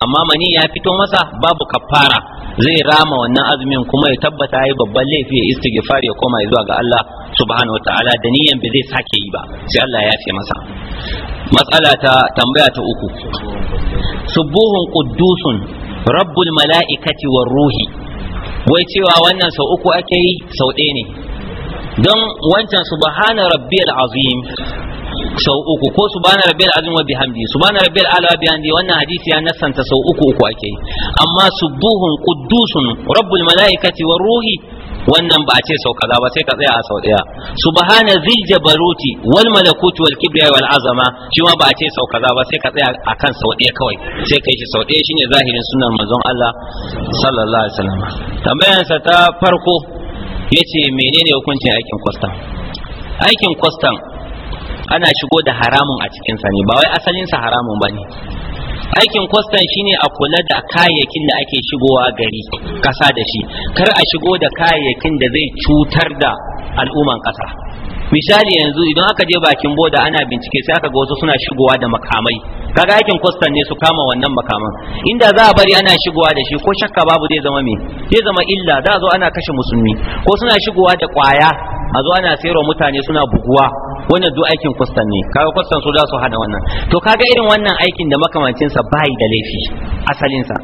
amma mani ya fito masa babu kafara zai rama wannan azumin kuma ya tabbata ya yi babban laifi ya istighfar ya koma zuwa ga Allah subhanahu wataala da niyan ba zai sake yi ba sai Allah ya ce masa matsala ta tambaya ta uku subuhun quddusun rabbul mala'ikati war ruhi wai cewa wannan sau uku ake yi sau ɗaya ne don wancan subhana rabbiyal azim sau uku ko subhana rabbiyal azim wa bihamdi subhana rabbiyal ala wa bihamdi wannan hadisi ya nasanta sau uku uku ake yi amma subuhun quddusun rabbul malaikati war ruhi wannan ba a ce sau kaza ba sai ka tsaya a sau daya subhana zil jabaruti wal malakut wal kibriya wal azama shi ba a ce sau kaza ba sai ka tsaya akan sau daya kawai sai kai shi sau daya shine zahirin sunan manzon Allah sallallahu alaihi wasallam sa ta farko yace menene hukuncin aikin kwastam aikin kwastan ana shigo da haramun a sa ne ba wai asalinsa haramun ba aikin kwastan shine a kula da kayayyakin da ake shigowa gari kasa da shi kar a shigo da kayayyakin da zai cutar da al'umman kasa misali yanzu idan aka je bakin boda ana bincike sai aka ga wasu suna shigowa da makamai kaga aikin kwastan ne su kama wannan makaman inda za a bari ana shigowa da shi ko shakka babu zai zama me zai zama illa za a zo ana kashe musulmi ko suna shigowa da kwaya a zo ana sayarwa mutane suna buguwa wannan duk aikin kwastan ne kaga kwastan su da su hada wannan to kaga irin wannan aikin da makamancin sa bai da laifi asalinsa,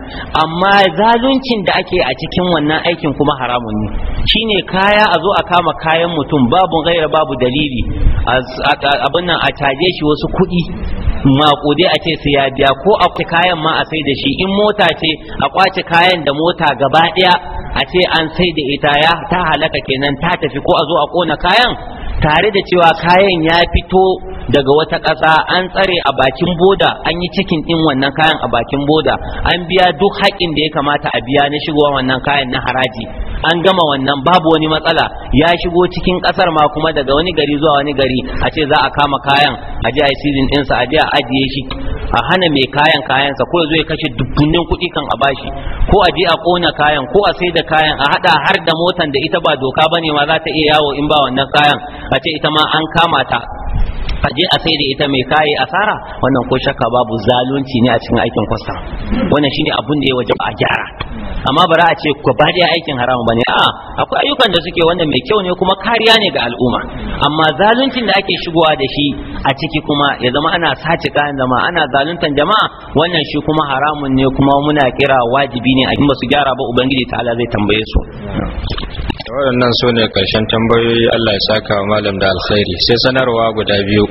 amma zaluncin da ake a cikin wannan aikin kuma haramun ne shine kaya a zo a kama kayan mutum babu gaira babu dalili abin nan a caje shi wasu kuɗi maƙude a ce su ya biya ko a kayan ma a sai da shi in mota ce a kwace kayan da mota gaba ɗaya a ce an sai da ita ya ta halaka kenan ta tafi ko a zo a kona kayan tare da cewa kayan ya fito daga wata ƙasa an tsare a bakin boda an yi cikin ɗin wannan kayan a bakin boda an biya duk haƙin da ya kamata a biya na shigowa wannan kayan na haraji an gama wannan babu wani matsala ya shigo cikin kasar ma kuma daga wani gari zuwa wani gari a ce za a kama kayan a je a yi season ɗinsa a je a ajiye shi a hana mai kayan kayansa ko zai kashe dubbunin kuɗi kan a bashi ko a je a ƙona kayan ko a sai da kayan a haɗa har da motan da ita ba doka ba ne ma za ta iya yawo in ba wannan kayan a ce ita ma an kama ta a je a sai da ita mai kayi asara wannan ko shakka babu zalunci ne a cikin aikin kwasta wannan shine abun da ya waje a gyara amma bara a ce ku ba da aikin haramun ne a akwai ayyukan da suke wanda mai kyau ne kuma kariya ne ga al'umma amma zaluncin da ake shigowa da shi a ciki kuma ya zama ana sace kayan zama, ana zaluntan jama'a wannan shi kuma haramun ne kuma muna kira wajibi ne in ba su gyara ba ubangiji ta ta'ala zai tambaye su waɗannan su ne ƙarshen tambayoyi Allah ya saka wa malam da alkhairi sai sanarwa guda biyu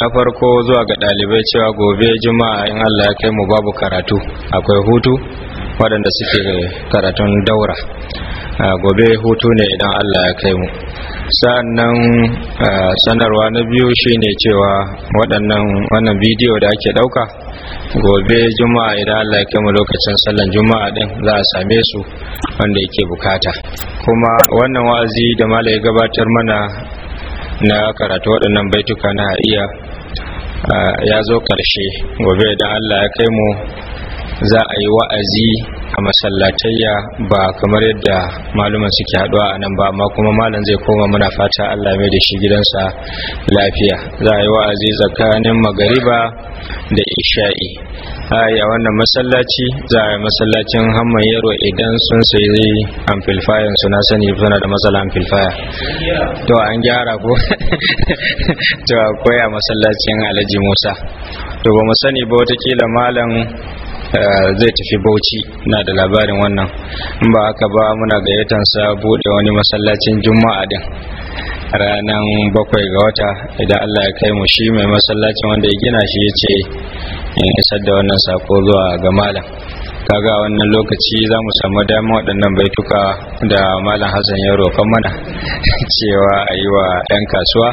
na farko zuwa ga ɗalibai cewa gobe juma'a in Allah ya kai mu babu karatu akwai hutu waɗanda suke karatun daura gobe hutu ne idan allah ya kai mu sa'annan sanarwa na biyu shine cewa waɗannan wannan bidiyo da ake ɗauka gobe juma'a idan allah ya kai mu lokacin sallan juma'a din za a same su wanda yake bukata kuma wannan wa'azi da malai gabatar mana na karatu waɗannan baituka na iya ya zo ƙarshe gobe idan allah ya kai mu za a yi wa'azi a masallatayya ba kamar yadda maluman suke haɗuwa a nan ba amma kuma malam zai koma muna fata allah mai da shi gidansa lafiya za a yi wa'azi tsakanin magariba da isha'i a wannan masallaci za a yi masallacin hamman yaro idan sun sayi amfilfayan su na sani suna da matsala amfilfaya to an gyara ko to akwai a masallacin alhaji musa to ba mu sani ba watakila malam Eh, zai tafi bauchi na da labarin wannan in ba haka ba muna gayyatan sa bude wani masallacin juma'a din ranar bakwai ga wata idan allah ya kai mu shi mai masallacin wanda ya gina shi ya ce in eh, isar da wannan sako zuwa ga malam kaga wannan lokaci za mu samu damar waɗannan baituka da malam hassan ya roƙon mana cewa a yi wa 'yan kasuwa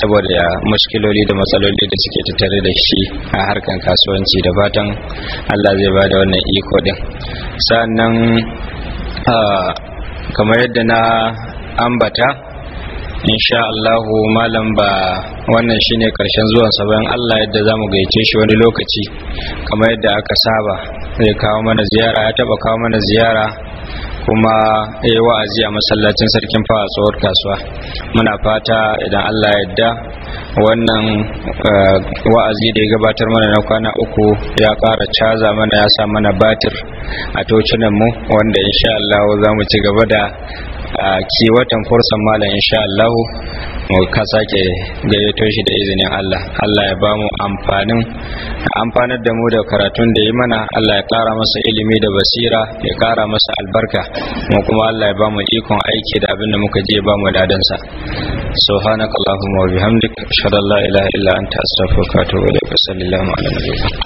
saboda muskiloli da matsaloli da suke tattare da shi a harkar kasuwanci da fatan allah zai ba da wannan iko ɗin sannan ah, kamar yadda na ambata insha Allahu malam ba wannan shine karshen zuwan sa Allah yadda za mu gaice shi wani lokaci kamar yadda aka saba zai kawo mana ziyara ya taba kawo mana ziyara kuma ya yi wa'azi a masallacin sarkin fawa tsohuwar kasuwa muna fata idan Allah yadda wannan eh, wa'azi da ya gabatar mana na kwana uku ya kara caza mana ya sa mana batir a tocinanmu mu wanda insha Allah za mu ci gaba da a watan fursan malam insha Allah mu ka sake gayyato shi da izinin Allah Allah ya bamu amfanin amfanar da mu da karatun da yi mana Allah ya kara masa ilimi da basira ya kara masa albarka mu kuma Allah ya bamu ikon aiki da abin da muka je bamu dadan sa subhanakallahumma wa bihamdika ashhadu an la ilaha illa anta astaghfiruka wa atubu ilaik sallallahu alaihi wa sallam